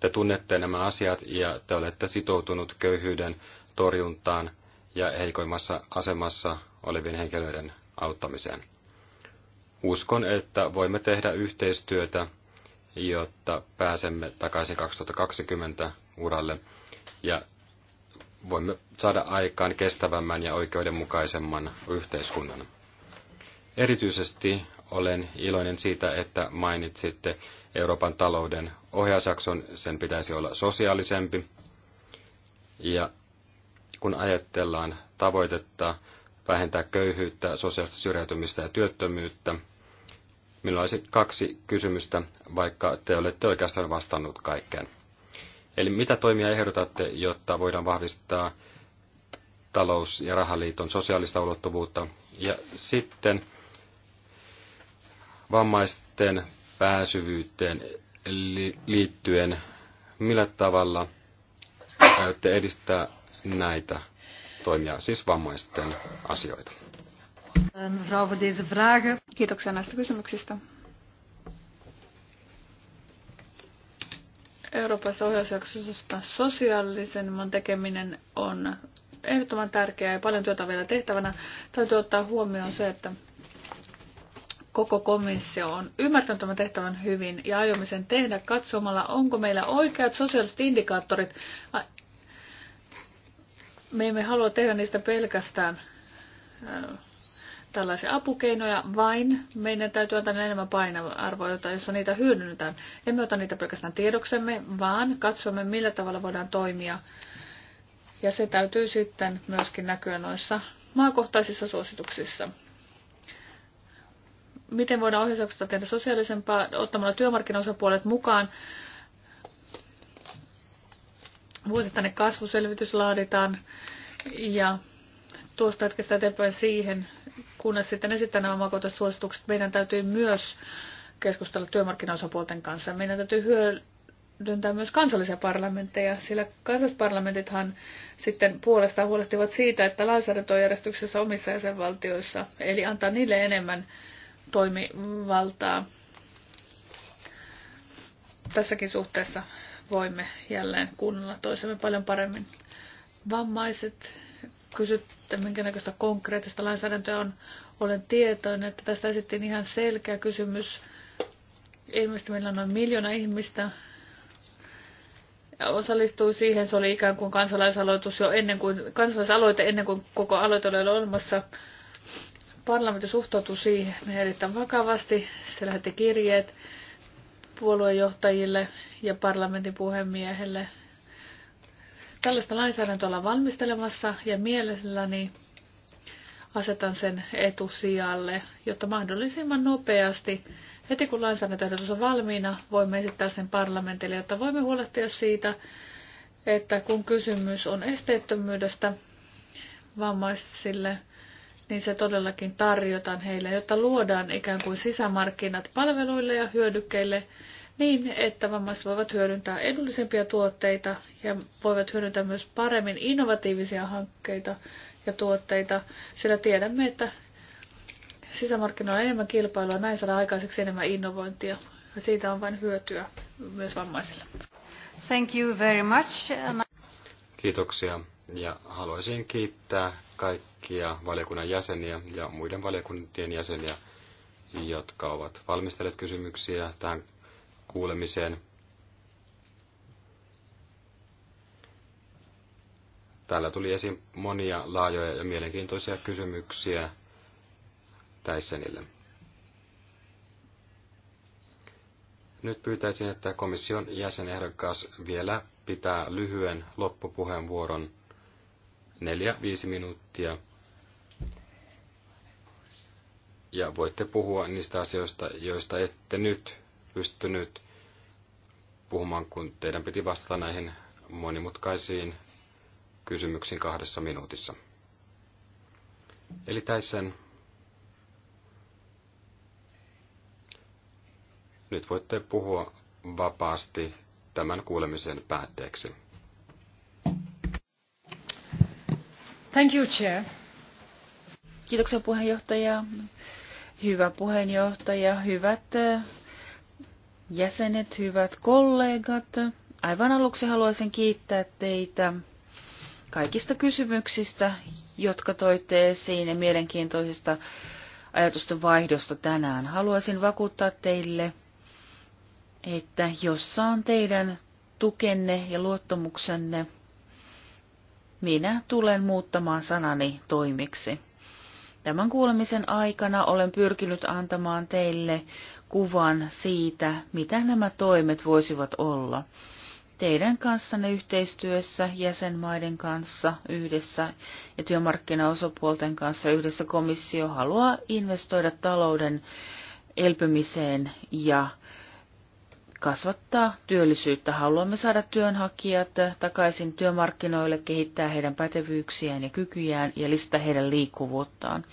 Te tunnette nämä asiat ja te olette sitoutunut köyhyyden torjuntaan ja heikoimmassa asemassa olevien henkilöiden auttamiseen uskon, että voimme tehdä yhteistyötä, jotta pääsemme takaisin 2020 uralle ja voimme saada aikaan kestävämmän ja oikeudenmukaisemman yhteiskunnan. Erityisesti olen iloinen siitä, että mainitsitte Euroopan talouden ohjausjakson, sen pitäisi olla sosiaalisempi. Ja kun ajatellaan tavoitetta vähentää köyhyyttä, sosiaalista syrjäytymistä ja työttömyyttä. Minulla olisi kaksi kysymystä, vaikka te olette oikeastaan vastannut kaikkeen. Eli mitä toimia ehdotatte, jotta voidaan vahvistaa talous- ja rahaliiton sosiaalista ulottuvuutta? Ja sitten vammaisten pääsyvyyteen liittyen, millä tavalla käytte edistää näitä toimia siis vammaisten asioita. Kiitoksia näistä kysymyksistä. Euroopassa ohjausjaksossa sosiaalisemman tekeminen on ehdottoman tärkeää ja paljon työtä vielä tehtävänä. Täytyy ottaa huomioon se, että koko komissio on ymmärtänyt tämän tehtävän hyvin ja aiomme sen tehdä katsomalla, onko meillä oikeat sosiaaliset indikaattorit me emme halua tehdä niistä pelkästään äh, tällaisia apukeinoja, vain meidän täytyy antaa enemmän painoarvoa, jossa niitä hyödynnetään. Emme ota niitä pelkästään tiedoksemme, vaan katsomme, millä tavalla voidaan toimia. Ja se täytyy sitten myöskin näkyä noissa maakohtaisissa suosituksissa. Miten voidaan ohjauksesta tehdä sosiaalisempaa ottamalla työmarkkinaosapuolet mukaan Vuosittainen kasvuselvitys laaditaan ja tuosta hetkestä eteenpäin siihen, kunnes sitten esittää nämä makotesuositukset, meidän täytyy myös keskustella työmarkkinaosapuolten kanssa. Meidän täytyy hyödyntää myös kansallisia parlamentteja, sillä kansallisparlamentithan sitten puolestaan huolehtivat siitä, että lainsäädäntö on järjestyksessä omissa jäsenvaltioissa, eli antaa niille enemmän toimivaltaa tässäkin suhteessa voimme jälleen kuunnella toisemme paljon paremmin. Vammaiset, kysytte, minkä näköistä konkreettista lainsäädäntöä on. Olen tietoinen, että tästä esittiin ihan selkeä kysymys. Ilmeisesti meillä on noin miljoona ihmistä, osallistui siihen. Se oli ikään kuin kansalaisaloitus jo ennen kuin, kansalaisaloite ennen kuin koko aloite oli olemassa. Parlamentti suhtautui siihen erittäin vakavasti. Se lähetti kirjeet puoluejohtajille ja parlamentin puhemiehelle. Tällaista lainsäädäntöä ollaan valmistelemassa ja mielelläni asetan sen etusijalle, jotta mahdollisimman nopeasti, heti kun lainsäädäntöehdotus on valmiina, voimme esittää sen parlamentille, jotta voimme huolehtia siitä, että kun kysymys on esteettömyydestä vammaisille, niin se todellakin tarjotaan heille, jotta luodaan ikään kuin sisämarkkinat palveluille ja hyödykkeille niin, että vammaiset voivat hyödyntää edullisempia tuotteita ja voivat hyödyntää myös paremmin innovatiivisia hankkeita ja tuotteita, sillä tiedämme, että sisämarkkinoilla on enemmän kilpailua, näin saadaan aikaiseksi enemmän innovointia. Ja siitä on vain hyötyä myös vammaisille. Thank you very much. Kiitoksia. Ja haluaisin kiittää kaikkia valiokunnan jäseniä ja muiden valiokuntien jäseniä, jotka ovat valmistelleet kysymyksiä tähän kuulemiseen. Täällä tuli esiin monia laajoja ja mielenkiintoisia kysymyksiä Täissenille. Nyt pyytäisin, että komission jäsenehdokas vielä pitää lyhyen loppupuheenvuoron – neljä, viisi minuuttia. Ja voitte puhua niistä asioista, joista ette nyt pystynyt puhumaan, kun teidän piti vastata näihin monimutkaisiin kysymyksiin kahdessa minuutissa. Eli tässä nyt voitte puhua vapaasti tämän kuulemisen päätteeksi. Kiitoksia puheenjohtaja. Hyvä puheenjohtaja, hyvät eh, jäsenet, hyvät kollegat. Aivan aluksi haluaisin kiittää teitä kaikista kysymyksistä, jotka toitte esiin ja mielenkiintoisista ajatusten vaihdosta tänään. Haluaisin vakuuttaa teille, että jos saan teidän tukenne ja luottamuksenne, minä tulen muuttamaan sanani toimiksi. Tämän kuulemisen aikana olen pyrkinyt antamaan teille kuvan siitä, mitä nämä toimet voisivat olla. Teidän kanssanne yhteistyössä, jäsenmaiden kanssa yhdessä ja työmarkkinaosapuolten kanssa yhdessä komissio haluaa investoida talouden elpymiseen ja kasvattaa työllisyyttä. Haluamme saada työnhakijat takaisin työmarkkinoille, kehittää heidän pätevyyksiään ja kykyjään ja lisätä heidän liikkuvuuttaan.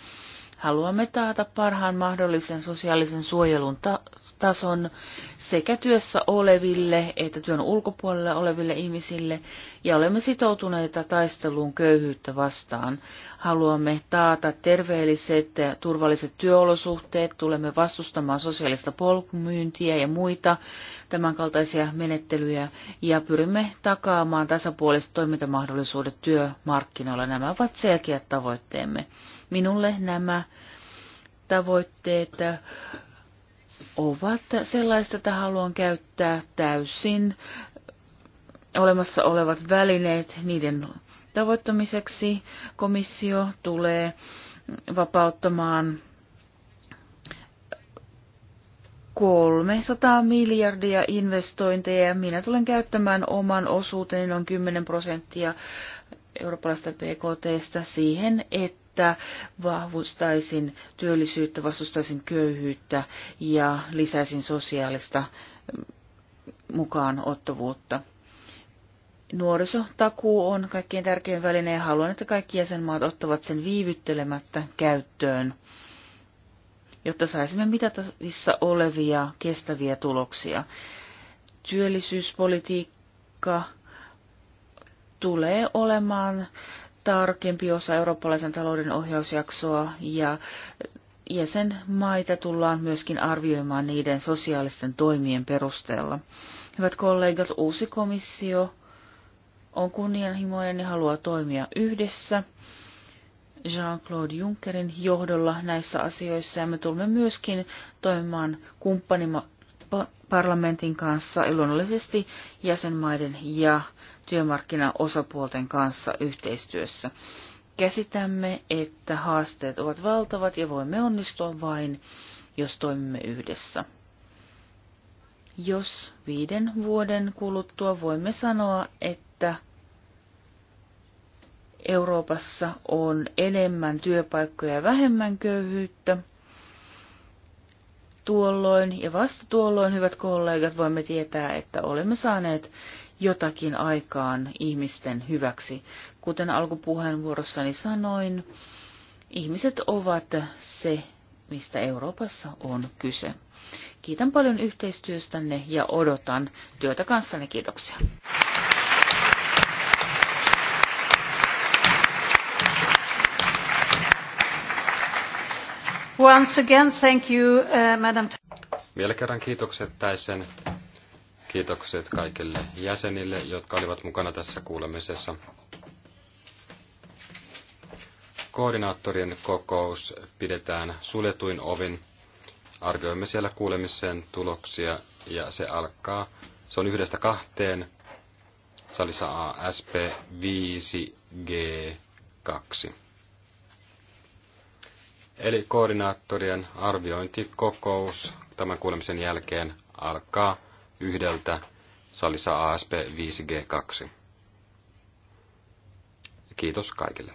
Haluamme taata parhaan mahdollisen sosiaalisen suojelun ta- tason sekä työssä oleville että työn ulkopuolella oleville ihmisille ja olemme sitoutuneita taisteluun köyhyyttä vastaan. Haluamme taata terveelliset ja turvalliset työolosuhteet, tulemme vastustamaan sosiaalista polkumyyntiä ja muita tämänkaltaisia menettelyjä ja pyrimme takaamaan tasapuoliset toimintamahdollisuudet työmarkkinoilla. Nämä ovat selkeät tavoitteemme. Minulle nämä tavoitteet ovat sellaista, että haluan käyttää täysin olemassa olevat välineet niiden tavoittamiseksi. Komissio tulee vapauttamaan 300 miljardia investointeja minä tulen käyttämään oman osuuteni noin 10 prosenttia eurooppalaista BKTstä siihen, että että vahvustaisin työllisyyttä, vastustaisin köyhyyttä ja lisäisin sosiaalista mm, mukaanottavuutta. Nuorisotakuu on kaikkein tärkein väline ja haluan, että kaikki jäsenmaat ottavat sen viivyttelemättä käyttöön, jotta saisimme mitatavissa olevia kestäviä tuloksia. Työllisyyspolitiikka tulee olemaan tarkempi osa eurooppalaisen talouden ohjausjaksoa ja jäsenmaita tullaan myöskin arvioimaan niiden sosiaalisten toimien perusteella. Hyvät kollegat, uusi komissio on kunnianhimoinen ja haluaa toimia yhdessä Jean-Claude Junckerin johdolla näissä asioissa ja me tulemme myöskin toimimaan parlamentin kanssa ja luonnollisesti jäsenmaiden ja työmarkkinaosapuolten kanssa yhteistyössä. Käsitämme, että haasteet ovat valtavat ja voimme onnistua vain, jos toimimme yhdessä. Jos viiden vuoden kuluttua voimme sanoa, että Euroopassa on enemmän työpaikkoja ja vähemmän köyhyyttä, tuolloin ja vasta tuolloin, hyvät kollegat, voimme tietää, että olemme saaneet jotakin aikaan ihmisten hyväksi. Kuten alkupuheenvuorossani sanoin, ihmiset ovat se, mistä Euroopassa on kyse. Kiitän paljon yhteistyöstänne ja odotan työtä kanssanne. Kiitoksia. Once again, thank you, uh, Madam. Vielä kerran kiitokset Täisen Kiitokset kaikille jäsenille, jotka olivat mukana tässä kuulemisessa. Koordinaattorien kokous pidetään suljetuin ovin. Arvioimme siellä kuulemisen tuloksia ja se alkaa. Se on yhdestä kahteen salissa ASP 5G2. Eli koordinaattorien arviointikokous tämän kuulemisen jälkeen alkaa yhdeltä salissa ASP 5G2. Kiitos kaikille.